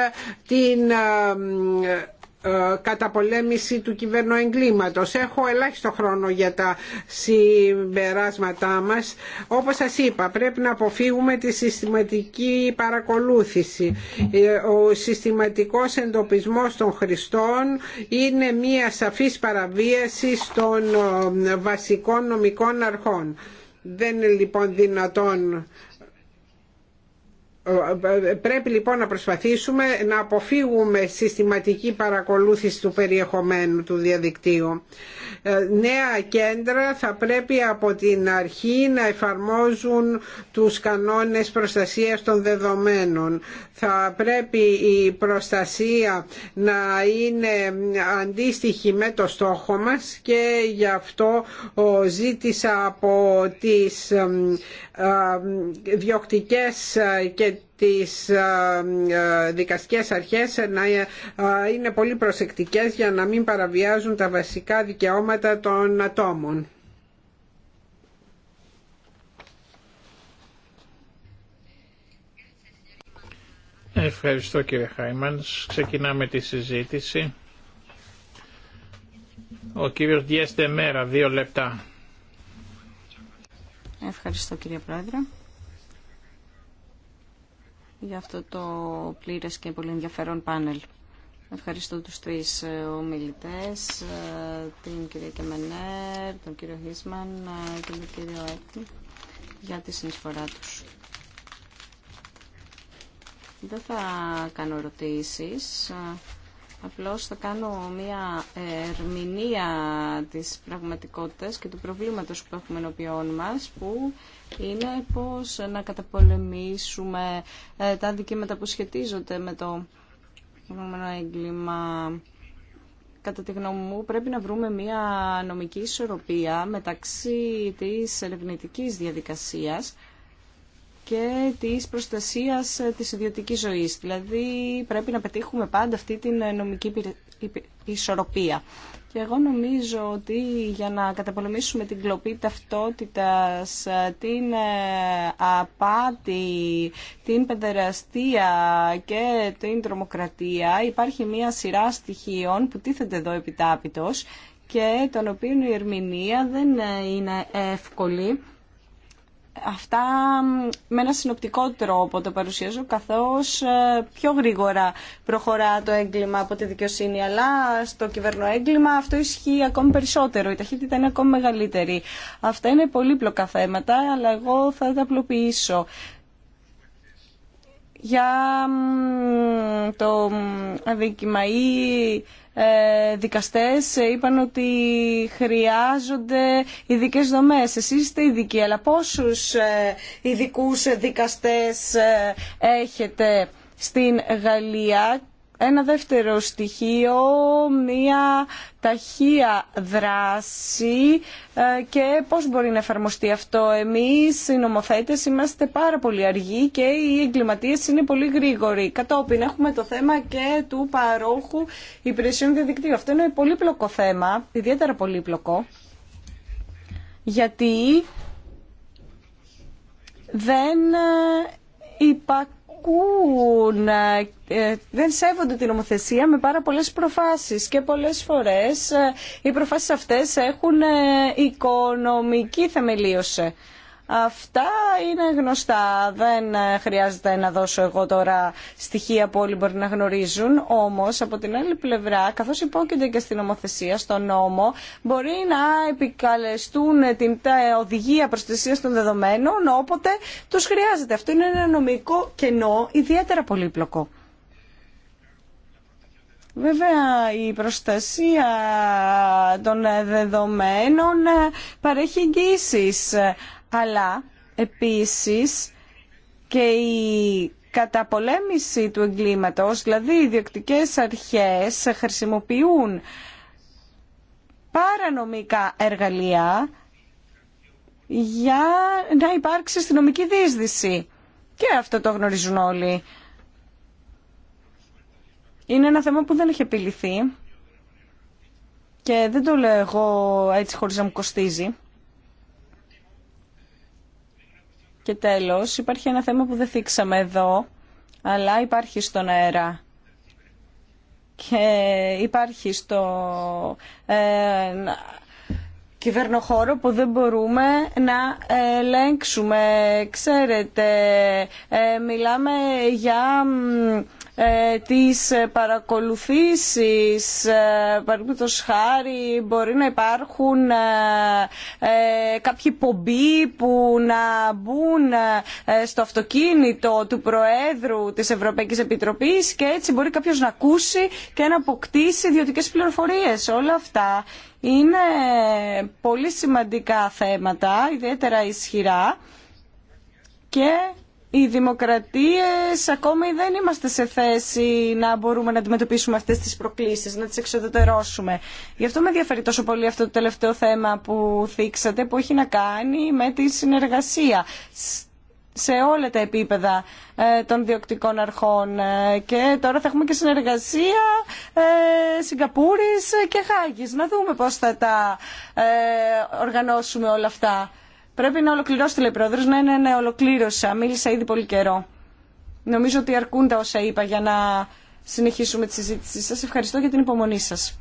την ε, καταπολέμηση του κυβερνοεγκλήματος. Έχω ελάχιστο χρόνο για τα συμπεράσματά μας. Όπως σας είπα, πρέπει να αποφύγουμε τη συστηματική παρακολούθηση. Ε, ο συστηματικός εντοπισμός των χρηστών είναι μία σαφής παραβίαση των ε, βασικών νομικών αρχών. Δεν είναι λοιπόν δυνατόν Πρέπει λοιπόν να προσπαθήσουμε να αποφύγουμε συστηματική παρακολούθηση του περιεχομένου του διαδικτύου. Ε, νέα κέντρα θα πρέπει από την αρχή να εφαρμόζουν τους κανόνες προστασίας των δεδομένων. Θα πρέπει η προστασία να είναι αντίστοιχη με το στόχο μας και γι' αυτό ζήτησα από τις ε, ε, διοκτικές και τις δικαστικές αρχές να είναι πολύ προσεκτικές για να μην παραβιάζουν τα βασικά δικαιώματα των ατόμων. Ευχαριστώ κύριε Χάιμανς. Ξεκινάμε τη συζήτηση. Ο κύριος Διέστε Μέρα, δύο λεπτά. Ευχαριστώ κύριε Πρόεδρε για αυτό το πλήρες και πολύ ενδιαφέρον πάνελ. Ευχαριστώ τους τρεις ε, ομιλητές, ε, την κυρία Κεμενέρ, τον κύριο Χίσμαν ε, και τον κύριο Έκτη, για τη συνεισφορά τους. Δεν θα κάνω ερωτήσεις, απλώς θα κάνω μια ερμηνεία της πραγματικότητας και του προβλήματος που έχουμε ενώπιόν μας, που είναι πώς να καταπολεμήσουμε ε, τα αντικείμενα που σχετίζονται με το γνωμένο έγκλημα. Κατά τη γνώμη μου πρέπει να βρούμε μια νομική ισορροπία μεταξύ της ερευνητικής διαδικασίας και της προστασίας ε, της ιδιωτικής ζωής. Δηλαδή πρέπει να πετύχουμε πάντα αυτή την ε, νομική ισορροπία. Και εγώ νομίζω ότι για να καταπολεμήσουμε την κλοπή ταυτότητας, την ε, απάτη, την παιδεραστία και την τρομοκρατία υπάρχει μια σειρά στοιχείων που τίθεται εδώ επιτάπητος και των οποίων η ερμηνεία δεν ε, είναι εύκολη αυτά με ένα συνοπτικό τρόπο το παρουσιάζω καθώς ε, πιο γρήγορα προχωρά το έγκλημα από τη δικαιοσύνη αλλά στο κυβερνοέγκλημα αυτό ισχύει ακόμη περισσότερο, η ταχύτητα είναι ακόμη μεγαλύτερη. Αυτά είναι πολύπλοκα θέματα αλλά εγώ θα τα απλοποιήσω. Για το αδίκημα ή ε, δικαστές είπαν ότι χρειάζονται ειδικές δομές. Εσείς είστε ειδικοί, αλλά πόσους ε, ειδικούς δικαστές ε, έχετε στην Γαλλία ένα δεύτερο στοιχείο, μία ταχεία δράση ε, και πώς μπορεί να εφαρμοστεί αυτό. Εμείς οι νομοθέτες είμαστε πάρα πολύ αργοί και οι εγκληματίες είναι πολύ γρήγοροι. Κατόπιν έχουμε το θέμα και του παρόχου υπηρεσιών διαδικτύου. Αυτό είναι πολύπλοκο θέμα, ιδιαίτερα πολύπλοκο, γιατί δεν ε, υπάρχει ε, ε, δεν σέβονται την νομοθεσία με πάρα πολλές προφάσεις και πολλές φορές ε, οι προφάσεις αυτές έχουν οικονομική θεμελίωση. Αυτά είναι γνωστά. Δεν ε, χρειάζεται να δώσω εγώ τώρα στοιχεία που όλοι μπορεί να γνωρίζουν. Όμως, από την άλλη πλευρά, καθώς υπόκειται και στην νομοθεσία, στον νόμο, μπορεί να επικαλεστούν την οδηγία προστασία των δεδομένων όποτε του χρειάζεται. Αυτό είναι ένα νομικό κενό ιδιαίτερα πολύπλοκο. Βέβαια, η προστασία των δεδομένων παρέχει εγγύσεις αλλά επίσης και η καταπολέμηση του εγκλήματος, δηλαδή οι διοκτικές αρχές χρησιμοποιούν παρανομικά εργαλεία για να υπάρξει αστυνομική δίσδυση. Και αυτό το γνωρίζουν όλοι. Είναι ένα θέμα που δεν έχει επιληθεί και δεν το λέω εγώ έτσι χωρίς να μου κοστίζει. Και τέλος, υπάρχει ένα θέμα που δεν θίξαμε εδώ, αλλά υπάρχει στον αέρα και υπάρχει στο ε, κυβερνοχώρο που δεν μπορούμε να ελέγξουμε. Ξέρετε, ε, μιλάμε για ε, τις ε, παρακολουθήσεις, ε, παραδείγματος χάρη μπορεί να υπάρχουν κάποιοι πομποί που να μπουν στο αυτοκίνητο του Προέδρου της Ευρωπαϊκής Επιτροπής και έτσι μπορεί κάποιος να ακούσει και να αποκτήσει ιδιωτικές πληροφορίες. Όλα αυτά είναι πολύ σημαντικά θέματα, ιδιαίτερα ισχυρά και οι δημοκρατίες ακόμη δεν είμαστε σε θέση να μπορούμε να αντιμετωπίσουμε αυτές τις προκλήσεις, να τις εξοδετερώσουμε. Γι' αυτό με ενδιαφέρει τόσο πολύ αυτό το τελευταίο θέμα που θίξατε, που έχει να κάνει με τη συνεργασία σε όλα τα επίπεδα ε, των διοκτικών αρχών. Ε, και τώρα θα έχουμε και συνεργασία ε, και Χάγης. Να δούμε πώς θα τα ε, οργανώσουμε όλα αυτά. Πρέπει να ολοκληρώσει τηλεπρόεδρος. Ναι, ναι, ναι, ολοκλήρωσα. Μίλησα ήδη πολύ καιρό. Νομίζω ότι αρκούν τα όσα είπα για να συνεχίσουμε τη συζήτηση. σα. ευχαριστώ για την υπομονή σας.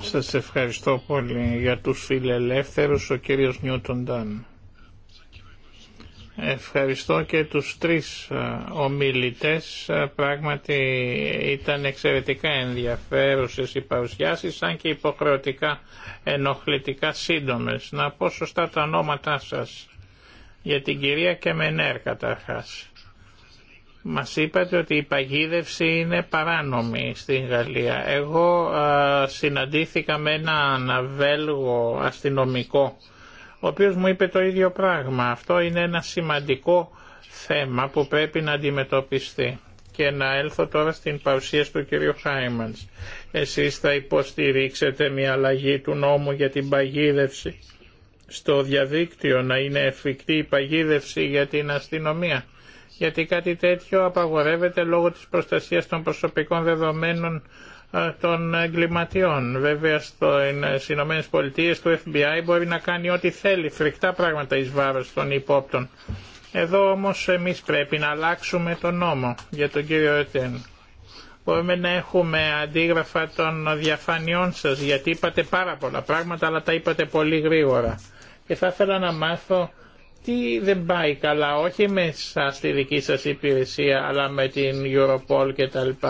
Σας ευχαριστώ πολύ για τους φιλελεύθερους, ο κύριος Νιούτον Ντάν. Ευχαριστώ και τους τρεις ε, ομιλητές. Ε, πράγματι ήταν εξαιρετικά ενδιαφέρουσες οι παρουσιάσεις, αν και υποχρεωτικά ενοχλητικά σύντομες. Να πω σωστά τα ονόματά σας. Για την κυρία Κεμενέρ καταρχάς. Μας είπατε ότι η παγίδευση είναι παράνομη στην Γαλλία. Εγώ ε, συναντήθηκα με έναν Βέλγο αστυνομικό ο οποίος μου είπε το ίδιο πράγμα. Αυτό είναι ένα σημαντικό θέμα που πρέπει να αντιμετωπιστεί. Και να έλθω τώρα στην παρουσίαση του κ. Χάιμαντς. Εσείς θα υποστηρίξετε μια αλλαγή του νόμου για την παγίδευση στο διαδίκτυο, να είναι εφικτή η παγίδευση για την αστυνομία. Γιατί κάτι τέτοιο απαγορεύεται λόγω της προστασίας των προσωπικών δεδομένων των εγκληματιών. Βέβαια στις Ηνωμένες Πολιτείες το FBI μπορεί να κάνει ό,τι θέλει, φρικτά πράγματα εις βάρος των υπόπτων. Εδώ όμως εμείς πρέπει να αλλάξουμε τον νόμο για τον κύριο Ετέν. Μπορούμε να έχουμε αντίγραφα των διαφανειών σας γιατί είπατε πάρα πολλά πράγματα αλλά τα είπατε πολύ γρήγορα. Και θα ήθελα να μάθω τι δεν πάει καλά όχι μέσα στη δική σας υπηρεσία αλλά με την Europol κτλ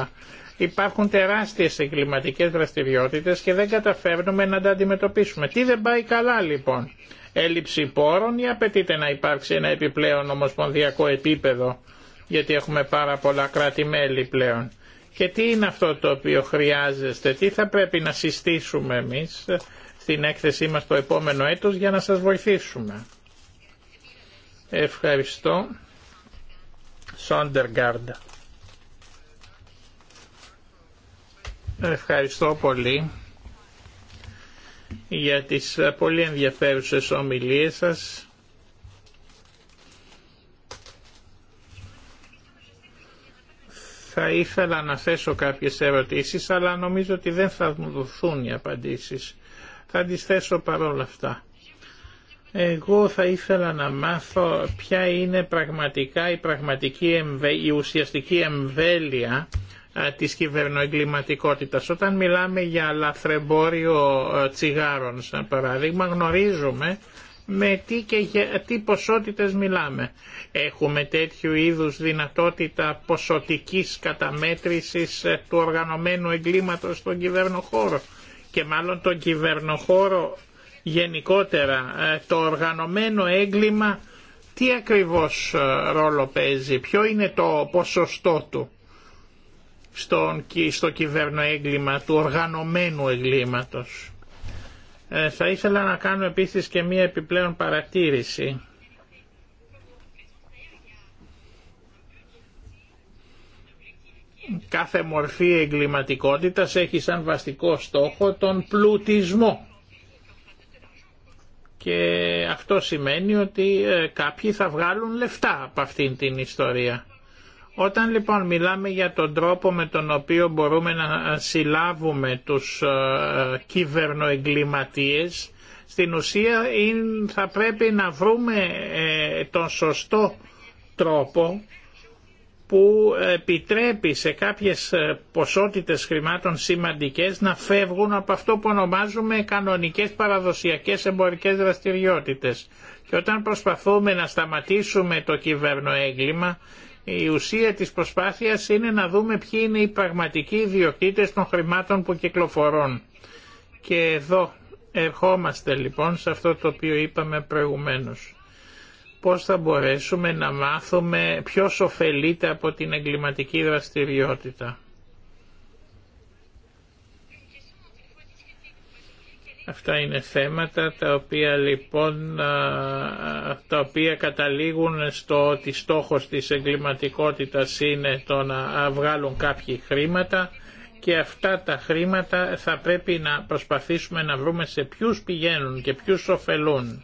υπάρχουν τεράστιες εγκληματικές δραστηριότητες και δεν καταφέρνουμε να τα αντιμετωπίσουμε. Τι δεν πάει καλά λοιπόν. Έλλειψη πόρων ή απαιτείται να υπάρξει ένα επιπλέον ομοσπονδιακό επίπεδο γιατί έχουμε πάρα πολλά κράτη-μέλη πλέον. Και τι είναι αυτό το οποίο χρειάζεστε, τι θα πρέπει να συστήσουμε εμείς στην έκθεσή μας το επόμενο έτος για να σας βοηθήσουμε. Ευχαριστώ. Σόντεργκάρντα. Ευχαριστώ πολύ για τις πολύ ενδιαφέρουσες ομιλίες σας. Θα ήθελα να θέσω κάποιες ερωτήσεις, αλλά νομίζω ότι δεν θα μου δοθούν οι απαντήσεις. Θα τις θέσω παρόλα αυτά. Εγώ θα ήθελα να μάθω ποια είναι πραγματικά η πραγματική η ουσιαστική εμβέλεια της κυβερνοεγκληματικότητας. Όταν μιλάμε για λαθρεμπόριο τσιγάρων, σαν παράδειγμα, γνωρίζουμε με τι, και για, τι ποσότητες μιλάμε. Έχουμε τέτοιου είδους δυνατότητα ποσοτικής καταμέτρησης ε, του οργανωμένου εγκλήματος στον κυβερνοχώρο και μάλλον τον κυβερνοχώρο γενικότερα. Ε, το οργανωμένο έγκλημα τι ακριβώς ε, ρόλο παίζει, ποιο είναι το ποσοστό του στο στο εγκλήμα του οργανωμένου εγκλήματος. Ε, θα ήθελα να κάνω επίσης και μία επιπλέον παρατήρηση. Κάθε μορφή εγκληματικότητας έχει σαν βαστικό στόχο τον πλουτισμό. Και αυτό σημαίνει ότι ε, κάποιοι θα βγάλουν λεφτά από αυτήν την ιστορία. Όταν λοιπόν μιλάμε για τον τρόπο με τον οποίο μπορούμε να συλλάβουμε τους ε, κυβερνοεγκληματίες, στην ουσία θα πρέπει να βρούμε ε, τον σωστό τρόπο που επιτρέπει σε κάποιες ε, ποσότητες χρημάτων σημαντικές να φεύγουν από αυτό που ονομάζουμε κανονικές παραδοσιακές εμπορικές δραστηριότητες. Και όταν προσπαθούμε να σταματήσουμε το κυβερνοέγκλημα η ουσία της προσπάθειας είναι να δούμε ποιοι είναι οι πραγματικοί ιδιοκτήτες των χρημάτων που κυκλοφορούν. Και εδώ ερχόμαστε λοιπόν σε αυτό το οποίο είπαμε προηγουμένως. Πώς θα μπορέσουμε να μάθουμε ποιος ωφελείται από την εγκληματική δραστηριότητα. Αυτά είναι θέματα τα οποία λοιπόν τα οποία καταλήγουν στο ότι στόχος της εγκληματικότητας είναι το να βγάλουν κάποιοι χρήματα και αυτά τα χρήματα θα πρέπει να προσπαθήσουμε να βρούμε σε ποιους πηγαίνουν και ποιους ωφελούν.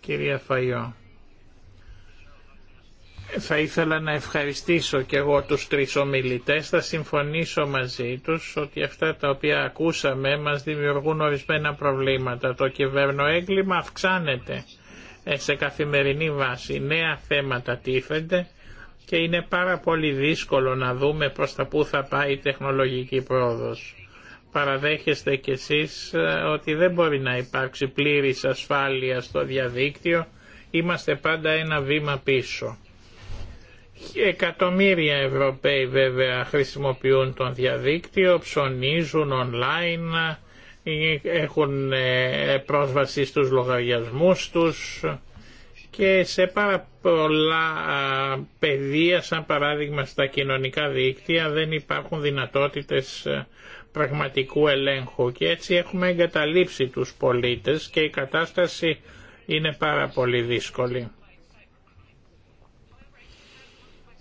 Κυρία Φαϊό. Θα ήθελα να ευχαριστήσω και εγώ τους τρεις ομιλητές, θα συμφωνήσω μαζί τους ότι αυτά τα οποία ακούσαμε μας δημιουργούν ορισμένα προβλήματα. Το έγκλημα αυξάνεται ε, σε καθημερινή βάση, νέα θέματα τίθενται και είναι πάρα πολύ δύσκολο να δούμε προς τα πού θα πάει η τεχνολογική πρόοδος. Παραδέχεστε κι εσείς ε, ότι δεν μπορεί να υπάρξει πλήρης ασφάλεια στο διαδίκτυο, είμαστε πάντα ένα βήμα πίσω. Εκατομμύρια Ευρωπαίοι βέβαια χρησιμοποιούν τον διαδίκτυο, ψωνίζουν online, έχουν ε, πρόσβαση στους λογαριασμούς τους και σε πάρα πολλά πεδία, σαν παράδειγμα στα κοινωνικά δίκτυα, δεν υπάρχουν δυνατότητες ε, πραγματικού ελέγχου και έτσι έχουμε εγκαταλείψει τους πολίτες και η κατάσταση είναι πάρα πολύ δύσκολη.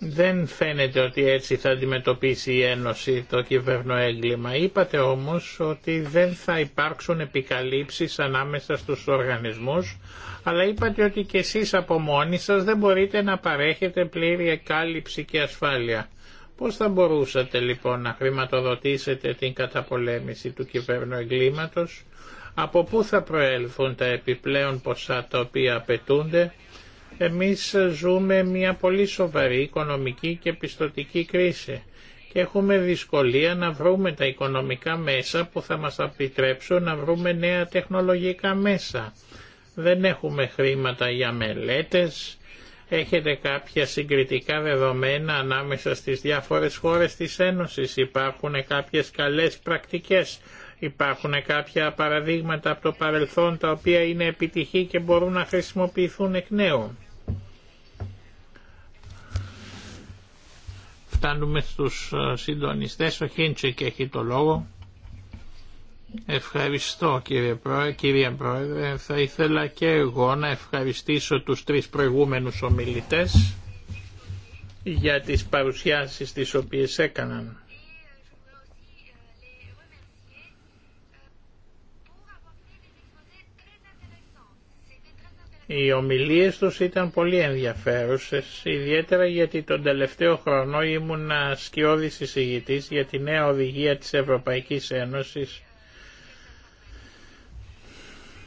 Δεν φαίνεται ότι έτσι θα αντιμετωπίσει η Ένωση το κυβέρνο έγκλημα. Είπατε όμως ότι δεν θα υπάρξουν επικαλύψεις ανάμεσα στους οργανισμούς, αλλά είπατε ότι και εσείς από μόνοι σας δεν μπορείτε να παρέχετε πλήρη εκάλυψη και ασφάλεια. Πώς θα μπορούσατε λοιπόν να χρηματοδοτήσετε την καταπολέμηση του εγκλήματος από πού θα προέλθουν τα επιπλέον ποσά τα οποία απαιτούνται, εμείς ζούμε μια πολύ σοβαρή οικονομική και πιστοτική κρίση και έχουμε δυσκολία να βρούμε τα οικονομικά μέσα που θα μας επιτρέψουν να βρούμε νέα τεχνολογικά μέσα. Δεν έχουμε χρήματα για μελέτες, έχετε κάποια συγκριτικά δεδομένα ανάμεσα στις διάφορες χώρες της Ένωσης, υπάρχουν κάποιες καλές πρακτικές, υπάρχουν κάποια παραδείγματα από το παρελθόν τα οποία είναι επιτυχή και μπορούν να χρησιμοποιηθούν εκ νέου. φτάνουμε στους ε, συντονιστές. Ο και έχει το λόγο. Ευχαριστώ κύριε Πρόεδρε, κύριε Θα ήθελα και εγώ να ευχαριστήσω τους τρεις προηγούμενους ομιλητές για τις παρουσιάσεις τις οποίες έκαναν. Οι ομιλίες τους ήταν πολύ ενδιαφέρουσες, ιδιαίτερα γιατί τον τελευταίο χρόνο ήμουν σκιώδης εισηγητής για τη νέα οδηγία της Ευρωπαϊκής Ένωσης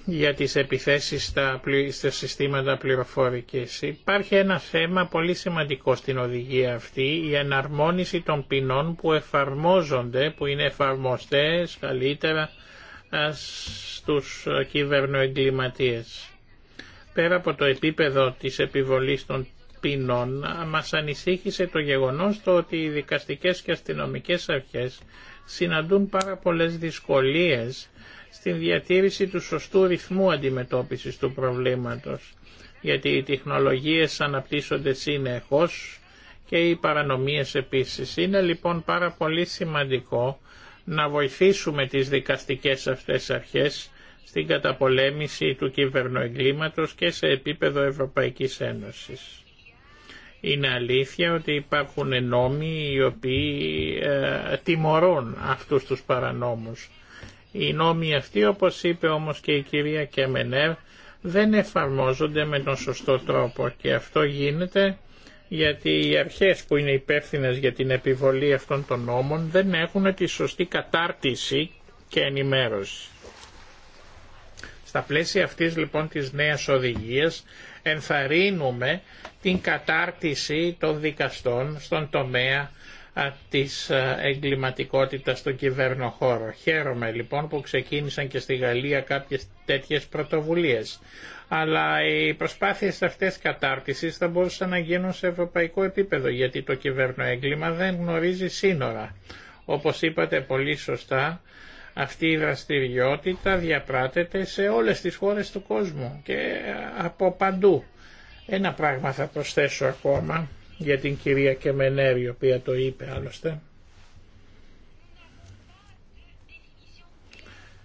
για τις επιθέσεις στα, στα συστήματα πληροφορικής. Υπάρχει ένα θέμα πολύ σημαντικό στην οδηγία αυτή, η εναρμόνιση των ποινών που εφαρμόζονται, που είναι εφαρμοστές καλύτερα ε, στους κυβερνοεγκληματίες πέρα από το επίπεδο της επιβολής των ποινών μας ανησύχησε το γεγονός το ότι οι δικαστικές και αστυνομικές αρχές συναντούν πάρα πολλές δυσκολίες στην διατήρηση του σωστού ρυθμού αντιμετώπισης του προβλήματος γιατί οι τεχνολογίες αναπτύσσονται συνεχώς και οι παρανομίες επίσης. Είναι λοιπόν πάρα πολύ σημαντικό να βοηθήσουμε τις δικαστικές αυτές αρχές στην καταπολέμηση του κυβερνοεγκλήματος και σε επίπεδο Ευρωπαϊκής Ένωσης. Είναι αλήθεια ότι υπάρχουν νόμοι οι οποίοι ε, τιμωρούν αυτούς τους παρανόμους. Οι νόμοι αυτοί, όπως είπε όμως και η κυρία Κεμενέρ, δεν εφαρμόζονται με τον σωστό τρόπο και αυτό γίνεται γιατί οι αρχές που είναι υπεύθυνε για την επιβολή αυτών των νόμων δεν έχουν τη σωστή κατάρτιση και ενημέρωση. Στα πλαίσια αυτής λοιπόν της νέας οδηγίας ενθαρρύνουμε την κατάρτιση των δικαστών στον τομέα της εγκληματικότητας στον κυβέρνοχώρο. Χαίρομαι λοιπόν που ξεκίνησαν και στη Γαλλία κάποιες τέτοιες πρωτοβουλίες. Αλλά οι προσπάθειες αυτές κατάρτισης θα μπορούσαν να γίνουν σε ευρωπαϊκό επίπεδο γιατί το κυβέρνο έγκλημα δεν γνωρίζει σύνορα. Όπως είπατε πολύ σωστά, αυτή η δραστηριότητα διαπράτεται σε όλες τις χώρες του κόσμου και από παντού. Ένα πράγμα θα προσθέσω ακόμα για την κυρία Κεμενέρη, η οποία το είπε άλλωστε.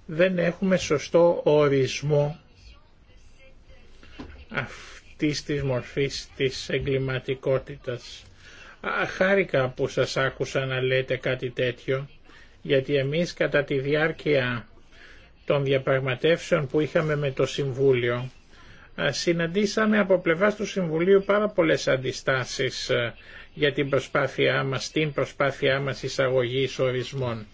Δεν έχουμε σωστό ορισμό αυτής της μορφής της εγκληματικότητας. Χάρηκα που σας άκουσα να λέτε κάτι τέτοιο γιατί εμείς κατά τη διάρκεια των διαπραγματεύσεων που είχαμε με το Συμβούλιο συναντήσαμε από πλευράς του Συμβουλίου πάρα πολλές αντιστάσεις για την προσπάθειά μας, την προσπάθειά μας εισαγωγής ορισμών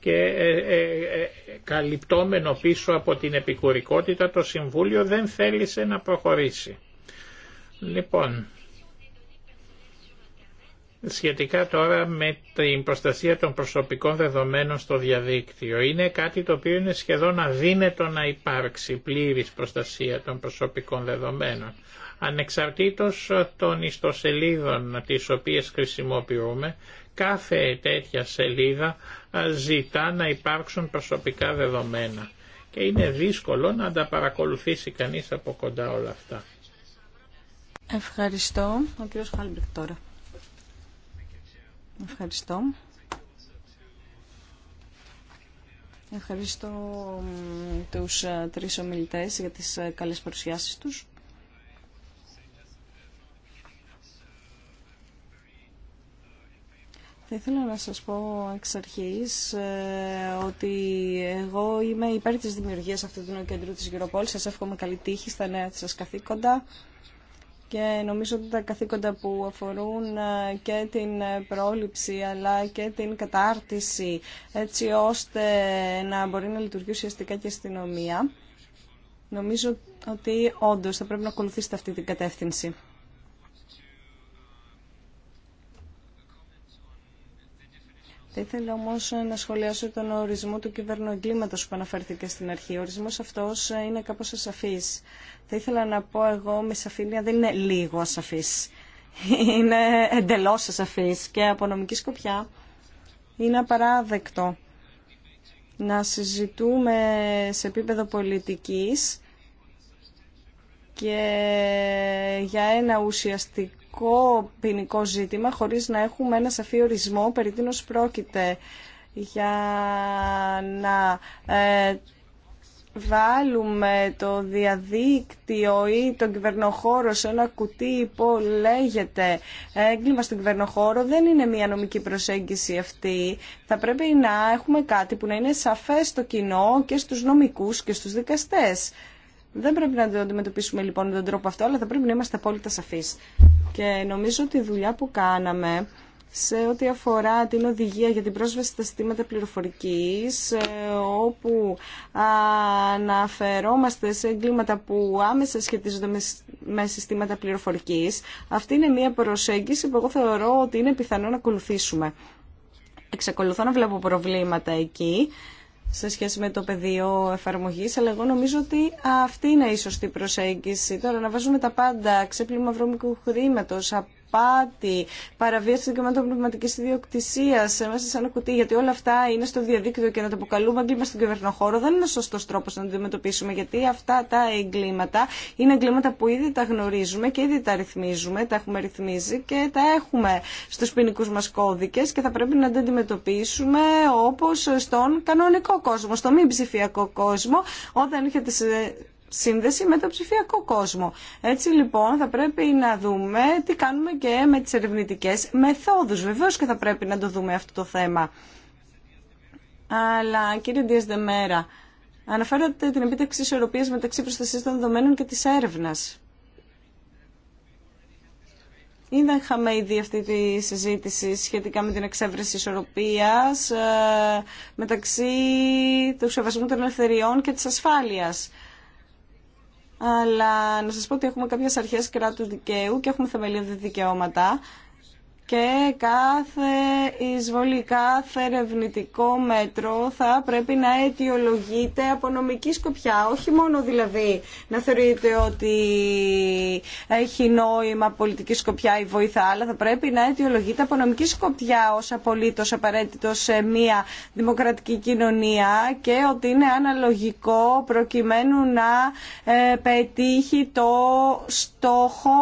και ε, ε, ε, ε, καλυπτόμενο πίσω από την επικουρικότητα το Συμβούλιο δεν θέλησε να προχωρήσει. Λοιπόν, σχετικά τώρα με την προστασία των προσωπικών δεδομένων στο διαδίκτυο. Είναι κάτι το οποίο είναι σχεδόν αδύνατο να υπάρξει πλήρης προστασία των προσωπικών δεδομένων. Ανεξαρτήτως των ιστοσελίδων τις οποίες χρησιμοποιούμε, κάθε τέτοια σελίδα ζητά να υπάρξουν προσωπικά δεδομένα και είναι δύσκολο να τα παρακολουθήσει κανείς από κοντά όλα αυτά. Ευχαριστώ. Ο κύριος Χάλμπρικ τώρα. Ευχαριστώ. Ευχαριστώ τους ε, τρεις ομιλητές για τις ε, καλές παρουσιάσεις τους. Θα ήθελα να σας πω εξ αρχής ε, ότι εγώ είμαι υπέρ της δημιουργίας αυτού του νέου κέντρου της Σα Σας εύχομαι καλή τύχη στα νέα σας καθήκοντα και νομίζω ότι τα καθήκοντα που αφορούν ε, και την ε, πρόληψη αλλά και την κατάρτιση έτσι ώστε να μπορεί να λειτουργεί ουσιαστικά και η αστυνομία νομίζω ότι όντως θα πρέπει να ακολουθήσετε αυτή την κατεύθυνση. Θα ήθελα όμω να σχολιάσω τον ορισμό του κυβερνοεγκλήματο που αναφέρθηκε στην αρχή. Ο ορισμό αυτό είναι κάπω ασαφή. Θα ήθελα να πω εγώ με σαφήνεια δεν είναι λίγο ασαφή. Είναι εντελώ ασαφή και από νομική σκοπιά είναι απαράδεκτο να συζητούμε σε επίπεδο πολιτικής και για ένα ουσιαστικό σημαντικό ποινικό ζήτημα χωρίς να έχουμε ένα σαφή ορισμό περί τίνος πρόκειται για να ε, βάλουμε το διαδίκτυο ή τον κυβερνοχώρο σε ένα κουτί που λέγεται έγκλημα στον κυβερνοχώρο δεν είναι μια νομική προσέγγιση αυτή. Θα πρέπει να έχουμε κάτι που να είναι σαφές στο κοινό και στους νομικούς και στους δικαστές. Δεν πρέπει να το αντιμετωπίσουμε λοιπόν με τον τρόπο αυτό, αλλά θα πρέπει να είμαστε απόλυτα σαφείς. Και νομίζω ότι η δουλειά που κάναμε σε ό,τι αφορά την οδηγία για την πρόσβαση στα συστήματα πληροφορικής, ε, όπου αναφερόμαστε σε εγκλήματα που άμεσα σχετίζονται με συστήματα πληροφορικής, αυτή είναι μια προσέγγιση που εγώ θεωρώ ότι είναι πιθανό να ακολουθήσουμε. Εξακολουθώ να βλέπω προβλήματα εκεί σε σχέση με το πεδίο εφαρμογής, αλλά εγώ νομίζω ότι αυτή είναι η σωστή προσέγγιση. Τώρα να βάζουμε τα πάντα ξέπλυμα βρώμικου χρήματος, πάτη, παραβίαση δικαιωμάτων πνευματικής ιδιοκτησία ε, μέσα σε ένα κουτί, γιατί όλα αυτά είναι στο διαδίκτυο και να τα αποκαλούμε έγκλημα στον κυβερνοχώρο δεν είναι ο τρόπο τρόπο να αντιμετωπίσουμε, γιατί αυτά τα εγκλήματα είναι εγκλήματα που ήδη τα γνωρίζουμε και ήδη τα ρυθμίζουμε, τα έχουμε ρυθμίζει και τα έχουμε στου ποινικού μα κώδικε και θα πρέπει να τα αντιμετωπίσουμε όπω στον κανονικό κόσμο, στο μη ψηφιακό κόσμο, όταν έχετε σύνδεση με το ψηφιακό κόσμο. Έτσι λοιπόν θα πρέπει να δούμε τι κάνουμε και με τις ερευνητικές μεθόδους. Βεβαίως και θα πρέπει να το δούμε αυτό το θέμα. Αλλά κύριε Ντίας Δεμέρα, αναφέρατε την επίτευξη ισορροπίας μεταξύ προστασίας των δεδομένων και της έρευνας. Είδαμε ήδη αυτή τη συζήτηση σχετικά με την εξέβρεση ισορροπίας ε, μεταξύ του σεβασμού των ελευθεριών και της ασφάλειας αλλά να σας πω ότι έχουμε κάποιες αρχές κράτους δικαίου και έχουμε θεμελιώδη δικαιώματα και κάθε εισβολή, κάθε ερευνητικό μέτρο θα πρέπει να αιτιολογείται από νομική σκοπιά. Όχι μόνο δηλαδή να θεωρείται ότι έχει νόημα πολιτική σκοπιά η βοήθα, αλλά θα πρέπει να αιτιολογείται από νομική σκοπιά ω απολύτω απαραίτητο σε μια δημοκρατική κοινωνία και ότι είναι αναλογικό προκειμένου να ε, πετύχει το στόχο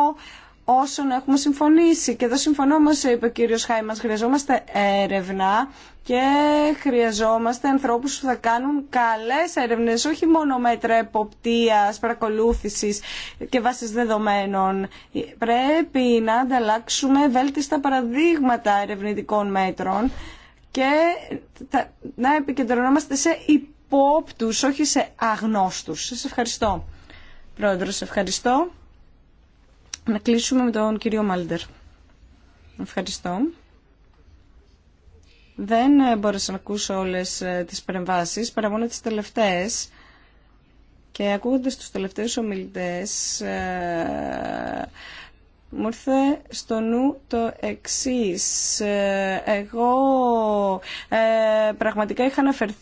όσων έχουμε συμφωνήσει. Και εδώ συμφωνώ μας, είπε ο κύριος χρειαζόμαστε έρευνα και χρειαζόμαστε ανθρώπους που θα κάνουν καλές έρευνες, όχι μόνο μέτρα εποπτείας, παρακολούθησης και βάσεις δεδομένων. Πρέπει να ανταλλάξουμε βέλτιστα παραδείγματα ερευνητικών μέτρων και να επικεντρωνόμαστε σε υπόπτους, όχι σε αγνώστους. Σας ευχαριστώ. Πρόεδρος, ευχαριστώ. Να κλείσουμε με τον κύριο Μάλντερ. Ευχαριστώ. Δεν μπόρεσα να ακούσω όλες ε, τις παρεμβάσεις, παρά μόνο τις τελευταίες. Και ακούγοντας τους τελευταίους ομιλητές, ε, μου ήρθε στο νου το εξή. Ε, εγώ ε, πραγματικά είχα αναφερθεί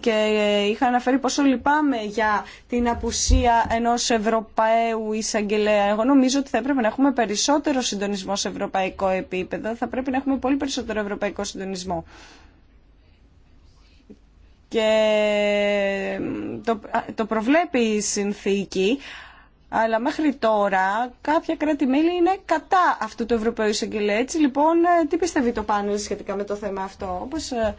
και είχα αναφέρει πόσο λυπάμαι για την απουσία ενός Ευρωπαίου εισαγγελέα. Εγώ νομίζω ότι θα έπρεπε να έχουμε περισσότερο συντονισμό σε ευρωπαϊκό επίπεδο. Θα πρέπει να έχουμε πολύ περισσότερο ευρωπαϊκό συντονισμό. Και ε, το, το προβλέπει η συνθήκη, αλλά μέχρι τώρα κάποια κράτη-μέλη είναι κατά αυτού του Ευρωπαίου Εισαγγελέα. λοιπόν, ε, τι πιστεύει το πάνελ σχετικά με το θέμα αυτό. Όπω, ε,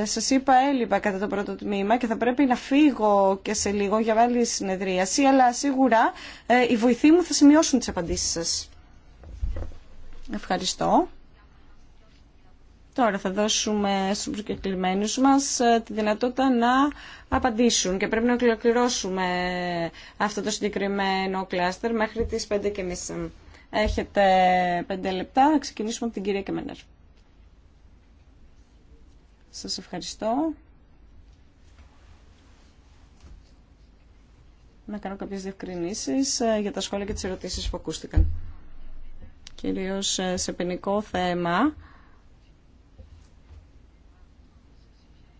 ε, σας είπα, έλειπα κατά το πρώτο τμήμα και θα πρέπει να φύγω και σε λίγο για άλλη συνεδρίαση, αλλά σίγουρα ε, οι βοηθοί μου θα σημειώσουν τι απαντήσει σα. Ευχαριστώ. Τώρα θα δώσουμε στους προκεκλημένους μας ε, τη δυνατότητα να απαντήσουν και πρέπει να ολοκληρώσουμε αυτό το συγκεκριμένο κλάστερ μέχρι τις 5.30. Έχετε 5 λεπτά, να ξεκινήσουμε από την κυρία Κεμένερ. Σας ευχαριστώ. Να κάνω κάποιες διευκρινήσεις ε, για τα σχόλια και τις ερωτήσεις που ακούστηκαν. Κυρίως ε, σε ποινικό θέμα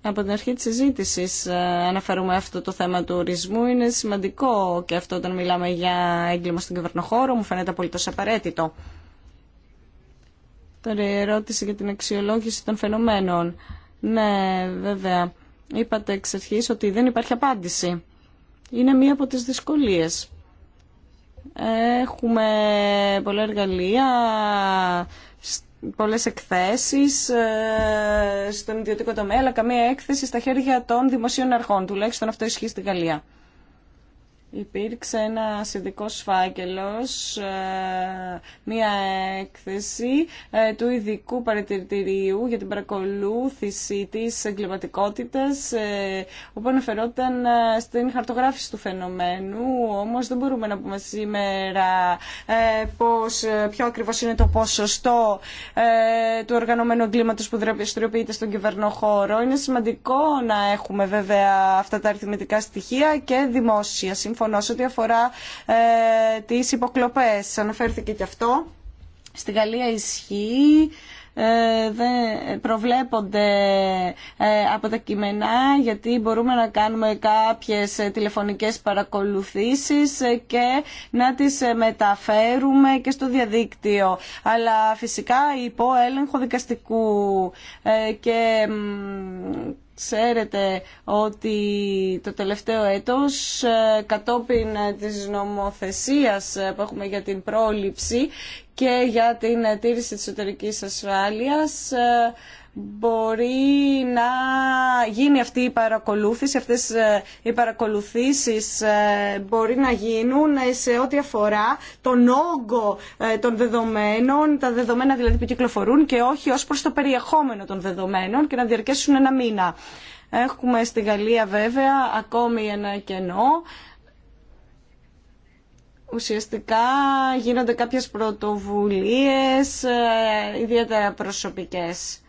από την αρχή της συζήτηση ε, αναφέρουμε αυτό το θέμα του ορισμού. Είναι σημαντικό και αυτό όταν μιλάμε για έγκλημα στον κυβερνοχώρο, μου φαίνεται απολύτως απαραίτητο. Τώρα η ερώτηση για την αξιολόγηση των φαινομένων. Ναι, βέβαια. Είπατε εξ αρχής ότι δεν υπάρχει απάντηση. Είναι μία από τις δυσκολίες. Έχουμε πολλά εργαλεία πολλές εκθέσεις ε, στον ιδιωτικό τομέα, αλλά καμία έκθεση στα χέρια των δημοσίων αρχών. Τουλάχιστον αυτό ισχύει στην Γαλλία υπήρξε ένα ειδικό φάκελο ε, μία έκθεση ε, του ειδικού παρατηρητηρίου για την παρακολούθηση της εγκληματικότητα, ε, όπου αναφερόταν στην χαρτογράφηση του φαινομένου, όμως δεν μπορούμε να πούμε σήμερα πώς, ποιο ακριβώ είναι το ποσοστό του οργανωμένου εγκλήματο που δραστηριοποιείται στον κυβερνό χώρο. Είναι σημαντικό να έχουμε βέβαια αυτά τα αριθμητικά στοιχεία και δημόσια συμφωνώ σε ό,τι αφορά ε, τις υποκλοπές. Αναφέρθηκε και αυτό. Στη Γαλλία ισχύει ε, δεν προβλέπονται από τα κειμενά γιατί μπορούμε να κάνουμε κάποιες τηλεφωνικές παρακολουθήσεις και να τις μεταφέρουμε και στο διαδίκτυο. Αλλά φυσικά υπό έλεγχο δικαστικού ε, και Ξέρετε ότι το τελευταίο έτος ε, κατόπιν της νομοθεσίας που έχουμε για την πρόληψη και για την τήρηση της εσωτερικής ασφάλειας ε, μπορεί να γίνει αυτή η παρακολούθηση, αυτές ε, οι παρακολουθήσεις ε, μπορεί να γίνουν ε, σε ό,τι αφορά τον όγκο των δεδομένων, τα δεδομένα δηλαδή που κυκλοφορούν και όχι ως προς το περιεχόμενο των δεδομένων και να διαρκέσουν ένα μήνα. Έχουμε στη Γαλλία βέβαια ακόμη ένα κενό. Ουσιαστικά γίνονται κάποιες πρωτοβουλίες, ιδιαίτερα προσωπικές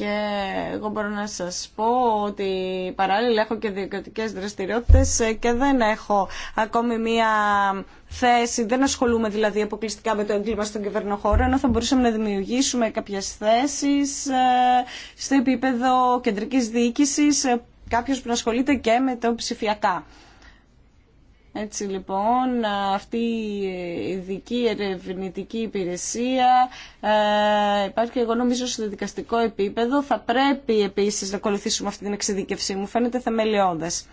και εγώ μπορώ να σας πω ότι παράλληλα έχω και διοικητικές δραστηριότητες ε, και δεν έχω ακόμη μία θέση, δεν ασχολούμαι δηλαδή αποκλειστικά με το έγκλημα στον κυβερνοχώρο, ενώ θα μπορούσαμε να δημιουργήσουμε κάποιες θέσεις ε, στο επίπεδο κεντρικής διοίκησης, ε, κάποιος που ασχολείται και με το ψηφιακά. Έτσι λοιπόν αυτή η ειδική ερευνητική υπηρεσία ε, υπάρχει εγώ νομίζω στο δικαστικό επίπεδο θα πρέπει επίσης να ακολουθήσουμε αυτή την εξειδικευσή μου φαίνεται θεμελιώδες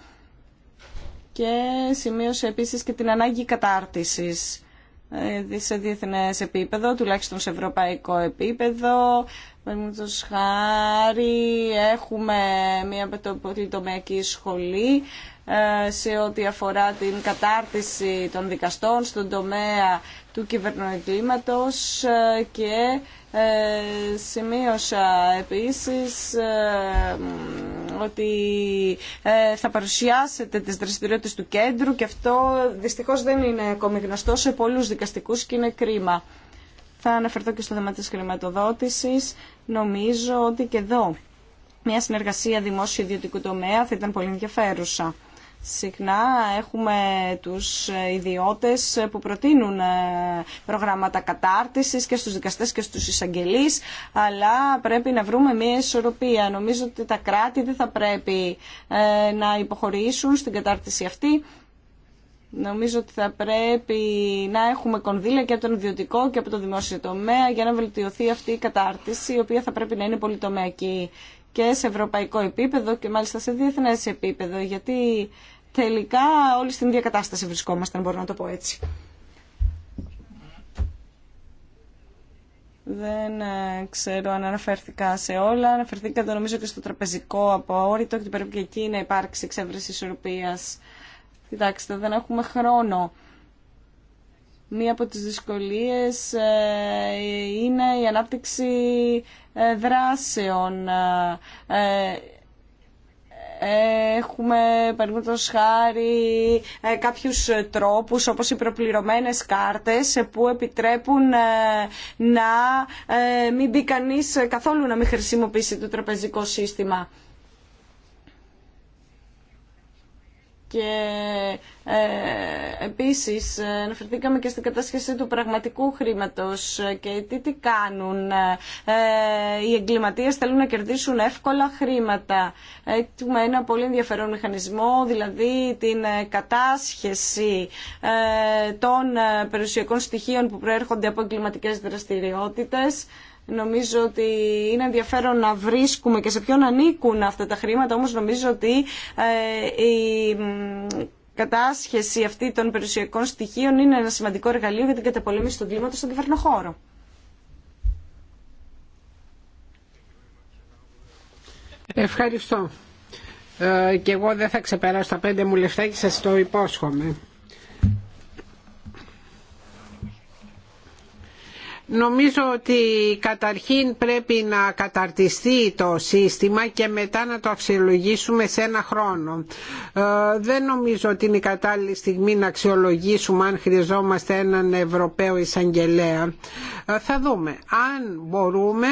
και σημείωσε επίσης και την ανάγκη κατάρτισης ε, σε διεθνές επίπεδο, τουλάχιστον σε ευρωπαϊκό επίπεδο, Παραδείγματο χάρη έχουμε μια πολυτομιακή σχολή ε, σε ό,τι αφορά την κατάρτιση των δικαστών στον τομέα του κυβερνοεγκλήματος ε, και ε, σημείωσα επίσης ότι θα παρουσιάσετε τις δραστηριότητες του κέντρου και αυτό δυστυχώς δεν είναι ακόμη γνωστό σε πολλούς δικαστικούς και είναι κρίμα. Θα αναφερθώ και στο θέμα της χρηματοδότησης. Νομίζω ότι και εδώ μια συνεργασία δημόσιο-ιδιωτικού τομέα θα ήταν πολύ ενδιαφέρουσα. Συχνά έχουμε τους ιδιώτες που προτείνουν ε, προγράμματα κατάρτισης και στους δικαστές και στους εισαγγελείς, αλλά πρέπει να βρούμε μια ισορροπία. Νομίζω ότι τα κράτη δεν θα πρέπει ε, να υποχωρήσουν στην κατάρτιση αυτή Νομίζω ότι θα πρέπει να έχουμε κονδύλια και από τον ιδιωτικό και από το δημόσιο τομέα για να βελτιωθεί αυτή η κατάρτιση, η οποία θα πρέπει να είναι πολυτομεακή και σε ευρωπαϊκό επίπεδο και μάλιστα σε διεθνέ επίπεδο, γιατί τελικά όλοι στην ίδια κατάσταση βρισκόμαστε, αν μπορώ να το πω έτσι. Δεν ε, ξέρω αν αναφέρθηκα σε όλα. Αναφερθήκατε νομίζω και στο τραπεζικό απόρριτο και την πρέπει και εκεί να υπάρξει εξέβρεση ισορροπίας Κοιτάξτε, δεν έχουμε χρόνο. Μία από τις δυσκολίες ε, είναι η ανάπτυξη ε, δράσεων. Ε, έχουμε, παραδείγματο χάρη, κάποιους τρόπους όπως οι προπληρωμένες κάρτες που επιτρέπουν να μην μπει κανείς καθόλου να μην χρησιμοποιήσει το τραπεζικό σύστημα. και ε, επίσης αναφερθήκαμε και στην κατάσχεση του πραγματικού χρήματος και τι, τι κάνουν. Ε, οι εγκληματίες θέλουν να κερδίσουν εύκολα χρήματα. Έχουμε ένα πολύ ενδιαφέρον μηχανισμό, δηλαδή την κατάσχεση ε, των περιουσιακών στοιχείων που προέρχονται από εγκληματικές δραστηριότητες Νομίζω ότι είναι ενδιαφέρον να βρίσκουμε και σε ποιον ανήκουν αυτά τα χρήματα, όμως νομίζω ότι ε, η κατάσχεση αυτή των περιουσιακών στοιχείων είναι ένα σημαντικό εργαλείο για την καταπολέμηση του κλίματος στον κυβερνοχώρο. Ευχαριστώ. Ε, και εγώ δεν θα ξεπεράσω τα πέντε μου λεφτά και σας το υπόσχομαι. Νομίζω ότι καταρχήν πρέπει να καταρτιστεί το σύστημα και μετά να το αξιολογήσουμε σε ένα χρόνο. Ε, δεν νομίζω ότι είναι η κατάλληλη στιγμή να αξιολογήσουμε αν χρειαζόμαστε έναν Ευρωπαίο εισαγγελέα. Ε, θα δούμε αν μπορούμε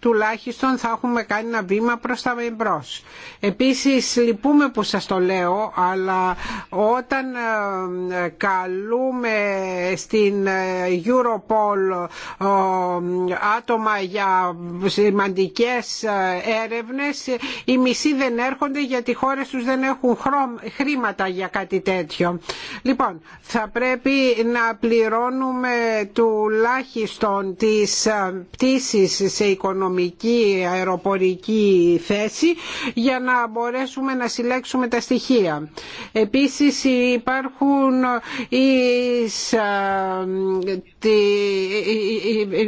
τουλάχιστον θα έχουμε κάνει ένα βήμα προς τα εμπρός. Επίσης λυπούμε που σας το λέω, αλλά όταν ε, ε, καλούμε στην ε, Europol άτομα για σημαντικές έρευνες, οι μισοί δεν έρχονται γιατί οι χώρες τους δεν έχουν χρήματα για κάτι τέτοιο. Λοιπόν, θα πρέπει να πληρώνουμε τουλάχιστον τις πτήσεις σε οικονομία αεροπορική θέση για να μπορέσουμε να συλλέξουμε τα στοιχεία. Επίσης υπάρχουν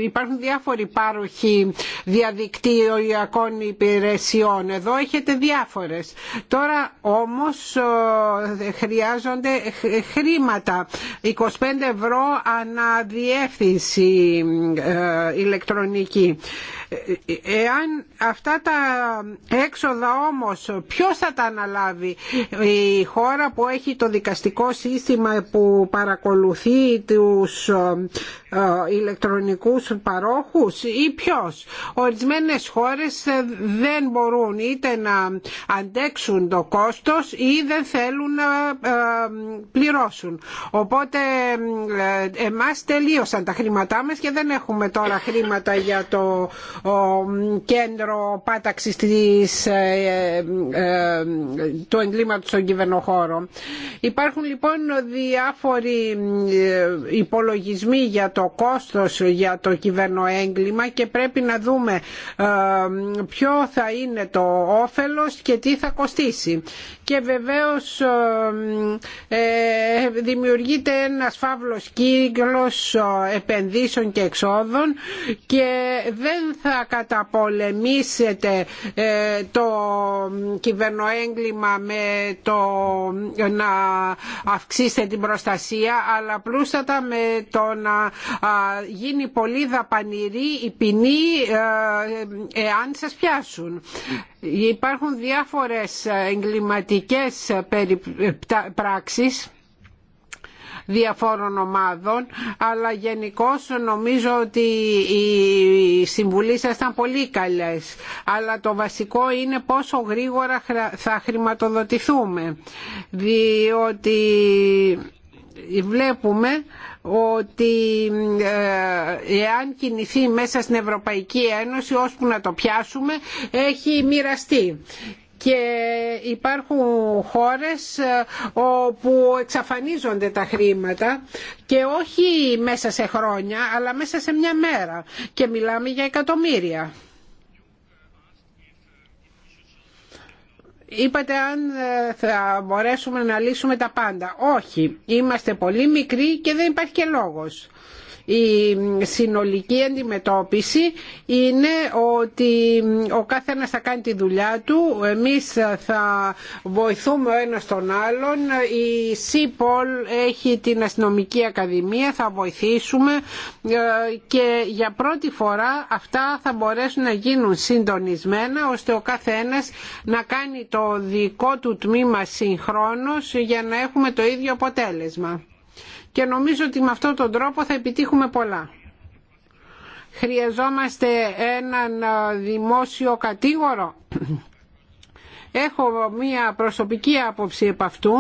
υπάρχουν διάφοροι πάροχοι διαδικτυακών υπηρεσιών. Εδώ έχετε διάφορες. Τώρα όμως χρειάζονται χρήματα. 25 ευρώ αναδιεύθυνση ε, ηλεκτρονική. Εάν αυτά τα έξοδα όμως ποιος θα τα αναλάβει η χώρα που έχει το δικαστικό σύστημα που παρακολουθεί τους ε, ε, ηλεκτρονικούς παρόχους ή ποιος. Ορισμένες χώρες δεν μπορούν είτε να αντέξουν το κόστος ή δεν θέλουν να ε, πληρώσουν. Οπότε εμάς τελείωσαν τα χρήματά μας και δεν έχουμε τώρα χρήματα για το κέντρο πάταξης ε, ε, του εγκλήματος στον κυβερνοχώρο. Υπάρχουν λοιπόν διάφοροι ε, υπολογισμοί για το κόστος για το κυβερνοέγκλημα και πρέπει να δούμε ποιο θα είναι το όφελος και τι θα κοστίσει. Και βεβαίως δημιουργείται ένας φαύλος κύκλος επενδύσεων και εξόδων και δεν θα θα καταπολεμήσετε ε, το κυβερνοέγκλημα με το ε, να αυξήσετε την προστασία αλλά πλούστατα με το να γίνει πολύ δαπανηρή η ποινή ε, εάν σας πιάσουν. Υπάρχουν διάφορες εγκληματικές πράξεις διαφόρων ομάδων αλλά γενικώ νομίζω ότι οι συμβουλή ήταν πολύ καλές αλλά το βασικό είναι πόσο γρήγορα θα χρηματοδοτηθούμε διότι βλέπουμε ότι ε, εάν κινηθεί μέσα στην Ευρωπαϊκή Ένωση ώσπου να το πιάσουμε έχει μοιραστεί και υπάρχουν χώρες ε, όπου εξαφανίζονται τα χρήματα και όχι μέσα σε χρόνια αλλά μέσα σε μια μέρα και μιλάμε για εκατομμύρια. Είπατε αν ε, θα μπορέσουμε να λύσουμε τα πάντα. Όχι, είμαστε πολύ μικροί και δεν υπάρχει και λόγος η συνολική αντιμετώπιση είναι ότι ο καθένας θα κάνει τη δουλειά του, εμείς θα βοηθούμε ο ένας τον άλλον, η ΣΥΠΟΛ έχει την Αστυνομική Ακαδημία, θα βοηθήσουμε ε, και για πρώτη φορά αυτά θα μπορέσουν να γίνουν συντονισμένα ώστε ο καθένας να κάνει το δικό του τμήμα συγχρόνως για να έχουμε το ίδιο αποτέλεσμα και νομίζω ότι με αυτόν τον τρόπο θα επιτύχουμε πολλά. Χρειαζόμαστε έναν ε, δημόσιο κατήγορο. Έχω μία προσωπική άποψη επ' αυτού,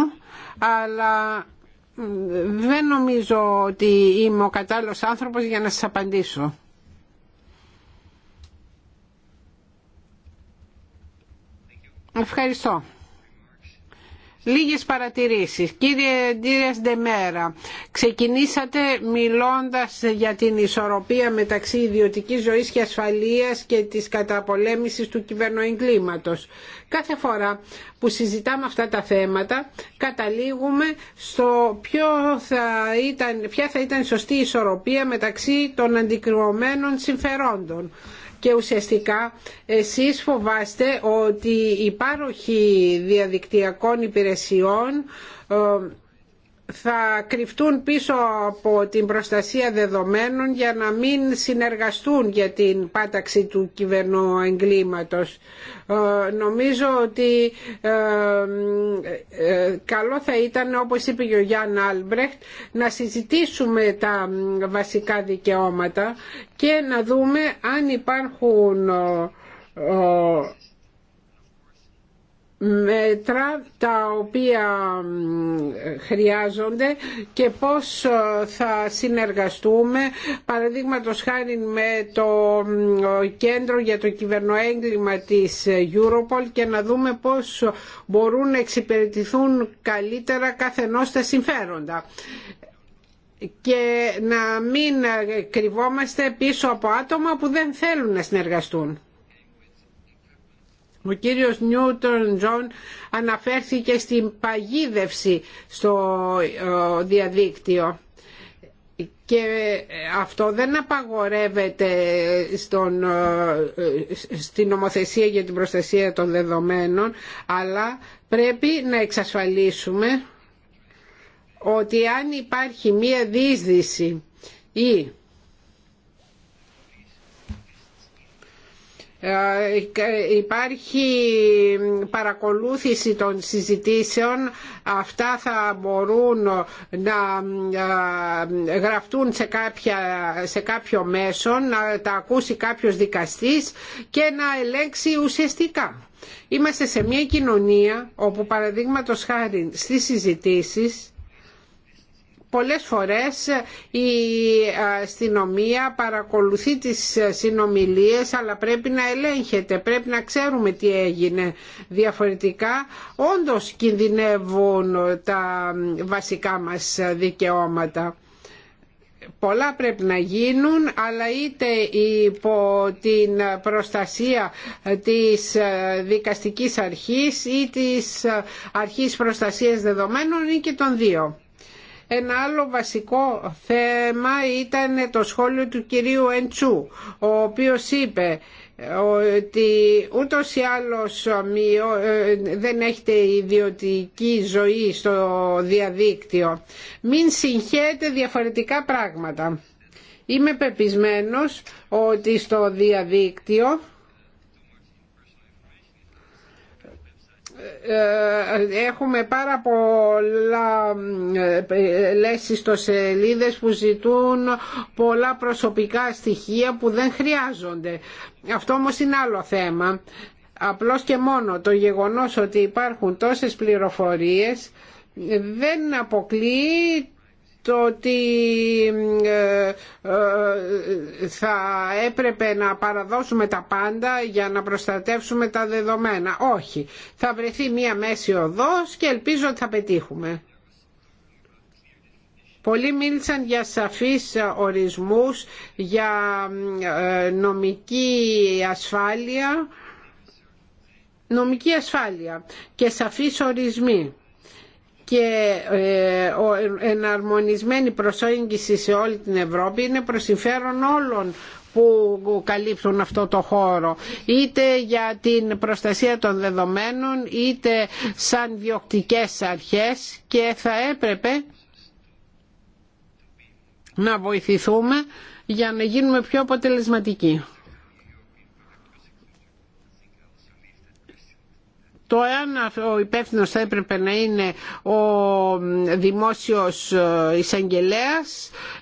αλλά δεν νομίζω ότι είμαι ο κατάλληλος άνθρωπος για να σας απαντήσω. Ευχαριστώ. Λίγες παρατηρήσεις. Κύριε Ντύρες Ντεμέρα, ξεκινήσατε μιλώντας για την ισορροπία μεταξύ ιδιωτικής ζωής και ασφαλείας και της καταπολέμησης του κυβερνοεγκλήματος. Κάθε φορά που συζητάμε αυτά τα θέματα καταλήγουμε στο ποιο ήταν, ποια θα ήταν η σωστή ισορροπία μεταξύ των αντικρουωμένων συμφερόντων και ουσιαστικά εσείς φοβάστε ότι η πάροχή διαδικτυακών υπηρεσιών ε, θα κρυφτούν πίσω από την προστασία δεδομένων για να μην συνεργαστούν για την πάταξη του κυβερνού εγκλήματος. Ε, νομίζω ότι ε, ε, καλό θα ήταν, όπως είπε και ο Γιάνν Άλμπρεχτ, να συζητήσουμε τα βασικά δικαιώματα και να δούμε αν υπάρχουν μέτρα τα οποία χρειάζονται και πώς ε, θα συνεργαστούμε παραδείγματος χάρη με το κέντρο για το κυβερνοέγκλημα της Europol και να δούμε πώς μπορούν να εξυπηρετηθούν καλύτερα καθενός τα συμφέροντα και να μην ε, κρυβόμαστε πίσω από άτομα που δεν θέλουν να συνεργαστούν. Ο κύριος Νιούτον Τζον αναφέρθηκε στην παγίδευση στο ε, διαδίκτυο και αυτό δεν απαγορεύεται στον, ε, στην νομοθεσία για την προστασία των δεδομένων αλλά πρέπει να εξασφαλίσουμε ότι αν υπάρχει μία δίσδυση ή Ε, υπάρχει παρακολούθηση των συζητήσεων αυτά θα μπορούν να ε, γραφτούν σε, κάποια, σε κάποιο μέσο να τα ακούσει κάποιος δικαστής και να ελέγξει ουσιαστικά. Είμαστε σε μια κοινωνία όπου παραδείγματος χάρη στις συζητήσεις πολλές φορές η αστυνομία παρακολουθεί τις συνομιλίες αλλά πρέπει να ελέγχεται, πρέπει να ξέρουμε τι έγινε διαφορετικά. Όντως κινδυνεύουν τα βασικά μας δικαιώματα. Πολλά πρέπει να γίνουν, αλλά είτε υπό την προστασία της δικαστικής αρχής ή της αρχής προστασίας δεδομένων ή και των δύο. Ένα άλλο βασικό θέμα ήταν το σχόλιο του κυρίου Εντσού, ο οποίος είπε ότι ούτως ή άλλως ε, δεν έχετε ιδιωτική ζωή στο διαδίκτυο. Μην συγχαίετε διαφορετικά πράγματα. Είμαι πεπισμένος ότι στο διαδίκτυο Ε, ε, έχουμε πάρα πολλά ε, λέσεις στο που ζητούν πολλά προσωπικά στοιχεία που δεν χρειάζονται. Αυτό όμως είναι άλλο θέμα. Απλώς και μόνο το γεγονός ότι υπάρχουν τόσες πληροφορίες δεν αποκλείει το ότι ε, ε, θα έπρεπε να παραδώσουμε τα πάντα για να προστατεύσουμε τα δεδομένα. Όχι. Θα βρεθεί μία μέση οδός και ελπίζω ότι θα πετύχουμε. Πολλοί μίλησαν για σαφείς ορισμούς, για ε, νομική ασφάλεια, νομική ασφάλεια και σαφείς ορισμοί και ε, εναρμονισμένη προσέγγιση σε όλη την Ευρώπη είναι προ συμφέρον όλων που καλύπτουν αυτό το χώρο είτε για την προστασία των δεδομένων είτε σαν διοκτικές αρχές και θα έπρεπε να βοηθηθούμε για να γίνουμε πιο αποτελεσματικοί. Το εάν ο υπεύθυνο θα έπρεπε να είναι ο δημόσιος εισαγγελέα,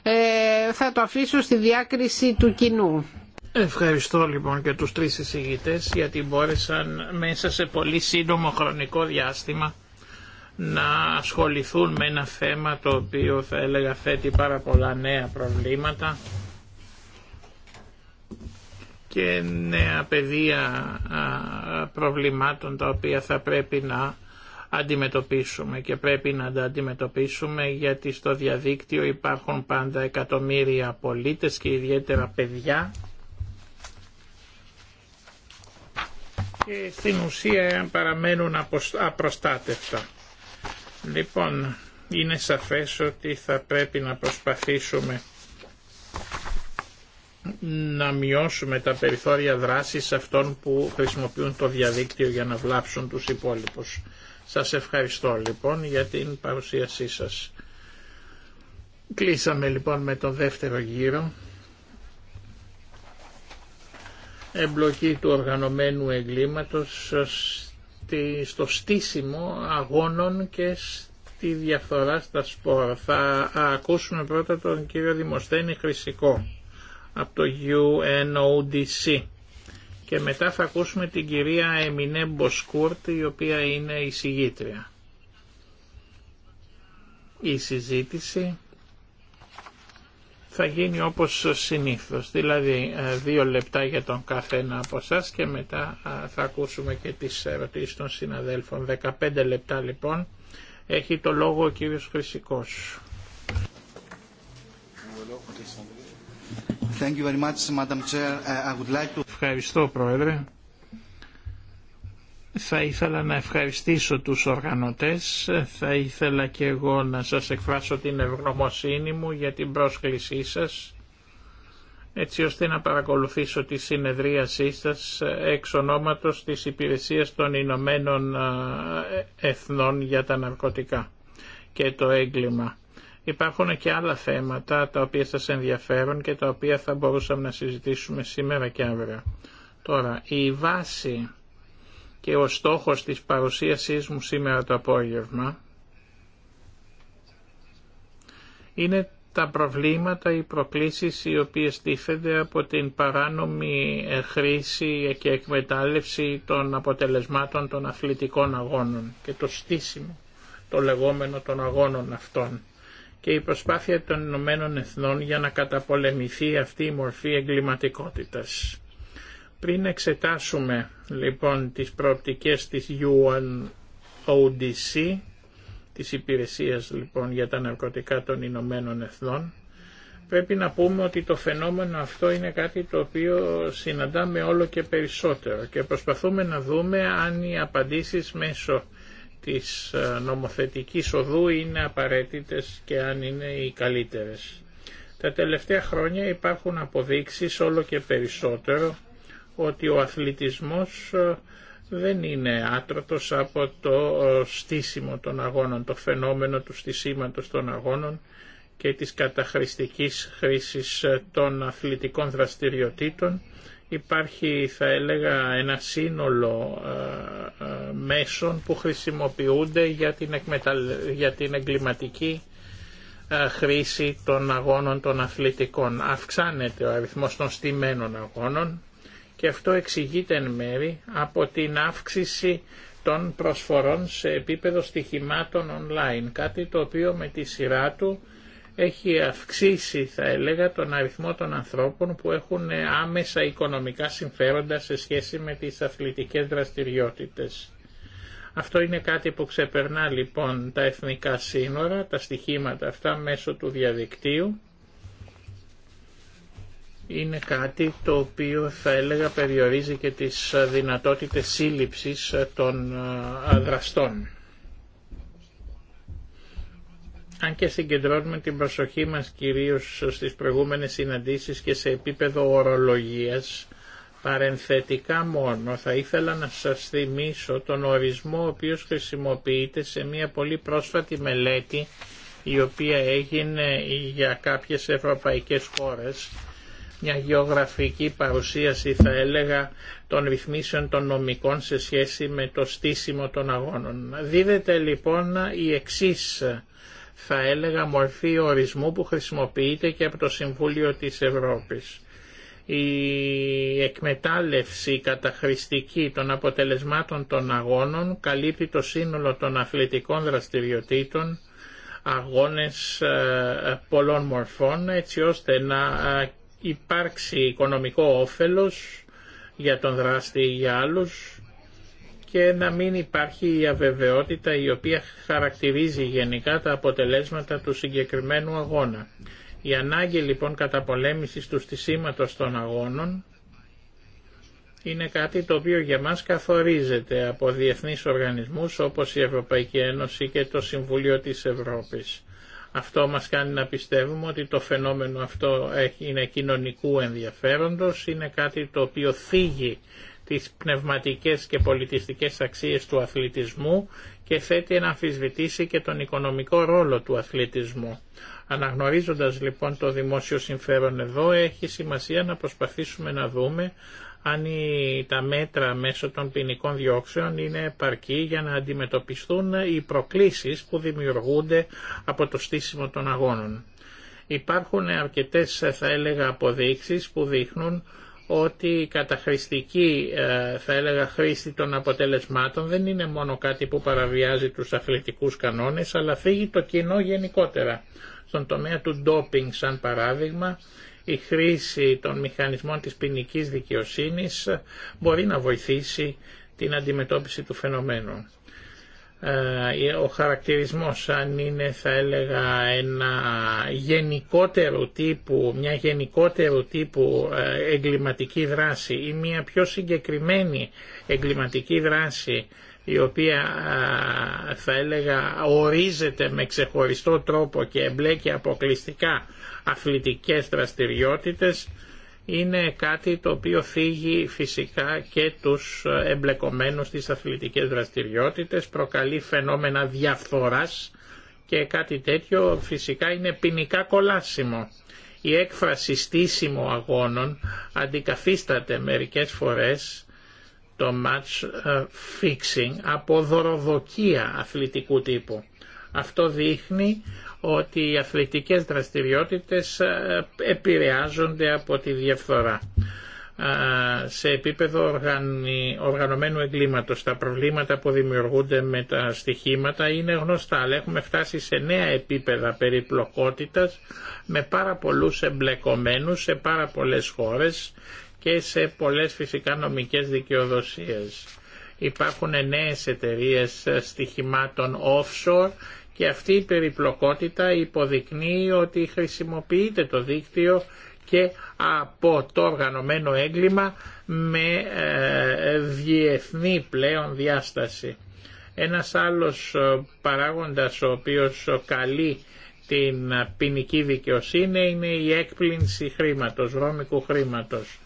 ε, θα το αφήσω στη διάκριση του κοινού. Ευχαριστώ λοιπόν και τους τρεις εισηγητές γιατί μπόρεσαν μέσα σε πολύ σύντομο χρονικό διάστημα να ασχοληθούν με ένα θέμα το οποίο θα έλεγα θέτει πάρα πολλά νέα προβλήματα και νέα πεδία προβλημάτων τα οποία θα πρέπει να αντιμετωπίσουμε και πρέπει να τα αντιμετωπίσουμε γιατί στο διαδίκτυο υπάρχουν πάντα εκατομμύρια πολίτες και ιδιαίτερα παιδιά και στην ουσία παραμένουν απροστάτευτα. Λοιπόν, είναι σαφές ότι θα πρέπει να προσπαθήσουμε να μειώσουμε τα περιθώρια δράσης αυτών που χρησιμοποιούν το διαδίκτυο για να βλάψουν τους υπόλοιπους. Σας ευχαριστώ λοιπόν για την παρουσίασή σας. Κλείσαμε λοιπόν με το δεύτερο γύρο. Εμπλοκή του οργανωμένου εγκλήματος στο στήσιμο αγώνων και στη διαφθορά στα σπόρα. Θα ακούσουμε πρώτα τον κύριο Δημοσθένη Χρυσικό από το UNODC. Και μετά θα ακούσουμε την κυρία Εμινέ Μποσκούρτ, η οποία είναι η συγγήτρια. Η συζήτηση θα γίνει όπως συνήθως, δηλαδή ε, δύο λεπτά για τον καθένα από εσά και μετά ε, θα ακούσουμε και τις ερωτήσεις των συναδέλφων. 15 λεπτά λοιπόν έχει το λόγο ο κύριος Χρυσικός. Ευχαριστώ, Πρόεδρε. Θα ήθελα να ευχαριστήσω τους οργανωτές. Θα ήθελα και εγώ να σας εκφράσω την ευγνωμοσύνη μου για την πρόσκλησή σας έτσι ώστε να παρακολουθήσω τη συνεδρίασή σας εξ ονόματος της Υπηρεσίας των Ηνωμένων ε, Εθνών για τα Ναρκωτικά και το έγκλημα. Υπάρχουν και άλλα θέματα τα οποία σας ενδιαφέρουν και τα οποία θα μπορούσαμε να συζητήσουμε σήμερα και αύριο. Τώρα, η βάση και ο στόχος της παρουσίασής μου σήμερα το απόγευμα είναι τα προβλήματα, ή προκλήσεις οι οποίες τίθενται από την παράνομη χρήση και εκμετάλλευση των αποτελεσμάτων των αθλητικών αγώνων και το στήσιμο το λεγόμενο των αγώνων αυτών και η προσπάθεια των Ηνωμένων Εθνών για να καταπολεμηθεί αυτή η μορφή εγκληματικότητας. Πριν εξετάσουμε λοιπόν τις προοπτικές της UNODC, της Υπηρεσίας λοιπόν για τα Ναρκωτικά των Ηνωμένων Εθνών, πρέπει να πούμε ότι το φαινόμενο αυτό είναι κάτι το οποίο συναντάμε όλο και περισσότερο και προσπαθούμε να δούμε αν οι απαντήσεις μέσω της ε, νομοθετικής οδού είναι απαραίτητες και αν είναι οι καλύτερες. Τα τελευταία χρόνια υπάρχουν αποδείξεις όλο και περισσότερο ότι ο αθλητισμός ε, δεν είναι άτρωτος από το ε, στήσιμο των αγώνων, το φαινόμενο του στήσιματος των αγώνων και της καταχρηστικής χρήσης των αθλητικών δραστηριοτήτων υπάρχει θα έλεγα ένα σύνολο ε, ε, μέσων που χρησιμοποιούνται για την, την εγκληματική ε, χρήση των αγώνων των αθλητικών. Αυξάνεται ο αριθμός των στημένων αγώνων και αυτό εξηγείται εν μέρη από την αύξηση των προσφορών σε επίπεδο στοιχημάτων online, κάτι το οποίο με τη σειρά του έχει αυξήσει θα έλεγα τον αριθμό των ανθρώπων που έχουν άμεσα οικονομικά συμφέροντα σε σχέση με τις αθλητικές δραστηριότητες. Αυτό είναι κάτι που ξεπερνά λοιπόν τα εθνικά σύνορα, τα στοιχήματα αυτά μέσω του διαδικτύου. Είναι κάτι το οποίο θα έλεγα περιορίζει και τις δυνατότητες σύλληψης των ε, δραστών αν και συγκεντρώνουμε την προσοχή μας κυρίως στις προηγούμενες συναντήσεις και σε επίπεδο ορολογίας, παρενθετικά μόνο θα ήθελα να σας θυμίσω τον ορισμό ο οποίος χρησιμοποιείται σε μια πολύ πρόσφατη μελέτη η οποία έγινε για κάποιες ευρωπαϊκές χώρες, μια γεωγραφική παρουσίαση θα έλεγα των ρυθμίσεων των νομικών σε σχέση με το στήσιμο των αγώνων. Δίδεται λοιπόν η εξής θα έλεγα μορφή ορισμού που χρησιμοποιείται και από το Συμβούλιο της Ευρώπης. Η εκμετάλλευση καταχρηστική των αποτελεσμάτων των αγώνων καλύπτει το σύνολο των αθλητικών δραστηριοτήτων, αγώνες ε, πολλών μορφών, έτσι ώστε να ε, υπάρξει οικονομικό όφελος για τον δράστη ή για άλλους, και να μην υπάρχει η αβεβαιότητα η οποία χαρακτηρίζει γενικά τα αποτελέσματα του συγκεκριμένου αγώνα. Η ανάγκη λοιπόν καταπολέμησης του στισίματος των αγώνων είναι κάτι το οποίο για μας καθορίζεται από διεθνείς οργανισμούς όπως η Ευρωπαϊκή Ένωση και το Συμβούλιο της Ευρώπης. Αυτό μας κάνει να πιστεύουμε ότι το φαινόμενο αυτό είναι κοινωνικού ενδιαφέροντος, είναι κάτι το οποίο θίγει τις πνευματικές και πολιτιστικές αξίες του αθλητισμού και θέτει να αμφισβητήσει και τον οικονομικό ρόλο του αθλητισμού. Αναγνωρίζοντας λοιπόν το δημόσιο συμφέρον εδώ, έχει σημασία να προσπαθήσουμε να δούμε αν τα μέτρα μέσω των ποινικών διώξεων είναι επαρκή για να αντιμετωπιστούν οι προκλήσεις που δημιουργούνται από το στήσιμο των αγώνων. Υπάρχουν αρκετές θα έλεγα αποδείξεις που δείχνουν ότι η καταχρηστική ε, θα έλεγα χρήση των αποτελεσμάτων δεν είναι μόνο κάτι που παραβιάζει τους αθλητικούς κανόνες αλλά φύγει το κοινό γενικότερα. Στον τομέα του ντόπινγκ σαν παράδειγμα η χρήση των μηχανισμών της ποινική δικαιοσύνης μπορεί να βοηθήσει την αντιμετώπιση του φαινομένου. Ε, ο χαρακτηρισμός αν είναι θα έλεγα ένα γενικότερο τύπου, μια γενικότερου τύπου ε, εγκληματική δράση ή μια πιο συγκεκριμένη εγκληματική δράση η οποία θα έλεγα ορίζεται με ξεχωριστό τρόπο και εμπλέκει αποκλειστικά αθλητικές δραστηριότητες είναι κάτι το οποίο φύγει φυσικά και τους εμπλεκομένους στις αθλητικές δραστηριότητες, προκαλεί φαινόμενα διαφθοράς και κάτι τέτοιο φυσικά είναι ποινικά κολάσιμο. Η έκφραση στήσιμο αγώνων αντικαθίσταται μερικές φορές το match ε, fixing από δωροδοκία αθλητικού τύπου. Αυτό δείχνει ότι οι αθλητικές δραστηριότητες ε, επηρεάζονται από τη διαφθορά. Ε, σε επίπεδο οργανωμένου εγκλήματος τα προβλήματα που δημιουργούνται με τα στοιχήματα είναι γνωστά, αλλά έχουμε φτάσει σε νέα επίπεδα περιπλοκότητας με πάρα πολλούς εμπλεκομένους σε πάρα πολλές χώρες και σε πολλές φυσικά νομικές δικαιοδοσίες. Υπάρχουν νέες εταιρείες στοιχημάτων offshore και αυτή η περιπλοκότητα υποδεικνύει ότι χρησιμοποιείται το δίκτυο και από το οργανωμένο έγκλημα με ε, διεθνή πλέον διάσταση. Ένας άλλος ε, παράγοντας ο οποίος καλεί την ποινική δικαιοσύνη είναι η έκπληνση χρήματος, βρώμικου χρήματος.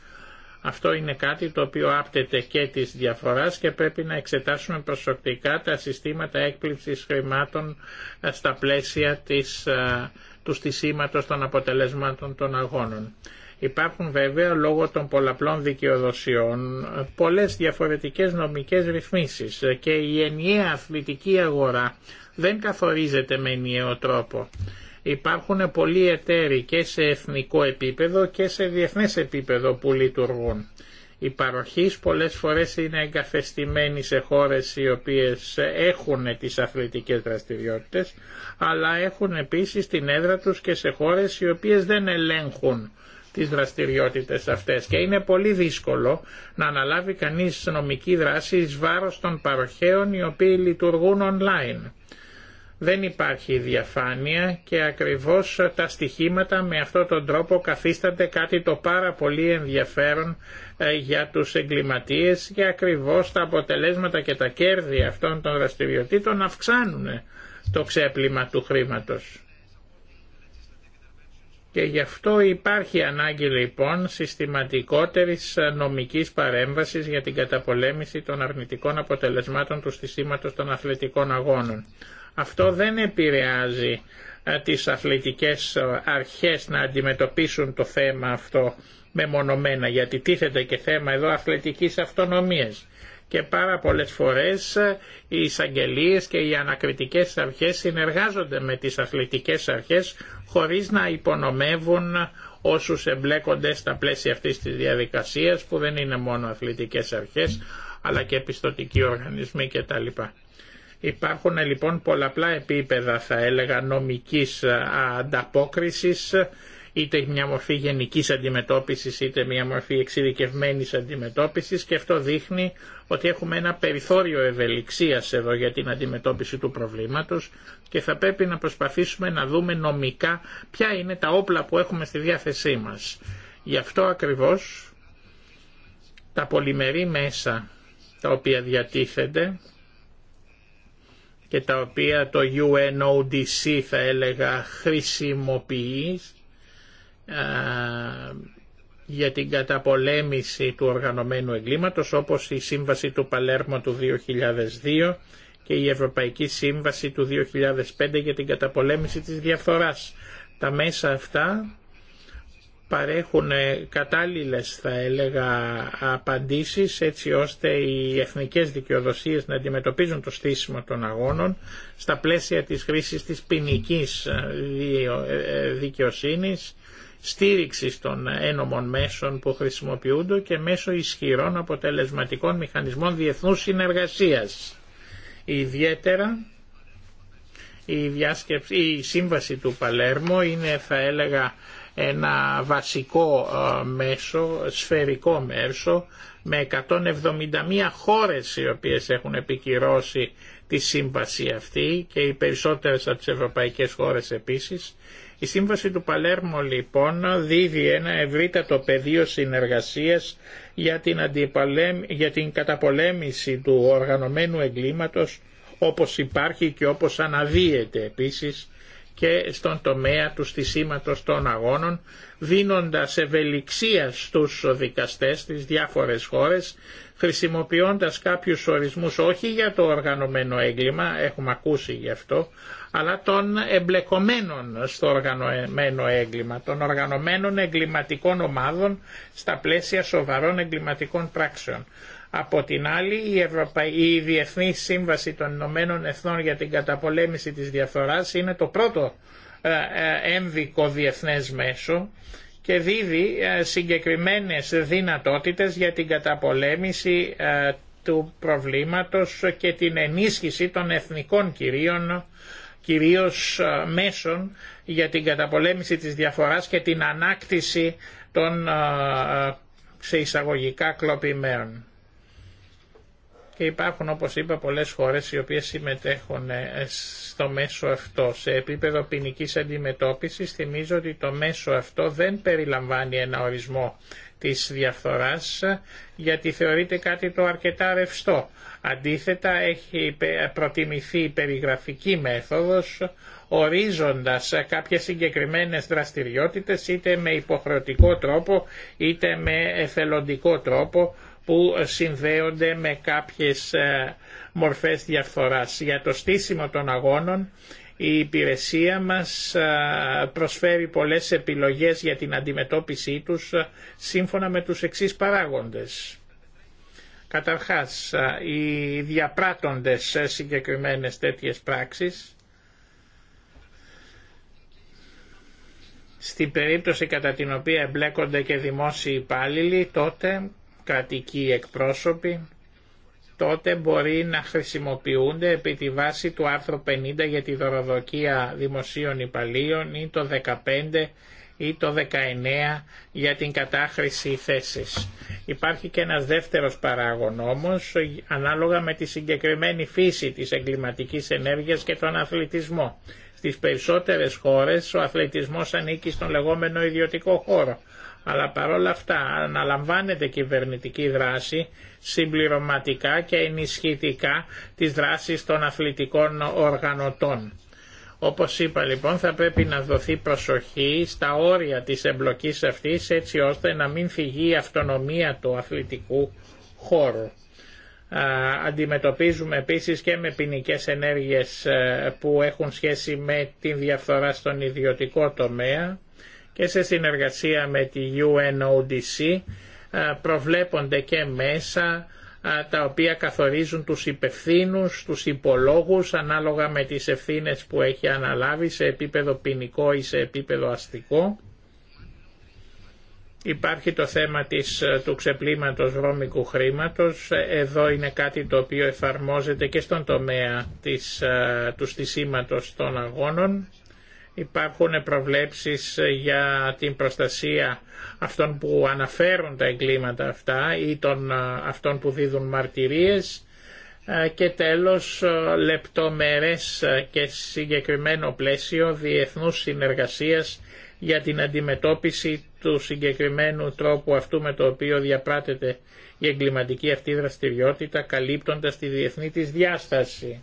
Αυτό είναι κάτι το οποίο άπτεται και της διαφοράς και πρέπει να εξετάσουμε προσωπικά τα συστήματα έκπληξης χρημάτων ε, στα πλαίσια της, ε, του στισήματος των αποτελεσμάτων των αγώνων. Υπάρχουν βέβαια λόγω των πολλαπλών δικαιοδοσιών ε, πολλές διαφορετικές νομικές ρυθμίσεις και η ενιαία αθλητική αγορά δεν καθορίζεται με ενιαίο τρόπο. Υπάρχουν πολλοί εταίροι και σε εθνικό επίπεδο και σε διεθνές επίπεδο που λειτουργούν. Η παροχή πολλές φορές είναι εγκαθεστημένοι σε χώρες οι οποίες έχουν τις αθλητικές δραστηριότητες, αλλά έχουν επίσης την έδρα τους και σε χώρες οι οποίες δεν ελέγχουν τις δραστηριότητες αυτές και είναι πολύ δύσκολο να αναλάβει κανείς νομική δράση εις βάρος των παροχέων οι οποίοι λειτουργούν online δεν υπάρχει διαφάνεια και ακριβώς τα στοιχήματα με αυτόν τον τρόπο καθίστανται κάτι το πάρα πολύ ενδιαφέρον ε, για τους εγκληματίες και ακριβώς τα αποτελέσματα και τα κέρδη αυτών των δραστηριοτήτων αυξάνουν το ξέπλυμα του χρήματος. Και γι' αυτό υπάρχει ανάγκη λοιπόν συστηματικότερης ε, νομικής παρέμβασης για την καταπολέμηση των αρνητικών αποτελεσμάτων του συστήματος των αθλητικών αγώνων. Αυτό δεν επηρεάζει ε, τις αθλητικές ε, αρχές να αντιμετωπίσουν το θέμα αυτό μεμονωμένα γιατί τίθεται και θέμα εδώ αθλητικής αυτονομίας και πάρα πολλές φορές ε, οι εισαγγελίε και οι ανακριτικές αρχές συνεργάζονται με τις αθλητικές αρχές χωρίς να υπονομεύουν όσους εμπλέκονται στα πλαίσια αυτής της διαδικασίας που δεν είναι μόνο αθλητικές αρχές αλλά και επιστοτικοί οργανισμοί κτλ. Υπάρχουν λοιπόν πολλαπλά επίπεδα θα έλεγα νομικής ε, ανταπόκρισης είτε μια μορφή γενικής αντιμετώπισης είτε μια μορφή εξειδικευμένης αντιμετώπισης και αυτό δείχνει ότι έχουμε ένα περιθώριο ευελιξίας εδώ για την αντιμετώπιση του προβλήματος και θα πρέπει να προσπαθήσουμε να δούμε νομικά ποια είναι τα όπλα που έχουμε στη διάθεσή μας. Γι' αυτό ακριβώς τα πολυμερή μέσα τα οποία διατίθενται και τα οποία το UNODC θα έλεγα χρησιμοποιεί για την καταπολέμηση του οργανωμένου εγκλήματος όπως η Σύμβαση του Παλέρμο του 2002 και η Ευρωπαϊκή Σύμβαση του 2005 για την καταπολέμηση της διαφθοράς. Τα μέσα αυτά παρέχουν ε, κατάλληλες θα έλεγα απαντήσεις έτσι ώστε οι εθνικές δικαιοδοσίες να αντιμετωπίζουν το στήσιμο των αγώνων στα πλαίσια της χρήσης της ποινική ε, ε, δικαιοσύνης στήριξης των ένομων μέσων που χρησιμοποιούνται και μέσω ισχυρών αποτελεσματικών μηχανισμών διεθνούς συνεργασίας. Ιδιαίτερα η, διάσκεψη, η σύμβαση του Παλέρμο είναι θα έλεγα ένα βασικό ε, μέσο, σφαιρικό μέσο με 171 χώρες οι οποίες έχουν επικυρώσει τη σύμβαση αυτή και οι περισσότερες από τις ευρωπαϊκές χώρες επίσης. Η σύμβαση του Παλέρμο λοιπόν δίδει ένα ευρύτατο πεδίο συνεργασίας για την, για την καταπολέμηση του οργανωμένου εγκλήματος όπως υπάρχει και όπως αναδύεται επίσης και στον τομέα του στισίματος των αγώνων, δίνοντας ευελιξία στους δικαστές της διάφορες χώρες, χρησιμοποιώντας κάποιους ορισμούς όχι για το οργανωμένο έγκλημα, έχουμε ακούσει γι' αυτό, αλλά των εμπλεκομένων στο οργανωμένο έγκλημα, των οργανωμένων εγκληματικών ομάδων στα πλαίσια σοβαρών εγκληματικών πράξεων. Από την άλλη η, Ευρωπα... Διεθνή Σύμβαση των Ηνωμένων Εθνών για την καταπολέμηση της διαφθοράς είναι το πρώτο ε, ε, έμβικο διεθνές μέσο και δίδει ε, συγκεκριμένες δυνατότητες για την καταπολέμηση του προβλήματος και την ενίσχυση των εθνικών κυρίων κυρίως μέσων για την καταπολέμηση της διαφοράς και την ανάκτηση των σε εισαγωγικά και υπάρχουν όπως είπα πολλές χώρες οι οποίες συμμετέχουν ε, στο μέσο αυτό. Σε επίπεδο ποινική αντιμετώπισης θυμίζω ότι το μέσο αυτό δεν περιλαμβάνει ένα ορισμό της διαφθοράς γιατί θεωρείται κάτι το αρκετά ρευστό. Αντίθετα έχει προτιμηθεί η περιγραφική μέθοδος ορίζοντας κάποιες συγκεκριμένες δραστηριότητες είτε με υποχρεωτικό τρόπο είτε με εθελοντικό τρόπο που συνδέονται με κάποιες ε, μορφές διαφθοράς. Για το στήσιμο των αγώνων η υπηρεσία μας ε, προσφέρει πολλές επιλογές για την αντιμετώπιση τους ε, σύμφωνα με τους εξής παράγοντες. Καταρχάς, οι διαπράττοντες σε συγκεκριμένες τέτοιες πράξεις στην περίπτωση κατά την οποία εμπλέκονται και δημόσιοι υπάλληλοι τότε κρατικοί εκπρόσωποι, τότε μπορεί να χρησιμοποιούνται επί τη βάση του άρθρου 50 για τη δωροδοκία δημοσίων υπαλλήλων ή το 15 ή το 19 για την κατάχρηση θέσης. Υπάρχει και ένας δεύτερος παράγον όμως, ανάλογα με τη συγκεκριμένη φύση της εγκληματικής ενέργειας και τον αθλητισμό. Στις περισσότερες χώρες ο αθλητισμός ανήκει στον λεγόμενο ιδιωτικό χώρο αλλά παρόλα αυτά αναλαμβάνεται κυβερνητική δράση συμπληρωματικά και ενισχυτικά της δράσης των αθλητικών οργανωτών. Όπως είπα λοιπόν θα πρέπει να δοθεί προσοχή στα όρια της εμπλοκής αυτής έτσι ώστε να μην φυγεί η αυτονομία του αθλητικού χώρου. Αντιμετωπίζουμε επίσης και με ποινικέ ενέργειες ε, που έχουν σχέση με την διαφθορά στον ιδιωτικό τομέα και σε συνεργασία με τη UNODC προβλέπονται και μέσα τα οποία καθορίζουν τους υπευθύνους, τους υπολόγους ανάλογα με τις ευθύνες που έχει αναλάβει σε επίπεδο ποινικό ή σε επίπεδο αστικό. Υπάρχει το θέμα της, του ξεπλήματος βρώμικου χρήματος. Εδώ είναι κάτι το οποίο εφαρμόζεται και στον τομέα της, του στισίματος των αγώνων. Υπάρχουν προβλέψεις ε, για την προστασία αυτών που αναφέρουν τα εγκλήματα αυτά ή των, ε, αυτών που δίδουν μαρτυρίες ε, και τέλος λεπτομερές και συγκεκριμένο πλαίσιο διεθνούς συνεργασίας για την αντιμετώπιση του συγκεκριμένου τρόπου αυτού με το οποίο διαπράτεται η εγκληματική αυτή δραστηριότητα καλύπτοντας τη διεθνή της διάσταση.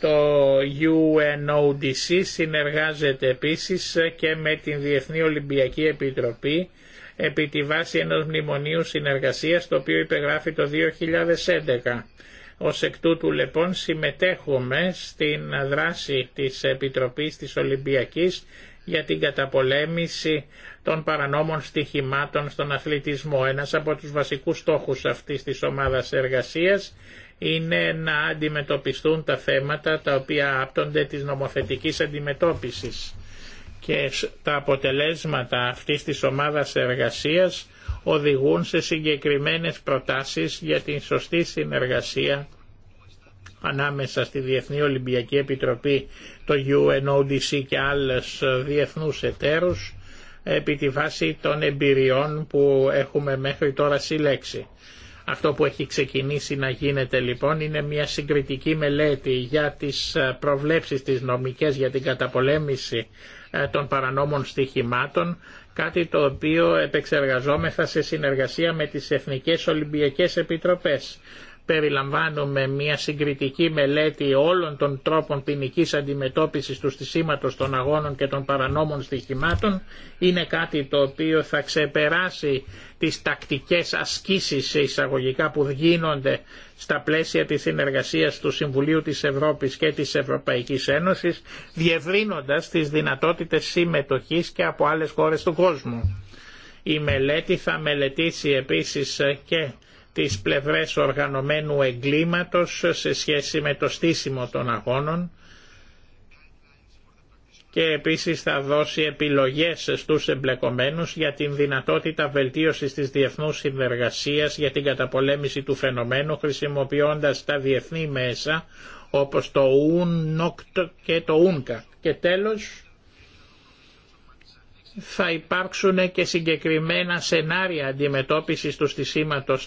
Το UNODC συνεργάζεται επίσης και με την Διεθνή Ολυμπιακή Επιτροπή επί τη βάση ενός μνημονίου συνεργασίας το οποίο υπεγράφει το 2011. Ως εκ τούτου λοιπόν συμμετέχουμε στην δράση της Επιτροπής της Ολυμπιακής για την καταπολέμηση των παρανόμων στοιχημάτων στον αθλητισμό. Ένας από τους βασικούς στόχους αυτής της ομάδας εργασίας είναι να αντιμετωπιστούν τα θέματα τα οποία άπτονται της νομοθετικής αντιμετώπισης και τα αποτελέσματα αυτής της ομάδας εργασίας οδηγούν σε συγκεκριμένες προτάσεις για την σωστή συνεργασία ανάμεσα στη Διεθνή Ολυμπιακή Επιτροπή, το UNODC και άλλες διεθνούς εταίρους επί τη βάση των εμπειριών που έχουμε μέχρι τώρα συλλέξει. Αυτό που έχει ξεκινήσει να γίνεται λοιπόν είναι μια συγκριτική μελέτη για τις ε, προβλέψεις της νομικές για την καταπολέμηση ε, των παρανόμων στοιχημάτων, κάτι το οποίο επεξεργαζόμεθα σε συνεργασία με τις Εθνικές Ολυμπιακές Επιτροπές περιλαμβάνουμε μια συγκριτική μελέτη όλων των τρόπων ποινική αντιμετώπισης του στισίματος των αγώνων και των παρανόμων στοιχημάτων είναι κάτι το οποίο θα ξεπεράσει τις τακτικές ασκήσεις εισαγωγικά που γίνονται στα πλαίσια της συνεργασίας του Συμβουλίου της Ευρώπης και της Ευρωπαϊκής Ένωσης διευρύνοντας τις δυνατότητες συμμετοχής και από άλλες χώρες του κόσμου. Η μελέτη θα μελετήσει επίσης και τις πλευρές οργανωμένου εγκλήματος σε σχέση με το στήσιμο των αγώνων και επίσης θα δώσει επιλογές στους εμπλεκομένους για την δυνατότητα βελτίωσης της διεθνούς συνεργασίας για την καταπολέμηση του φαινομένου χρησιμοποιώντας τα διεθνή μέσα όπως το UNOCT και το UNCA. Και τέλος, θα υπάρξουν και συγκεκριμένα σενάρια αντιμετώπισης του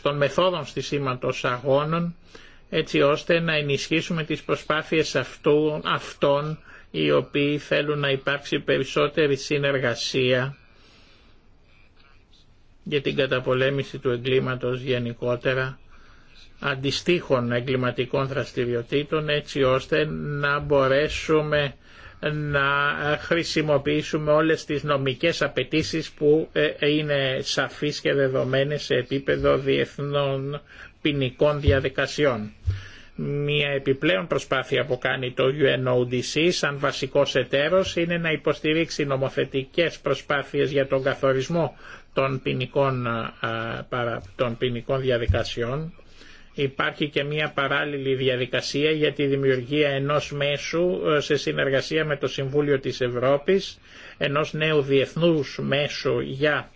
των μεθόδων στισήματος αγώνων έτσι ώστε να ενισχύσουμε τις προσπάθειες αυτού, αυτών οι οποίοι θέλουν να υπάρξει περισσότερη συνεργασία για την καταπολέμηση του εγκλήματος γενικότερα αντιστοίχων εγκληματικών δραστηριοτήτων έτσι ώστε να μπορέσουμε να χρησιμοποιήσουμε όλες τις νομικές απαιτήσεις που ε, ε, είναι σαφείς και δεδομένες σε επίπεδο διεθνών ποινικών διαδικασιών. Μια επιπλέον προσπάθεια που κάνει το UNODC σαν βασικός εταίρος είναι να υποστηρίξει νομοθετικές προσπάθειες για τον καθορισμό των ποινικών, ε, των ποινικών διαδικασιών υπάρχει και μια παράλληλη διαδικασία για τη δημιουργία ενός μέσου ε, σε συνεργασία με το Συμβούλιο της Ευρώπης, ενός νέου διεθνούς μέσου για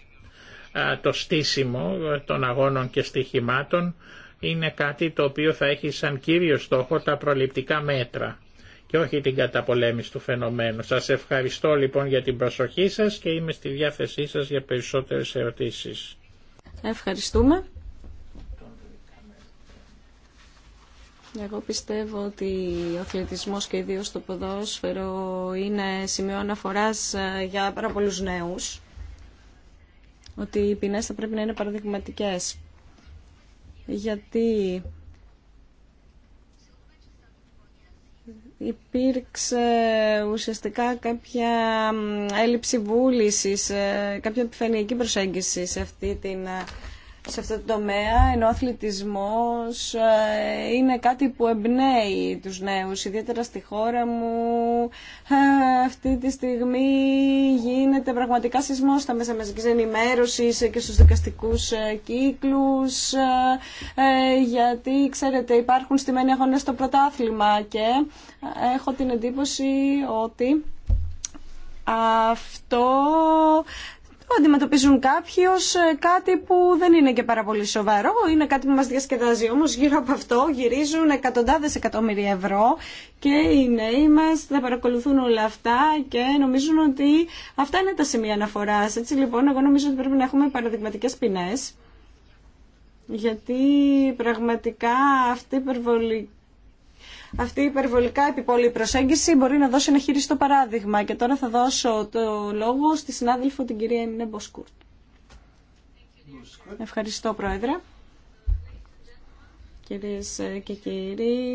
ε, το στήσιμο ε, των αγώνων και στοιχημάτων, είναι κάτι το οποίο θα έχει σαν κύριο στόχο τα προληπτικά μέτρα και όχι την καταπολέμηση του φαινομένου. Σας ευχαριστώ λοιπόν για την προσοχή σας και είμαι στη διάθεσή σας για περισσότερες ερωτήσεις. Ευχαριστούμε. Εγώ πιστεύω ότι ο αθλητισμός και ιδίω το ποδόσφαιρο είναι σημείο αναφοράς ε, για πάρα πολλούς νέους. Ότι οι ποινές θα πρέπει να είναι παραδειγματικές. Γιατί υπήρξε ουσιαστικά κάποια έλλειψη βούλησης, ε, κάποια επιφανειακή προσέγγιση σε αυτή την ε, σε αυτό το τομέα, ενώ ο αθλητισμός ε, είναι κάτι που εμπνέει τους νέους, ιδιαίτερα στη χώρα μου. Ε, αυτή τη στιγμή γίνεται πραγματικά σεισμός στα μέσα μαζικής ενημέρωσης ε, και στους δικαστικούς κύκλους, γιατί, ξέρετε, υπάρχουν στημένοι αγώνες στο πρωτάθλημα και έχω την εντύπωση ότι αυτό αντιμετωπίζουν κάποιοι ω ε, κάτι που δεν είναι και πάρα πολύ σοβαρό, είναι κάτι που μα διασκεδάζει. όμω γύρω από αυτό γυρίζουν εκατοντάδε εκατομμύρια ευρώ και οι νέοι μα θα παρακολουθούν όλα αυτά και νομίζουν ότι αυτά είναι τα σημεία αναφοράς. Έτσι λοιπόν εγώ νομίζω ότι πρέπει να έχουμε παραδείγματικέ ποινέ. γιατί πραγματικά αυτή η υπερβολική αυτή η υπερβολικά επιπόλη προσέγγιση μπορεί να δώσει ένα χειριστό παράδειγμα. Και τώρα θα δώσω το λόγο στη συνάδελφο την κυρία Εμινέ Μποσκούρτ. Ευχαριστώ, Πρόεδρε. Κυρίες και κύριοι,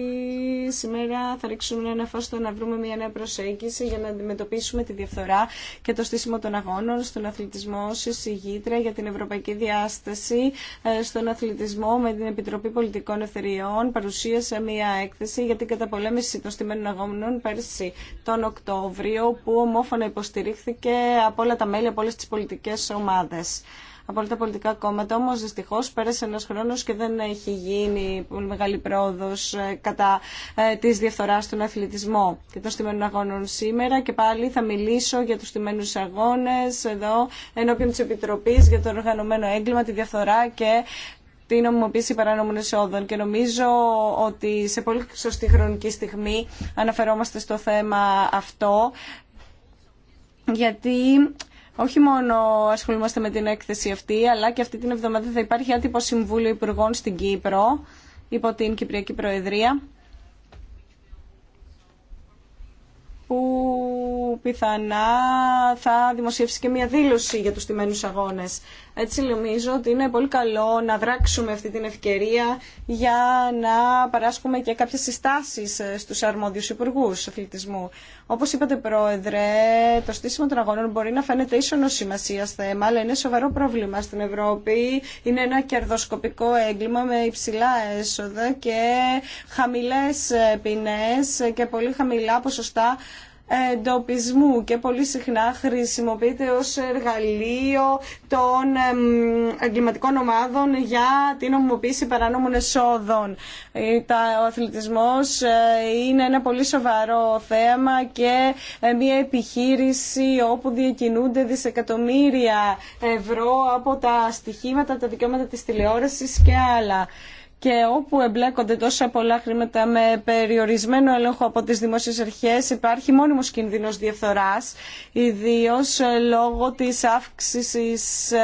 σήμερα θα ρίξουμε ένα φως στο να βρούμε μια νέα προσέγγιση για να αντιμετωπίσουμε τη διαφθορά και το στήσιμο των αγώνων στον αθλητισμό Συσυγήτρια για την ευρωπαϊκή διάσταση ε, στον αθλητισμό με την Επιτροπή Πολιτικών Ευθεριών παρουσίασε μια έκθεση για την καταπολέμηση των στημένων αγώνων πέρσι τον Οκτώβριο που ομόφωνα υποστηρίχθηκε από όλα τα μέλη από όλες τις πολιτικές ομάδες από όλα τα πολιτικά κόμματα. Όμω δυστυχώ πέρασε ένα χρόνο και δεν έχει γίνει πολύ μεγάλη πρόοδο ε, κατά ε, τη διαφθορά στον αθλητισμό και των στιμένων αγώνων σήμερα. Και πάλι θα μιλήσω για του στιμένου αγώνε εδώ ενώπιον τη Επιτροπή για το οργανωμένο έγκλημα, τη διαφθορά και την νομιμοποίηση παράνομων εσόδων και νομίζω ότι σε πολύ σωστή χρονική στιγμή αναφερόμαστε στο θέμα αυτό γιατί όχι μόνο ασχολούμαστε με την έκθεση αυτή, αλλά και αυτή την εβδομάδα θα υπάρχει άτυπο Συμβούλιο Υπουργών στην Κύπρο, υπό την Κυπριακή Προεδρία, που πιθανά θα δημοσιεύσει και μια δήλωση για τους τιμένους αγώνες. Έτσι νομίζω ότι είναι πολύ καλό να δράξουμε αυτή την ευκαιρία για να παράσχουμε και κάποιες συστάσεις ε, στους αρμόδιους υπουργούς αθλητισμού. Όπως είπατε Πρόεδρε, το στήσιμο των αγώνων μπορεί να φαίνεται ως σημασία θέμα, αλλά είναι σοβαρό πρόβλημα στην Ευρώπη. Είναι ένα κερδοσκοπικό έγκλημα με υψηλά έσοδα και χαμηλές ε, ποινές και πολύ χαμηλά ποσοστά εντοπισμού και πολύ συχνά χρησιμοποιείται ως εργαλείο των εγκληματικών ομάδων για την ομοποίηση παρανόμων εσόδων. Ε, ο αθλητισμός ε, είναι ένα πολύ σοβαρό θέμα και ε, μια επιχείρηση όπου διακινούνται δισεκατομμύρια ευρώ από τα στοιχήματα, τα δικαιώματα της τηλεόρασης και άλλα και όπου εμπλέκονται τόσα πολλά χρήματα με περιορισμένο έλεγχο από τις δημόσιες αρχές υπάρχει μόνιμος κίνδυνος διαφθοράς, ιδίως λόγω της αύξησης, ε,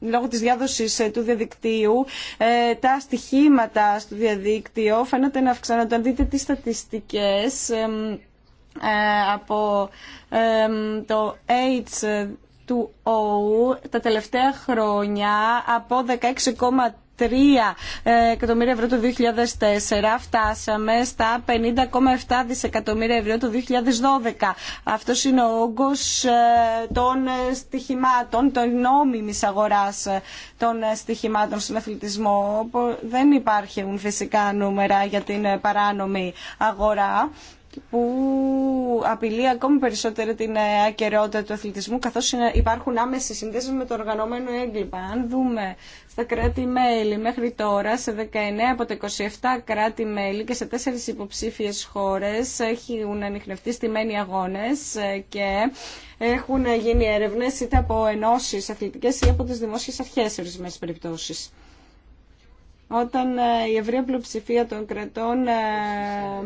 λόγω της διάδοσης ε, του διαδικτύου. Ε, τα στοιχήματα στο διαδίκτυο φαίνεται να αυξάνονται. Αν δείτε τις στατιστικές από το AIDS του ΟΟΟΥ τα τελευταία χρόνια από 16,3 3 ε, εκατομμύρια ευρώ το 2004 φτάσαμε στα 50,7 δισεκατομμύρια ευρώ το 2012. Αυτός είναι ο όγκος ε, των ε, στοιχημάτων, των νόμιμης αγοράς των στοιχημάτων στον αθλητισμό. Δεν υπάρχουν φυσικά νούμερα για την παράνομη αγορά που απειλεί ακόμη περισσότερο την ε, ακαιρεότητα του αθλητισμού καθώς υπάρχουν άμεση συνδέσεις με το οργανωμένο έγκλημα. Αν δούμε στα κράτη-μέλη μέχρι τώρα, σε 19 από τα 27 κράτη-μέλη και σε 4 υποψήφιες χώρες έχουν ανοιχνευτεί στημένοι αγώνες ε, και έχουν γίνει έρευνες είτε από ενώσεις αθλητικές ή από τις δημόσιες αρχές σε ορισμένες περιπτώσεις όταν ε, η ευρεία πλειοψηφία των κρατών ε,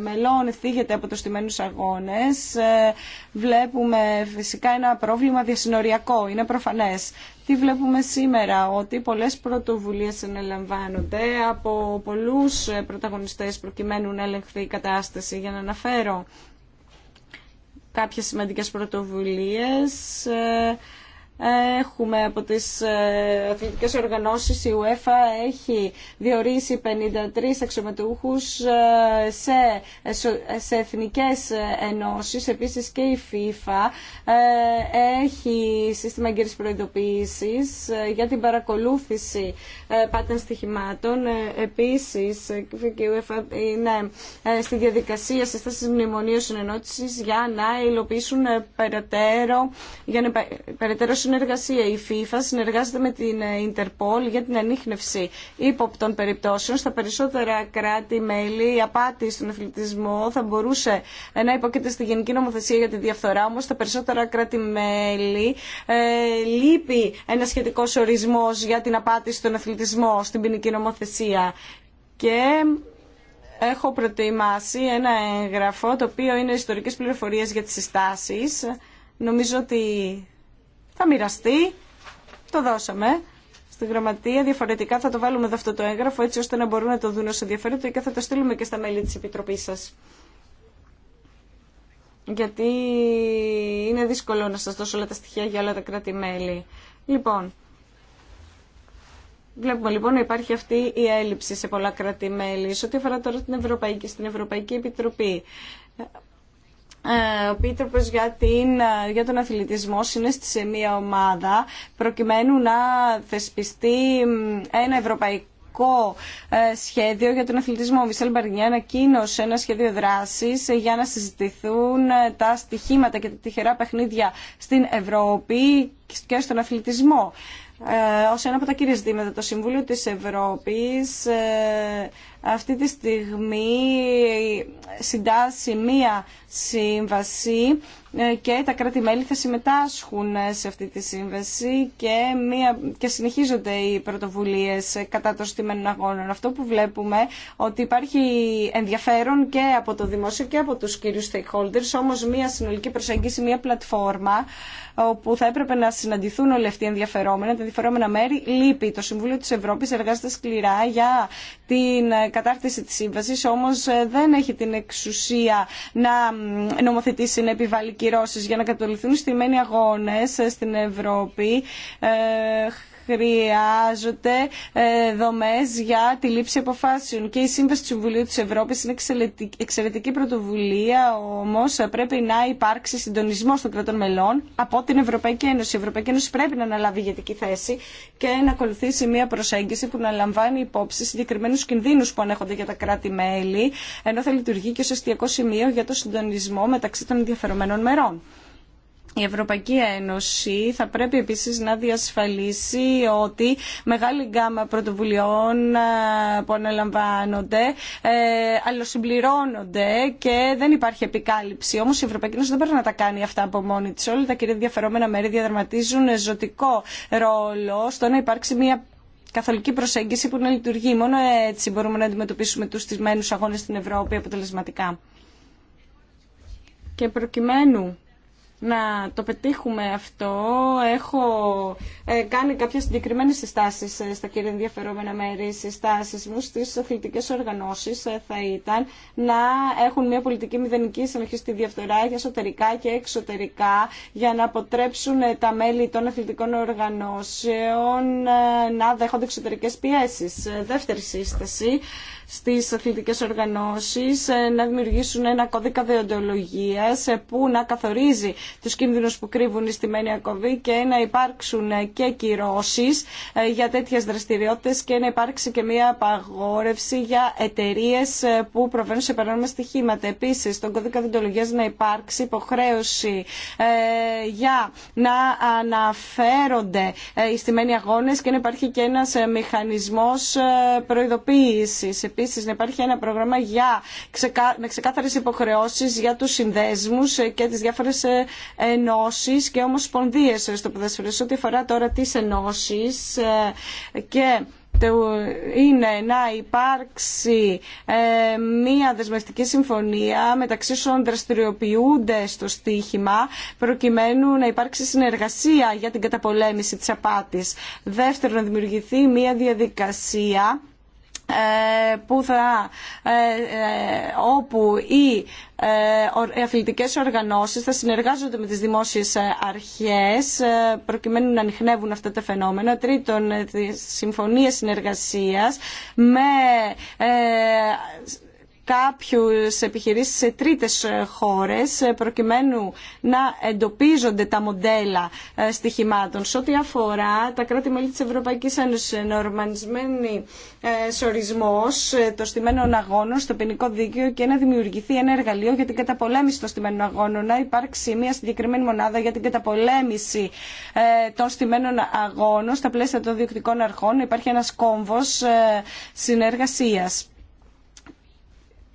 μελών θίγεται από το στημένους αγώνες, ε, βλέπουμε φυσικά ένα πρόβλημα διασυνοριακό, είναι προφανές. Τι βλέπουμε σήμερα, ότι πολλές πρωτοβουλίες αναλαμβάνονται από πολλούς πρωταγωνιστές προκειμένου να ελεγχθεί η κατάσταση, για να αναφέρω κάποιες σημαντικές πρωτοβουλίες Έχουμε από τις ε, αθλητικές οργανώσεις, η UEFA έχει διορίσει 53 αξιωματούχους ε, σε, σε εθνικές ενώσεις. Επίσης και η FIFA ε, έχει σύστημα εγκύρισης προειδοποίησης για την παρακολούθηση πάτων στοιχημάτων. Επίσης και η UEFA είναι στη διαδικασία συστάσεις μνημονίου συνενότησης για να υλοποιήσουν περαιτέρω, για να, περαιτέρω συνεργασία. Η FIFA συνεργάζεται με την Interpol ε, για την ανείχνευση ύποπτων περιπτώσεων. Στα περισσότερα κράτη-μέλη η απάτη στον αθλητισμό θα μπορούσε ε, να υπόκειται στη Γενική Νομοθεσία για τη Διαφθορά. Όμω στα περισσότερα κράτη-μέλη ε, λείπει ένα σχετικό ορισμό για την απάτη στον αθλητισμό στην ποινική νομοθεσία. Και έχω προετοιμάσει ένα έγγραφο το οποίο είναι ιστορικές πληροφορίες για τις συστάσεις. Νομίζω ότι θα μοιραστεί. Το δώσαμε στη γραμματεία. Διαφορετικά θα το βάλουμε εδώ αυτό το έγγραφο έτσι ώστε να μπορούν να το δουν όσο ενδιαφέρονται και θα το στείλουμε και στα μέλη της Επιτροπής σας. Γιατί είναι δύσκολο να σας δώσω όλα τα στοιχεία για όλα τα κράτη-μέλη. Λοιπόν, Βλέπουμε λοιπόν να υπάρχει αυτή η έλλειψη σε πολλά κράτη-μέλη. Σε ό,τι αφορά τώρα την Ευρωπαϊκή, στην Ευρωπαϊκή Επιτροπή, ε, ο πίτροπος για, ε, για τον αθλητισμό συνέστη σε μία ομάδα προκειμένου να θεσπιστεί ένα ευρωπαϊκό ε, σχέδιο για τον αθλητισμό. Μισελ Μπαρνιέ ανακοίνωσε ένα σχέδιο δράση για να συζητηθούν τα στοιχήματα και τα τυχερά παιχνίδια στην Ευρώπη και στον αθλητισμό. Ε, Ω ένα από τα κύριε ζητήματα, το Συμβούλιο της Ευρώπης αυτή τη στιγμή συντάσσει μία σύμβαση ε, και τα κράτη-μέλη θα συμμετάσχουν ε, σε αυτή τη σύμβαση και, μία, και συνεχίζονται οι πρωτοβουλίες ε, κατά των στιμένων αγώνων. Αυτό που βλέπουμε ότι υπάρχει ενδιαφέρον και από το δημόσιο και από τους κύριους stakeholders, όμως μία συνολική προσέγγιση, μία πλατφόρμα όπου θα έπρεπε να συναντηθούν όλοι αυτοί οι ενδιαφερόμενοι, τα ενδιαφερόμενα μέρη λείπει. Το Συμβούλιο της Ευρώπης εργάζεται σκληρά για την κατάρτιση της σύμβασης όμως ε, δεν έχει την εξουσία να νομοθετήσει να επιβάλλει κυρώσεις για να στη στημένοι αγώνες ε, στην Ευρώπη ε, χρειάζονται ε, δομές για τη λήψη αποφάσεων. Και η Σύμβαση του Συμβουλίου της Ευρώπης είναι εξαιρετική πρωτοβουλία, όμως πρέπει να υπάρξει συντονισμό των κρατών μελών από την Ευρωπαϊκή Ένωση. Η Ευρωπαϊκή Ένωση πρέπει να αναλάβει ηγετική θέση και να ακολουθήσει μια προσέγγιση που να λαμβάνει υπόψη συγκεκριμένου κινδύνου που ανέχονται για τα κράτη-μέλη, ενώ θα λειτουργεί και ω αστιακό σημείο για το συντονισμό μεταξύ των ενδιαφερομένων μερών. Η Ευρωπαϊκή Ένωση θα πρέπει επίσης να διασφαλίσει ότι μεγάλη γκάμα πρωτοβουλειών ε, που αναλαμβάνονται ε, αλλοσυμπληρώνονται και δεν υπάρχει επικάλυψη. Όμως η Ευρωπαϊκή Ένωση δεν πρέπει να τα κάνει αυτά από μόνη της. Όλα τα κυρία διαφερόμενα μέρη διαδραματίζουν ζωτικό ρόλο στο να υπάρξει μια καθολική προσέγγιση που να λειτουργεί. Μόνο έτσι μπορούμε να αντιμετωπίσουμε τους στισμένους αγώνες στην Ευρώπη αποτελεσματικά. Και προκειμένου να το πετύχουμε αυτό, έχω ε, κάνει κάποιες συγκεκριμένες συστάσεις ε, στα κύρια ενδιαφερόμενα μέρη. Οι συστάσεις μου στις αθλητικές οργανώσεις ε, θα ήταν να έχουν μια πολιτική μηδενική συνοχή στη διαφθορά και εσωτερικά και εξωτερικά για να αποτρέψουν τα μέλη των αθλητικών οργανώσεων να δέχονται εξωτερικές πιέσεις. Δεύτερη σύσταση, στις αθλητικές οργανώσεις ε, να δημιουργήσουν ένα κώδικα δεοντολογίας ε, που να καθορίζει τους κίνδυνους που κρύβουν οι στημένοι ακοβοί και να υπάρξουν ε, και κυρώσεις για τέτοιες δραστηριότητες και να υπάρξει και μια απαγόρευση για εταιρείε που προβαίνουν σε παράνομα στοιχήματα. Επίσης, στον κώδικα δεοντολογίας να υπάρξει υποχρέωση για να αναφέρονται οι στημένοι αγώνες και να υπάρχει και ένας μηχανισμός προειδοποίησης επίση να υπάρχει ένα πρόγραμμα για με ξεκάθαρες υποχρεώσεις για του συνδέσμους ε, και τις διάφορες ε, ενώσει και όμως σπονδίες ε, στο Σε Ό,τι αφορά τώρα τις ενώσει, και είναι να υπάρξει μία δεσμευτική συμφωνία μεταξύ όσων δραστηριοποιούνται στο στοίχημα προκειμένου να υπάρξει συνεργασία για την καταπολέμηση της απάτης. Δεύτερον, να δημιουργηθεί μία διαδικασία ε, που θα, ε, ε, όπου οι αθλητικές οργανώσεις θα συνεργάζονται με τις δημόσιες αρχές προκειμένου να ανοιχνεύουν αυτά τα φαινόμενα. Τρίτον, τη συμφωνίες συνεργασίας με κάποιους επιχειρήσεις σε τρίτες χώρες ε, προκειμένου να εντοπίζονται τα μοντέλα ε, στοιχημάτων. Σε ό,τι αφορά τα κράτη-μέλη της Ευρωπαϊκής Ένωσης, ε, ενορμανισμένη σορισμός των στιμένων αγώνων στο ποινικό δίκαιο και να δημιουργηθεί ένα εργαλείο για την καταπολέμηση των στιμένων αγώνων, να υπάρξει μια συγκεκριμένη μονάδα για την καταπολέμηση των στιμένων αγώνων στα πλαίσια των διοικητικών αρχών, υπάρχει ένας κόμβος συνεργασίας.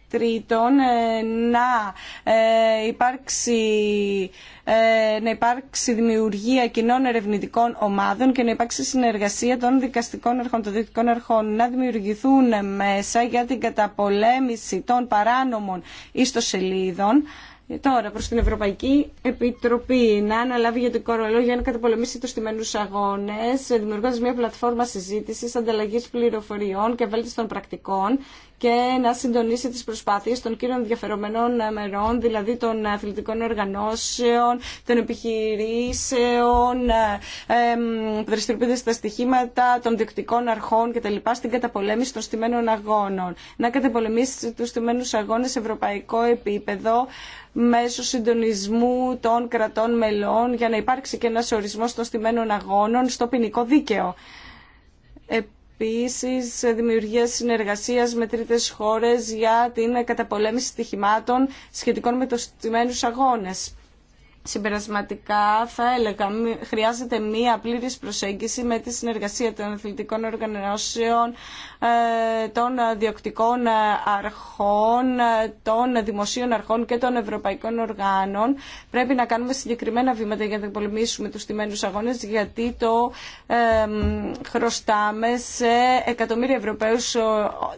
Τρίτον, ε, να ε, υπάρξει, ε, να υπάρξει δημιουργία κοινών ερευνητικών ομάδων και να υπάρξει συνεργασία των δικαστικών αρχών, των δικαστικών αρχών, να δημιουργηθούν μέσα για την καταπολέμηση των παράνομων ιστοσελίδων, Τώρα προ την Ευρωπαϊκή Επιτροπή να αναλάβει για το κορολό για να καταπολεμήσει του τιμένου αγώνε, δημιουργώντα μια πλατφόρμα συζήτηση, ανταλλαγή πληροφοριών και των πρακτικών και να συντονίσει τι προσπάθειε των κύριων ενδιαφερομένων μερών, δηλαδή των αθλητικών οργανώσεων, των επιχειρήσεων, που δραστηριοποιούνται στα στοιχήματα, των διοκτικών αρχών κτλ. στην καταπολέμηση των στιμένων αγώνων. Να καταπολεμήσει του στιμένους αγώνε, σε ευρωπαϊκό επίπεδο, μέσω συντονισμού των κρατών μελών για να υπάρξει και ένας ορισμός των στημένων αγώνων στο ποινικό δίκαιο. Επίσης, δημιουργία συνεργασίας με τρίτες χώρες για την καταπολέμηση στοιχημάτων σχετικών με τους στημένους αγώνες. Συμπερασματικά θα έλεγα χρειάζεται μία πλήρης προσέγγιση με τη συνεργασία των αθλητικών οργανώσεων, ε, των διοκτικών αρχών, ε, των δημοσίων αρχών και των ευρωπαϊκών οργάνων. Πρέπει να κάνουμε συγκεκριμένα βήματα για να πολεμήσουμε τους τιμένους αγώνες γιατί το ε, χρωστάμε σε εκατομμύρια Ευρωπαίους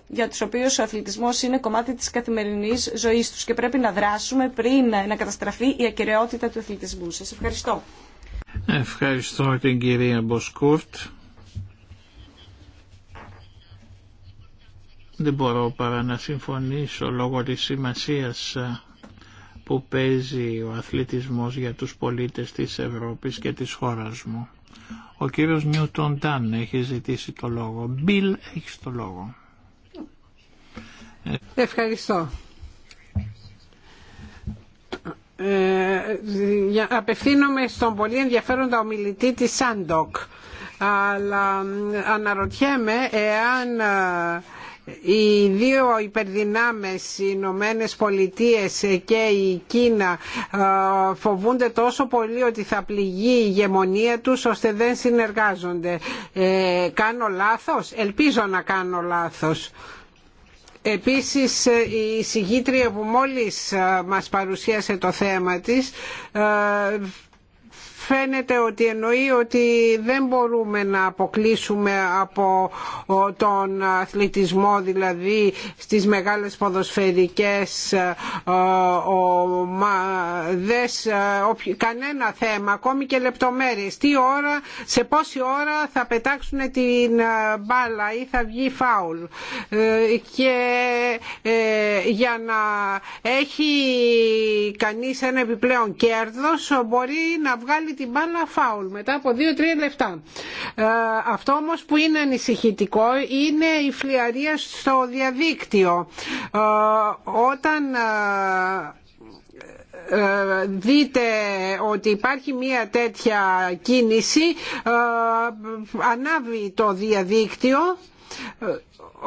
για τους οποίους ο αθλητισμός είναι κομμάτι της καθημερινής ζωής τους και πρέπει να δράσουμε πριν να καταστραφεί η ακαιρεότητα του του σας. Ευχαριστώ. Ευχαριστώ την κυρία Μποσκούρτ. Δεν μπορώ παρά να συμφωνήσω λόγω της σημασίας ε, που παίζει ο αθλητισμός για τους πολίτες της Ευρώπης και της χώρας μου. Ο κύριος Νιούτον Τάν έχει ζητήσει το λόγο. Μπιλ έχει το λόγο. Ευχαριστώ. Ε, ε, απευθύνομαι στον πολύ ενδιαφέροντα ομιλητή της Σάντοκ αλλά αναρωτιέμαι εάν ε, οι δύο υπερδυνάμες οι Ηνωμένε Πολιτείε και η Κίνα φοβούνται τόσο πολύ ότι θα πληγεί η ηγεμονία τους ώστε δεν συνεργάζονται. κάνω λάθος, ελπίζω να κάνω λάθος. Επίσης η συγγήτρια που μόλις ε, μας παρουσίασε το θέμα της ε, φαίνεται ότι εννοεί ότι δεν μπορούμε να αποκλείσουμε από τον αθλητισμό δηλαδή στις μεγάλες ποδοσφαιρικές ε, ομάδες ε, κανένα θέμα ακόμη και λεπτομέρειες τι ώρα, σε πόση ώρα θα πετάξουν την ε, μπάλα ή θα βγει φάουλ και για να έχει κανείς ένα επιπλέον κέρδος μπορεί να βγάλει την μπάλα φάουλ μετά από 2-3 λεπτά. Ε, αυτό όμω που είναι ανησυχητικό είναι η φλιαρία στο διαδίκτυο. Ε, όταν ε, δείτε ότι υπάρχει μια τέτοια κίνηση ανάβει το διαδίκτυο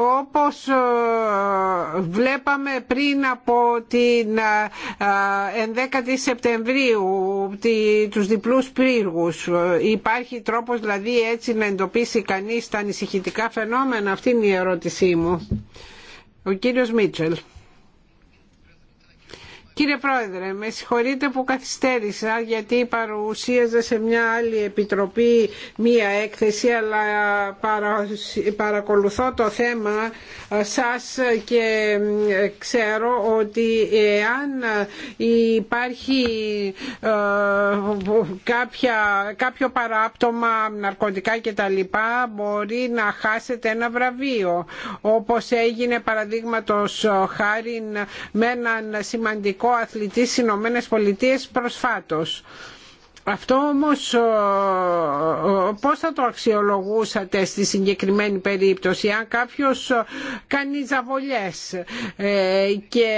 όπως ε, βλέπαμε πριν από την 11η ε, Σεπτεμβρίου τους διπλούς πύργους υπάρχει τρόπος δηλαδή έτσι να εντοπίσει κανείς τα ανησυχητικά φαινόμενα αυτή είναι η ερώτησή μου ο κύριος Μίτσελ Κύριε Πρόεδρε, με συγχωρείτε που καθυστέρησα γιατί παρουσίαζα σε μια άλλη επιτροπή μία έκθεση αλλά παρακολουθώ το θέμα ε, σας και ε, ξέρω ότι εάν υπάρχει ε, κάποια, κάποιο παράπτωμα ναρκωτικά κτλ μπορεί να χάσετε ένα βραβείο όπως έγινε παραδείγματος χάρη με έναν σημαντικό αθλητής στις Ηνωμένες Πολιτείες προσφάτως. Αυτό όμως πώς θα το αξιολογούσατε στη συγκεκριμένη περίπτωση αν κάποιος κάνει ζαβολιές ε, και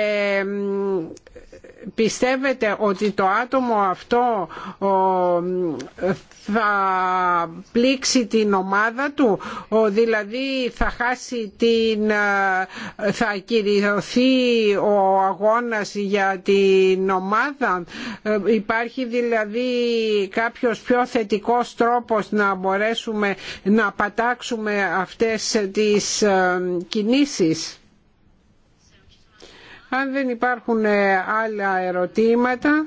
πιστεύετε ότι το άτομο αυτό θα πλήξει την ομάδα του δηλαδή θα χάσει την ε, θα κυριωθεί ο αγώνας για την ομάδα ε, υπάρχει δηλαδή κάποιος πιο θετικός τρόπος να μπορέσουμε να πατάξουμε αυτές τις ε, κινήσεις. Αν δεν υπάρχουν ε, άλλα ερωτήματα,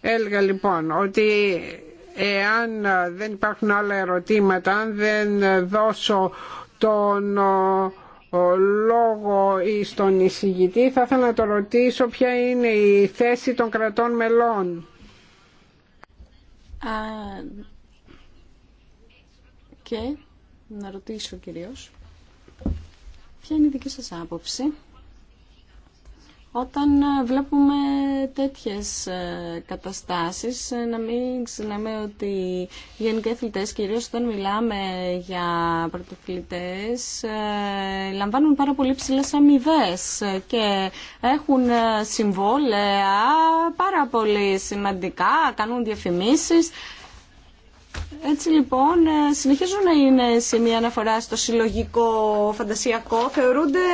έλεγα λοιπόν ότι εάν δεν υπάρχουν άλλα ερωτήματα, αν δεν δώσω τον ε, λόγο στον εισηγητή θα ήθελα να το ρωτήσω ποια είναι η θέση των κρατών μελών. και να ρωτήσω κυρίως ποια είναι η δική σας άποψη όταν ε, βλέπουμε τέτοιες ε, καταστάσεις ε, να μην ξεχνάμε ότι οι γενικοί αθλητές κυρίως όταν μιλάμε για πρωτοθλητές λαμβάνουν πάρα πολύ ψηλές αμοιβέ και έχουν συμβόλαια πάρα πολύ σημαντικά, κάνουν διαφημίσεις έτσι λοιπόν ε, συνεχίζουν να είναι σημεία αναφορά στο συλλογικό φαντασιακό, θεωρούνται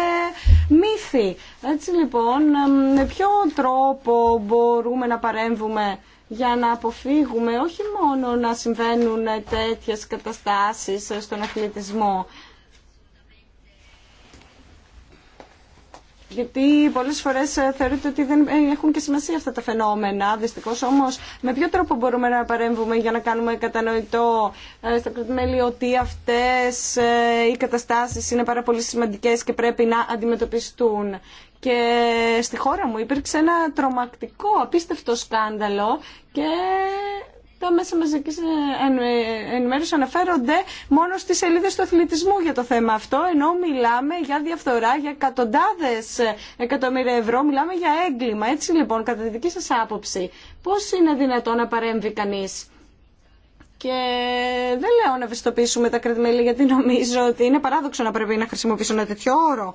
μύθοι. Έτσι λοιπόν ε, με ποιο τρόπο μπορούμε να παρέμβουμε για να αποφύγουμε όχι μόνο να συμβαίνουν τέτοιες καταστάσεις στον αθλητισμό, γιατί πολλές φορές ε, θεωρείται ότι δεν ε, έχουν και σημασία αυτά τα φαινόμενα. Δυστυχώ όμως με ποιο τρόπο μπορούμε να παρέμβουμε για να κάνουμε κατανοητό ε, στα κρατημέλη ότι αυτές οι καταστάσει είναι πάρα πολύ σημαντικέ και πρέπει να αντιμετωπιστούν. Και στη χώρα μου υπήρξε ένα τρομακτικό, απίστευτο σκάνδαλο και τα μέσα μαζική ενημέρωση αναφέρονται μόνο στι σελίδε του αθλητισμού για το θέμα αυτό, ενώ μιλάμε για διαφθορά, για εκατοντάδε εκατομμύρια ευρώ, μιλάμε για έγκλημα. Έτσι λοιπόν, κατά τη δική σα άποψη, πώ είναι δυνατόν να παρέμβει κανεί. Και δεν λέω να ευαισθητοποιήσουμε τα κρατημέλη γιατί νομίζω ότι είναι παράδοξο να πρέπει να χρησιμοποιήσω ένα τέτοιο όρο.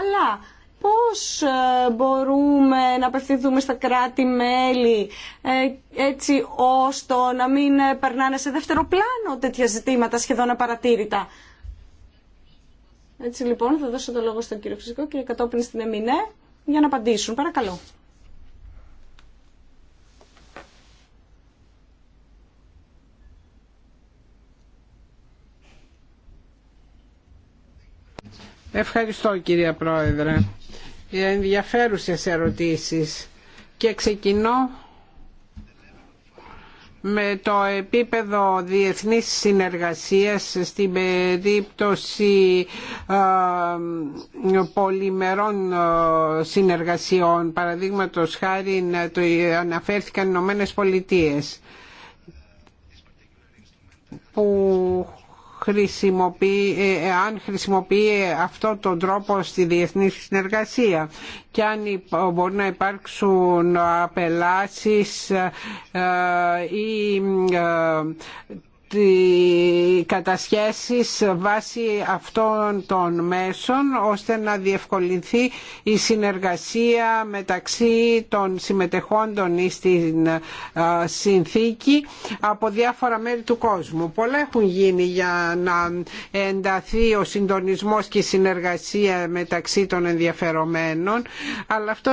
Αλλά πώς ε, μπορούμε να απευθυνθούμε στα κράτη-μέλη ε, έτσι ώστε να μην περνάνε σε δεύτερο πλάνο τέτοια ζητήματα σχεδόν απαρατήρητα. Έτσι λοιπόν θα δώσω το λόγο στον κύριο Φυσικό και κατόπιν στην ΕΜΗΝΕ για να απαντήσουν. Παρακαλώ. Ευχαριστώ κυρία Πρόεδρε ενδιαφέρουσες ερωτήσεις και ξεκινώ με το επίπεδο διεθνής συνεργασίας στην περίπτωση πολυμερών συνεργασιών. Παραδείγματος χάρη το αναφέρθηκαν οι Ηνωμένες Πολιτείες που ε, ε, αν χρησιμοποιεί αυτό τον τρόπο στη διεθνή συνεργασία και αν μπορεί να υπάρξουν απελάσεις ε, ή κατασχέσεις βάσει αυτών των μέσων ώστε να διευκολυνθεί η συνεργασία μεταξύ των συμμετεχόντων ή στην ε, συνθήκη από διάφορα μέρη του κόσμου. Πολλά έχουν γίνει για να ενταθεί ο συντονισμός και η συνεργασία μεταξύ των ενδιαφερομένων αλλά αυτό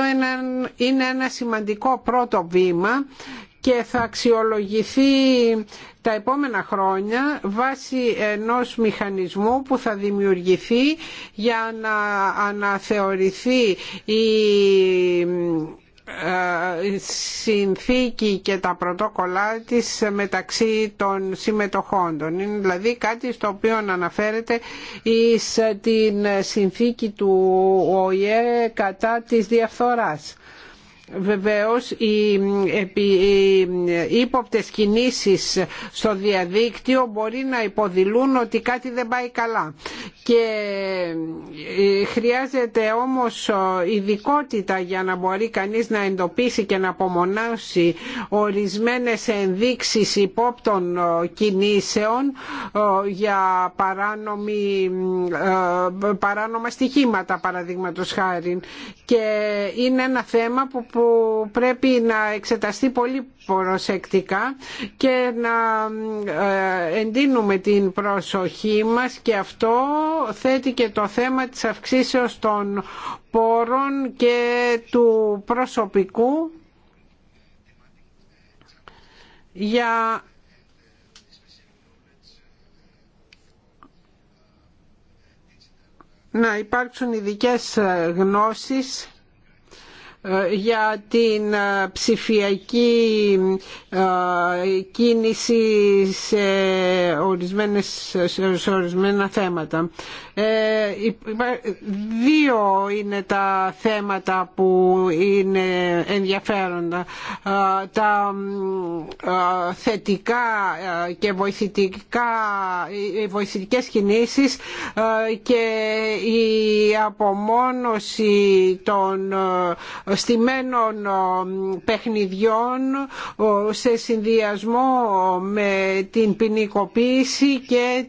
είναι ένα σημαντικό πρώτο βήμα και θα αξιολογηθεί τα επόμενα χρόνια βάσει ενός μηχανισμού που θα δημιουργηθεί για να αναθεωρηθεί ε, η συνθήκη και τα πρωτόκολλά της μεταξύ των συμμετοχόντων. Είναι δηλαδή κάτι στο οποίο αναφέρεται εις την συνθήκη του ΟΗΕ κατά της διαφθοράς. Βεβαίως οι, οι ύποπτες κινήσεις στο διαδίκτυο μπορεί να υποδηλούν ότι κάτι δεν πάει καλά και ε, χρειάζεται όμως ε, ειδικότητα για να μπορεί κανείς να εντοπίσει και να απομονάσει ορισμένες ενδείξεις υπόπτων ε, κινήσεων για παράνομη, παράνομα στοιχήματα παραδείγματος χάρη και είναι ένα θέμα που που πρέπει να εξεταστεί πολύ προσεκτικά και να ε, εντείνουμε την προσοχή μας και αυτό θέτει και το θέμα της αυξήσεως των πόρων και του προσωπικού για να υπάρξουν ειδικές γνώσεις για την ε, ψηφιακή ε, κίνηση σε, ορισμένες, ορισμένα θέματα. Ε, δύο είναι τα θέματα που είναι ενδιαφέροντα. Ε, τα ε, θετικά και βοηθητικά, οι βοηθητικές κινήσεις και η απομόνωση των στημένων παιχνιδιών σε συνδυασμό με την ποινικοποίηση και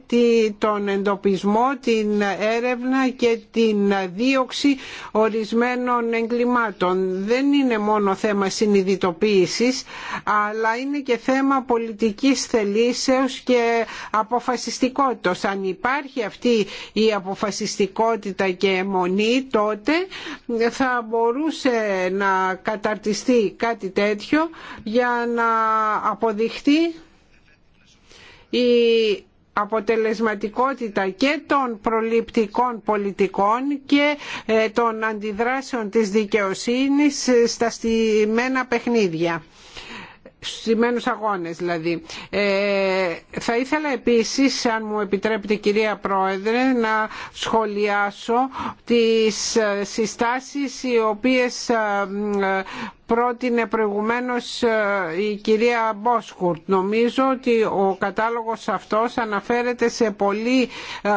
τον εντοπισμό, την την έρευνα και την δίωξη ορισμένων εγκλημάτων. Δεν είναι μόνο θέμα συνειδητοποίησης, αλλά είναι και θέμα πολιτικής θελήσεως και αποφασιστικότητας. Αν υπάρχει αυτή η αποφασιστικότητα και αιμονή, τότε θα μπορούσε να καταρτιστεί κάτι τέτοιο για να αποδειχτεί η αποτελεσματικότητα και των προληπτικών πολιτικών και ε, των αντιδράσεων της δικαιοσύνης στα στημένα παιχνίδια σημαίνους αγώνες δηλαδή. Ε, θα ήθελα επίσης, αν μου επιτρέπετε κυρία Πρόεδρε, να σχολιάσω τις ε, συστάσεις οι οποίες ε, πρότεινε προηγουμένως ε, η κυρία Μπόσκουρτ. Νομίζω ότι ο κατάλογος αυτός αναφέρεται σε πολύ ε,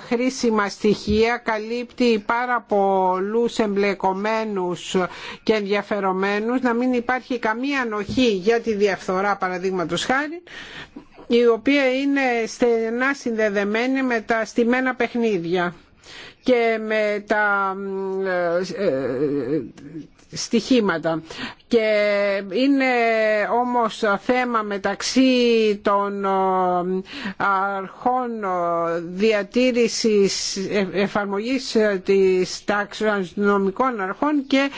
χρήσιμα στοιχεία, καλύπτει πάρα πολλούς εμπλεκομένους και ενδιαφερομένους, να μην υπάρχει καμία ανοχή για τη διαφθορά παραδείγματος χάρη η οποία είναι στενά συνδεδεμένη με τα στημένα παιχνίδια και με τα ε, στοιχήματα και είναι όμως θέμα μεταξύ των ε, αρχών ε, διατήρησης ε, εφαρμογής της τάξης νομικών αρχών και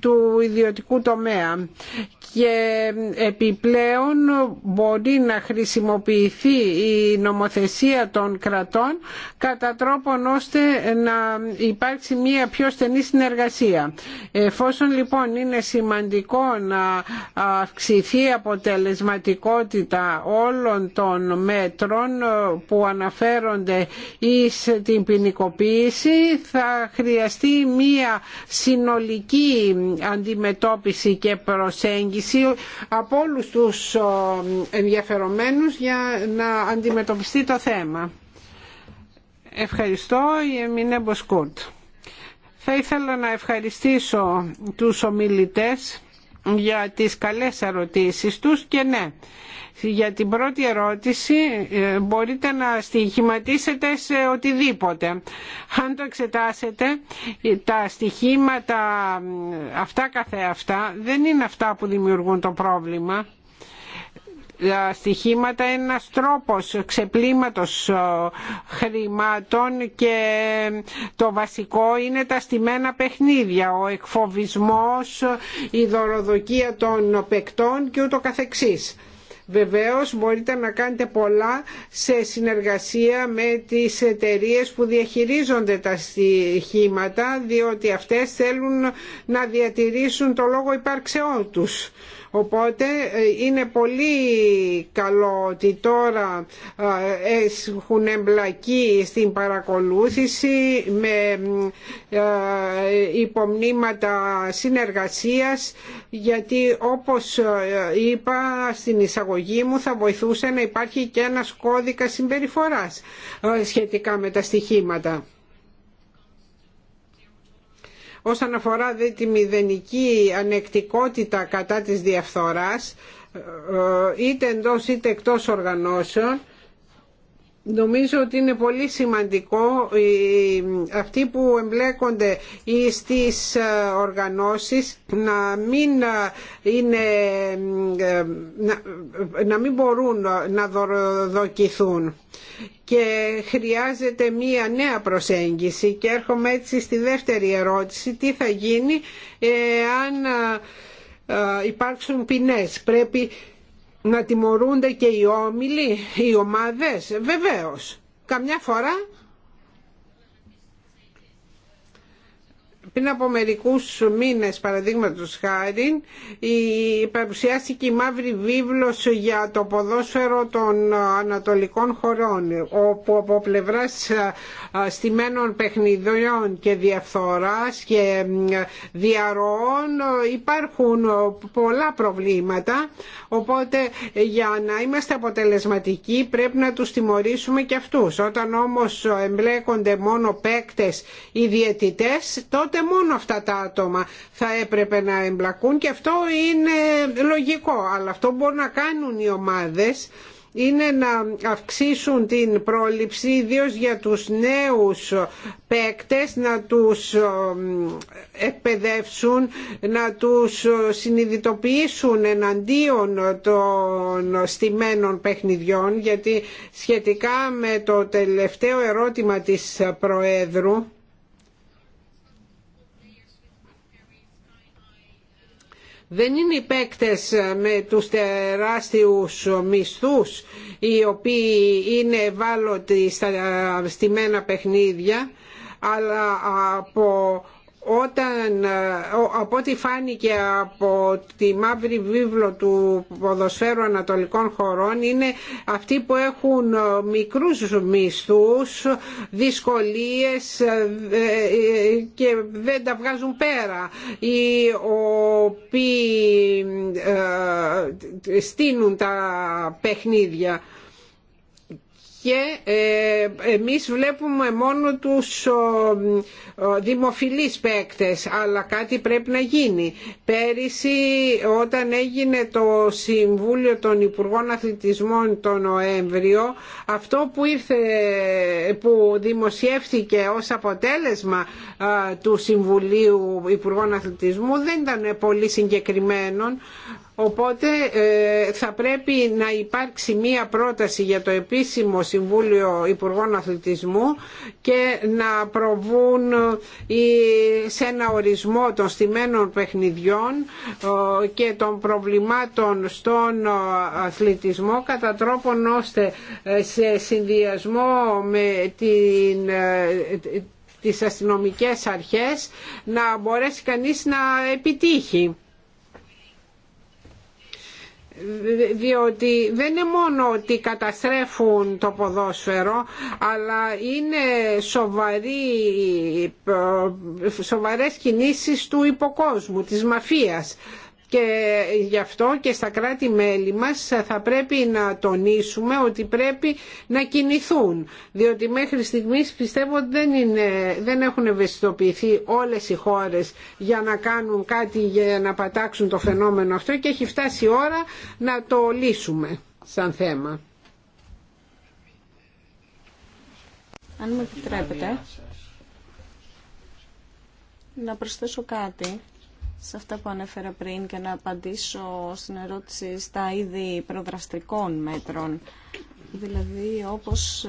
του ιδιωτικού τομέα και επιπλέον μπορεί να χρησιμοποιηθεί η νομοθεσία των κρατών κατά τρόπον ώστε να υπάρξει μια πιο στενή συνεργασία. Εφόσον λοιπόν είναι σημαντικό να αυξηθεί η αποτελεσματικότητα όλων των μέτρων που αναφέρονται εις την ποινικοποίηση θα χρειαστεί μία συνολική αντιμετώπιση και προσέγγιση από όλους τους ε, ενδιαφερομένους για να αντιμετωπιστεί το θέμα. Ευχαριστώ, η Εμινέ Μποσκούρτ. Θα ήθελα να ευχαριστήσω τους ομιλητές για τις καλές ερωτήσεις τους και ναι, για την πρώτη ερώτηση ε, μπορείτε να στοιχηματίσετε σε οτιδήποτε. Αν το εξετάσετε, τα στοιχήματα αυτά καθεαυτά δεν είναι αυτά που δημιουργούν το πρόβλημα στοιχήματα ένας τρόπος ξεπλήματος ε, χρημάτων και το βασικό είναι τα στημένα παιχνίδια, ο εκφοβισμός, η δωροδοκία των παικτών και ούτω καθεξής. Βεβαίως μπορείτε να κάνετε πολλά σε συνεργασία με τις εταιρείε που διαχειρίζονται τα στοιχήματα διότι αυτές θέλουν να διατηρήσουν το λόγο υπάρξεό τους Οπότε ε, είναι πολύ καλό ότι τώρα ε, έχουν εμπλακεί στην παρακολούθηση με ε, υπομνήματα συνεργασίας γιατί όπως είπα στην εισαγωγή μου θα βοηθούσε να υπάρχει και ένας κώδικας συμπεριφοράς σχετικά με τα στοιχήματα. Όσον αφορά δε τη μηδενική ανεκτικότητα κατά της διαφθοράς, ε, ε, είτε εντός είτε εκτός οργανώσεων, Νομίζω ότι είναι πολύ σημαντικό αυτοί που εμπλέκονται στις ε, οργανώσεις να μην, ε, είναι, ε, να, μην μπορούν να δοκιθούν και χρειάζεται μία νέα προσέγγιση και έρχομαι έτσι στη δεύτερη ερώτηση τι θα γίνει αν υπάρξουν ποινές πρέπει να τιμωρούνται και οι όμιλοι, οι ομάδες, βεβαίως. Καμιά φορά Πριν από μερικούς μήνες, παραδείγματος χάρη, η, παρουσιάστηκε η μαύρη βίβλος για το ποδόσφαιρο των ανατολικών χωρών, όπου από πλευράς στημένων παιχνιδιών και διαφθοράς και διαρροών υπάρχουν πολλά προβλήματα, οπότε για να είμαστε αποτελεσματικοί πρέπει να τους τιμωρήσουμε και αυτούς. Όταν όμως εμπλέκονται μόνο παίκτες ή διαιτητές, τότε μόνο αυτά τα άτομα θα έπρεπε να εμπλακούν και αυτό είναι λογικό. Αλλά αυτό μπορούν να κάνουν οι ομάδες είναι να αυξήσουν την πρόληψη ιδίω για τους νέους παίκτες να τους ε, εκπαιδεύσουν να τους ε, συνειδητοποιήσουν εναντίον των στημένων παιχνιδιών γιατί σχετικά με το τελευταίο ερώτημα της Προέδρου Δεν είναι οι παίκτες ε, με τους τεράστιους μισθούς οι οποίοι είναι ευάλωτοι στα ε, στημένα παιχνίδια αλλά από όταν, ε, από ό,τι φάνηκε από τη μαύρη βίβλο του ποδοσφαίρου ανατολικών χωρών είναι αυτοί που έχουν ε, μικρούς μισθούς, δυσκολίες ε, και δεν τα βγάζουν πέρα ή οποίοι στείνουν τα παιχνίδια και ε, εμείς βλέπουμε μόνο τους δημοφιλείς παίκτες αλλά κάτι πρέπει να γίνει. Πέρυσι όταν έγινε το Συμβούλιο των Υπουργών Αθλητισμών το Νοέμβριο αυτό που, ήρθε, που δημοσιεύθηκε ως αποτέλεσμα του Συμβουλίου Υπουργών Αθλητισμού δεν ήταν πολύ συγκεκριμένο Οπότε ε, θα πρέπει να υπάρξει μία πρόταση για το επίσημο Συμβούλιο Υπουργών Αθλητισμού και να προβούν ε, σε ένα ορισμό των στημένων παιχνιδιών ε, και των προβλημάτων στον αθλητισμό κατά τρόπον ώστε σε συνδυασμό με την τις αστυνομικές αρχές να μπορέσει κανείς να επιτύχει διότι δεν είναι μόνο ότι καταστρέφουν το ποδόσφαιρο αλλά είναι σοβαρή, ε, σοβαρές κινήσεις του υποκόσμου, της μαφίας και γι' αυτό και στα κράτη-μέλη μας θα πρέπει να τονίσουμε ότι πρέπει να κινηθούν διότι μέχρι στιγμής πιστεύω ότι δεν, είναι, δεν έχουν ευαισθητοποιηθεί όλες οι χώρες για να κάνουν κάτι για να πατάξουν το φαινόμενο αυτό και έχει φτάσει η ώρα να το λύσουμε σαν θέμα. Αν μου επιτρέπετε να προσθέσω κάτι σε αυτά που ανέφερα πριν και να απαντήσω στην ερώτηση στα είδη προδραστικών μέτρων. Δηλαδή όπως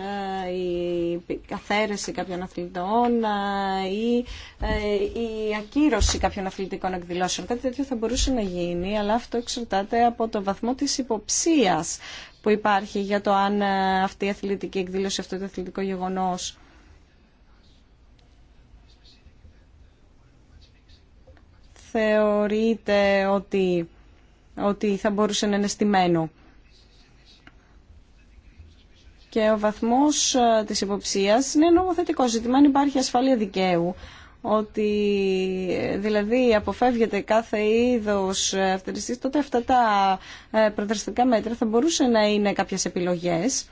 ε, η καθαίρεση κάποιων αθλητών ε, ή ε, η ακύρωση κάποιων αθλητικών εκδηλώσεων. Κάτι τέτοιο θα μπορούσε να γίνει, αλλά αυτό εξαρτάται από το βαθμό της υποψίας που υπάρχει για το αν αυτή η αθλητική εκδήλωση, αυτό το αθλητικό γεγονός θεωρείτε ότι, ότι θα μπορούσε να είναι στημένο. Και ο βαθμός ε, της υποψίας είναι νομοθετικό ζήτημα, αν υπάρχει ασφάλεια δικαίου ότι ε, δηλαδή αποφεύγεται κάθε είδος ε, αυτεριστής, τότε αυτά τα προδραστικά μέτρα θα μπορούσε να είναι κάποιες επιλογές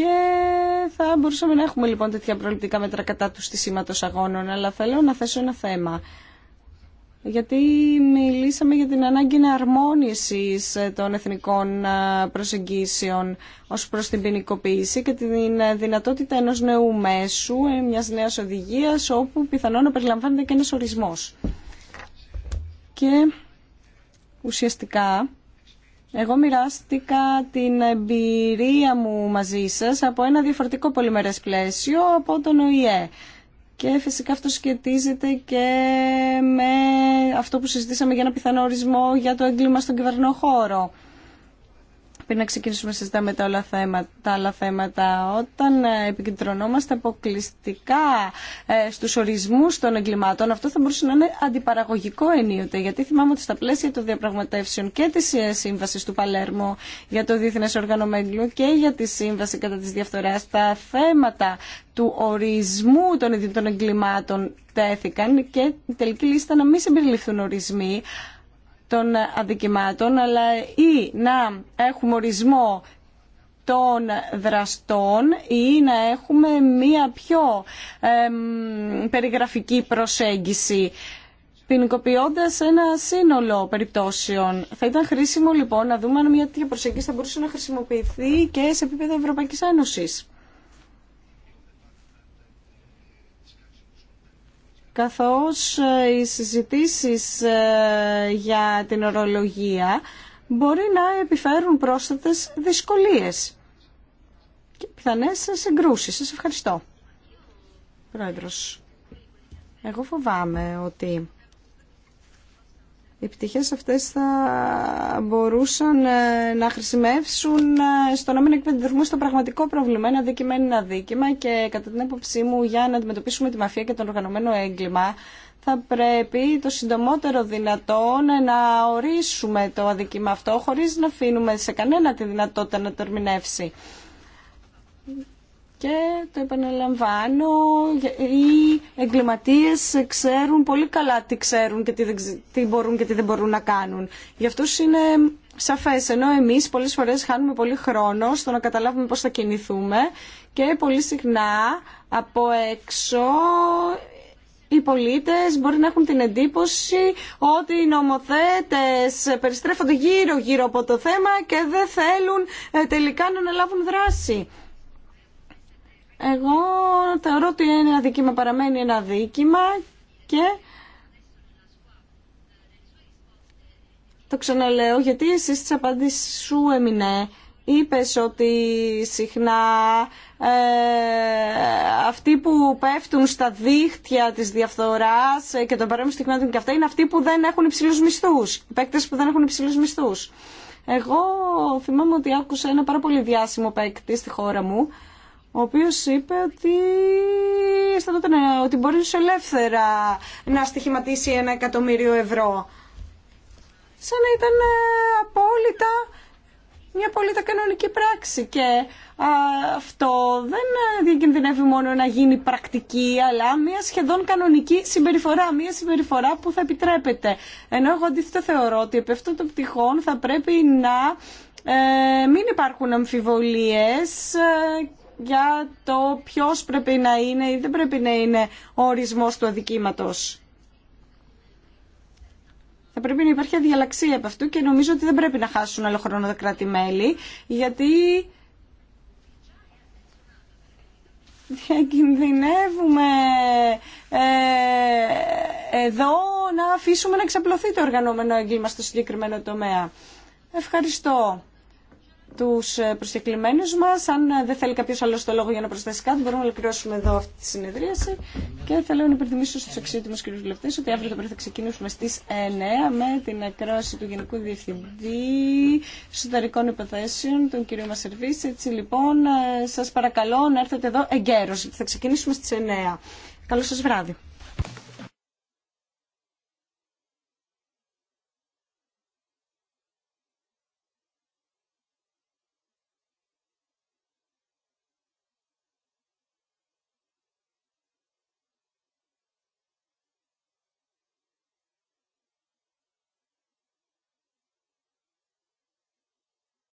Και θα μπορούσαμε να έχουμε λοιπόν τέτοια προληπτικά μέτρα κατά του στισίματος αγώνων. Αλλά θέλω να θέσω ένα θέμα. Γιατί μιλήσαμε για την ανάγκη εναρμόνιση ε, των εθνικών ε, προσεγγίσεων ως προς την ποινικοποίηση και την ε, δυνατότητα ενός νέου μέσου, μιας νέας οδηγίας, όπου πιθανόν να περιλαμβάνεται και ένας ορισμός. Και ουσιαστικά εγώ μοιράστηκα την εμπειρία μου μαζί σας από ένα διαφορετικό πολυμερές πλαίσιο από τον ΟΗΕ. Και φυσικά αυτό σχετίζεται και με αυτό που συζητήσαμε για ένα πιθανό ορισμό για το έγκλημα στον κυβερνό χώρο. Πριν να ξεκινήσουμε να συζητάμε τα, θέματα, τα άλλα θέματα όταν ε, επικεντρωνόμαστε αποκλειστικά ε, στους ορισμούς των εγκλημάτων αυτό θα μπορούσε να είναι αντιπαραγωγικό ενίοτε γιατί θυμάμαι ότι στα πλαίσια των διαπραγματεύσεων και τη ε, σύμβαση του Παλέρμο για το Διεθνές Οργανωμένο και για τη σύμβαση κατά τη διαφθοράς τα θέματα του ορισμού των εγκλημάτων τέθηκαν και η τελική λίστα να μην συμπεριληφθούν ορισμοί των αδικημάτων, αλλά ή να έχουμε ορισμό των δραστών ή να έχουμε μία πιο περιγραφική προσέγγιση ποινικοποιώντα ένα σύνολο περιπτώσεων. Θα ήταν χρήσιμο λοιπόν να δούμε αν μια τέτοια προσέγγιση θα μπορούσε να χρησιμοποιηθεί και σε επίπεδο Ευρωπαϊκής Ένωσης. καθώς ε, οι συζητήσεις ε, για την ορολογία μπορεί να επιφέρουν πρόσθετες δυσκολίες και πιθανές συγκρούσεις. Σας ευχαριστώ. Πρόεδρος, εγώ φοβάμαι ότι οι πτυχές αυτές θα μπορούσαν ε, να χρησιμεύσουν ε, στο να μην εκπαιδευτούμε στο πραγματικό πρόβλημα. Ένα δίκημα είναι ένα δίκημα και κατά την άποψή μου για να αντιμετωπίσουμε τη μαφία και τον οργανωμένο έγκλημα θα πρέπει το συντομότερο δυνατόν να ορίσουμε το αδίκημα αυτό χωρίς να αφήνουμε σε κανένα τη δυνατότητα να το ερμηνεύσει. Και το επαναλαμβάνω, οι εγκληματίες ξέρουν πολύ καλά τι ξέρουν και τι μπορούν και τι δεν μπορούν να κάνουν. Για αυτούς είναι σαφές, ενώ εμείς πολλές φορές χάνουμε πολύ χρόνο στο να καταλάβουμε πώς θα κινηθούμε και πολύ συχνά από έξω οι πολίτες μπορεί να έχουν την εντύπωση ότι οι νομοθέτες περιστρέφονται γύρω-γύρω από το θέμα και δεν θέλουν ε, τελικά να αναλάβουν δράση. Εγώ θεωρώ ότι ένα δίκημα παραμένει ένα δίκημα και το ξαναλέω γιατί εσύ στις απαντήσεις σου έμεινε είπες ότι συχνά ε, αυτοί που πέφτουν στα δίχτυα της διαφθοράς ε, και των παρόμοιων στιγμάτων και αυτά είναι αυτοί που δεν έχουν υψηλούς μισθούς, παίκτες που δεν έχουν υψηλούς μισθούς. Εγώ θυμάμαι ότι άκουσα ένα πάρα πολύ διάσημο παίκτη στη χώρα μου ο οποίος είπε ότι αισθανόταν ότι μπορεί ελεύθερα να στοιχηματίσει ένα εκατομμύριο ευρώ. Σαν να ήταν ε, απόλυτα μια απόλυτα κανονική πράξη και αυτό δεν ε, διακινδυνεύει μόνο να γίνει πρακτική αλλά μια σχεδόν κανονική συμπεριφορά, μια συμπεριφορά που θα επιτρέπεται. Ενώ εγώ αντίθετα θεωρώ ότι επί αυτών των πτυχών θα πρέπει να ε, μην υπάρχουν αμφιβολίες ε, για το ποιος πρέπει να είναι ή δεν πρέπει να είναι ο ορισμός του αδικήματος. Θα πρέπει να υπάρχει αδιαλαξία από αυτού και νομίζω ότι δεν πρέπει να χάσουν άλλο χρόνο τα κράτη-μέλη, γιατί διακινδυνεύουμε ε, εδώ να αφήσουμε να εξαπλωθεί το οργανωμένο έγκλημα στο συγκεκριμένο τομέα. Ευχαριστώ. Του ε, προσκεκλημένου μα, Αν ε, δεν θέλει κάποιο άλλο το λόγο για να προσθέσει κάτι, μπορούμε να ολοκληρώσουμε εδώ αυτή τη συνεδρίαση. Και θέλω να υπενθυμίσω στους αξιότιμους κύριους βουλευτέ ότι αύριο το πρωί θα ξεκινήσουμε στις 9 με την ακρόαση του Γενικού Διευθυντή Εσωτερικών Υποθέσεων, τον κύριο Μασερβίση. Έτσι λοιπόν, ε, σα παρακαλώ να έρθετε εδώ εγκαίρως. Θα ξεκινήσουμε στι 9. Καλό σα βράδυ.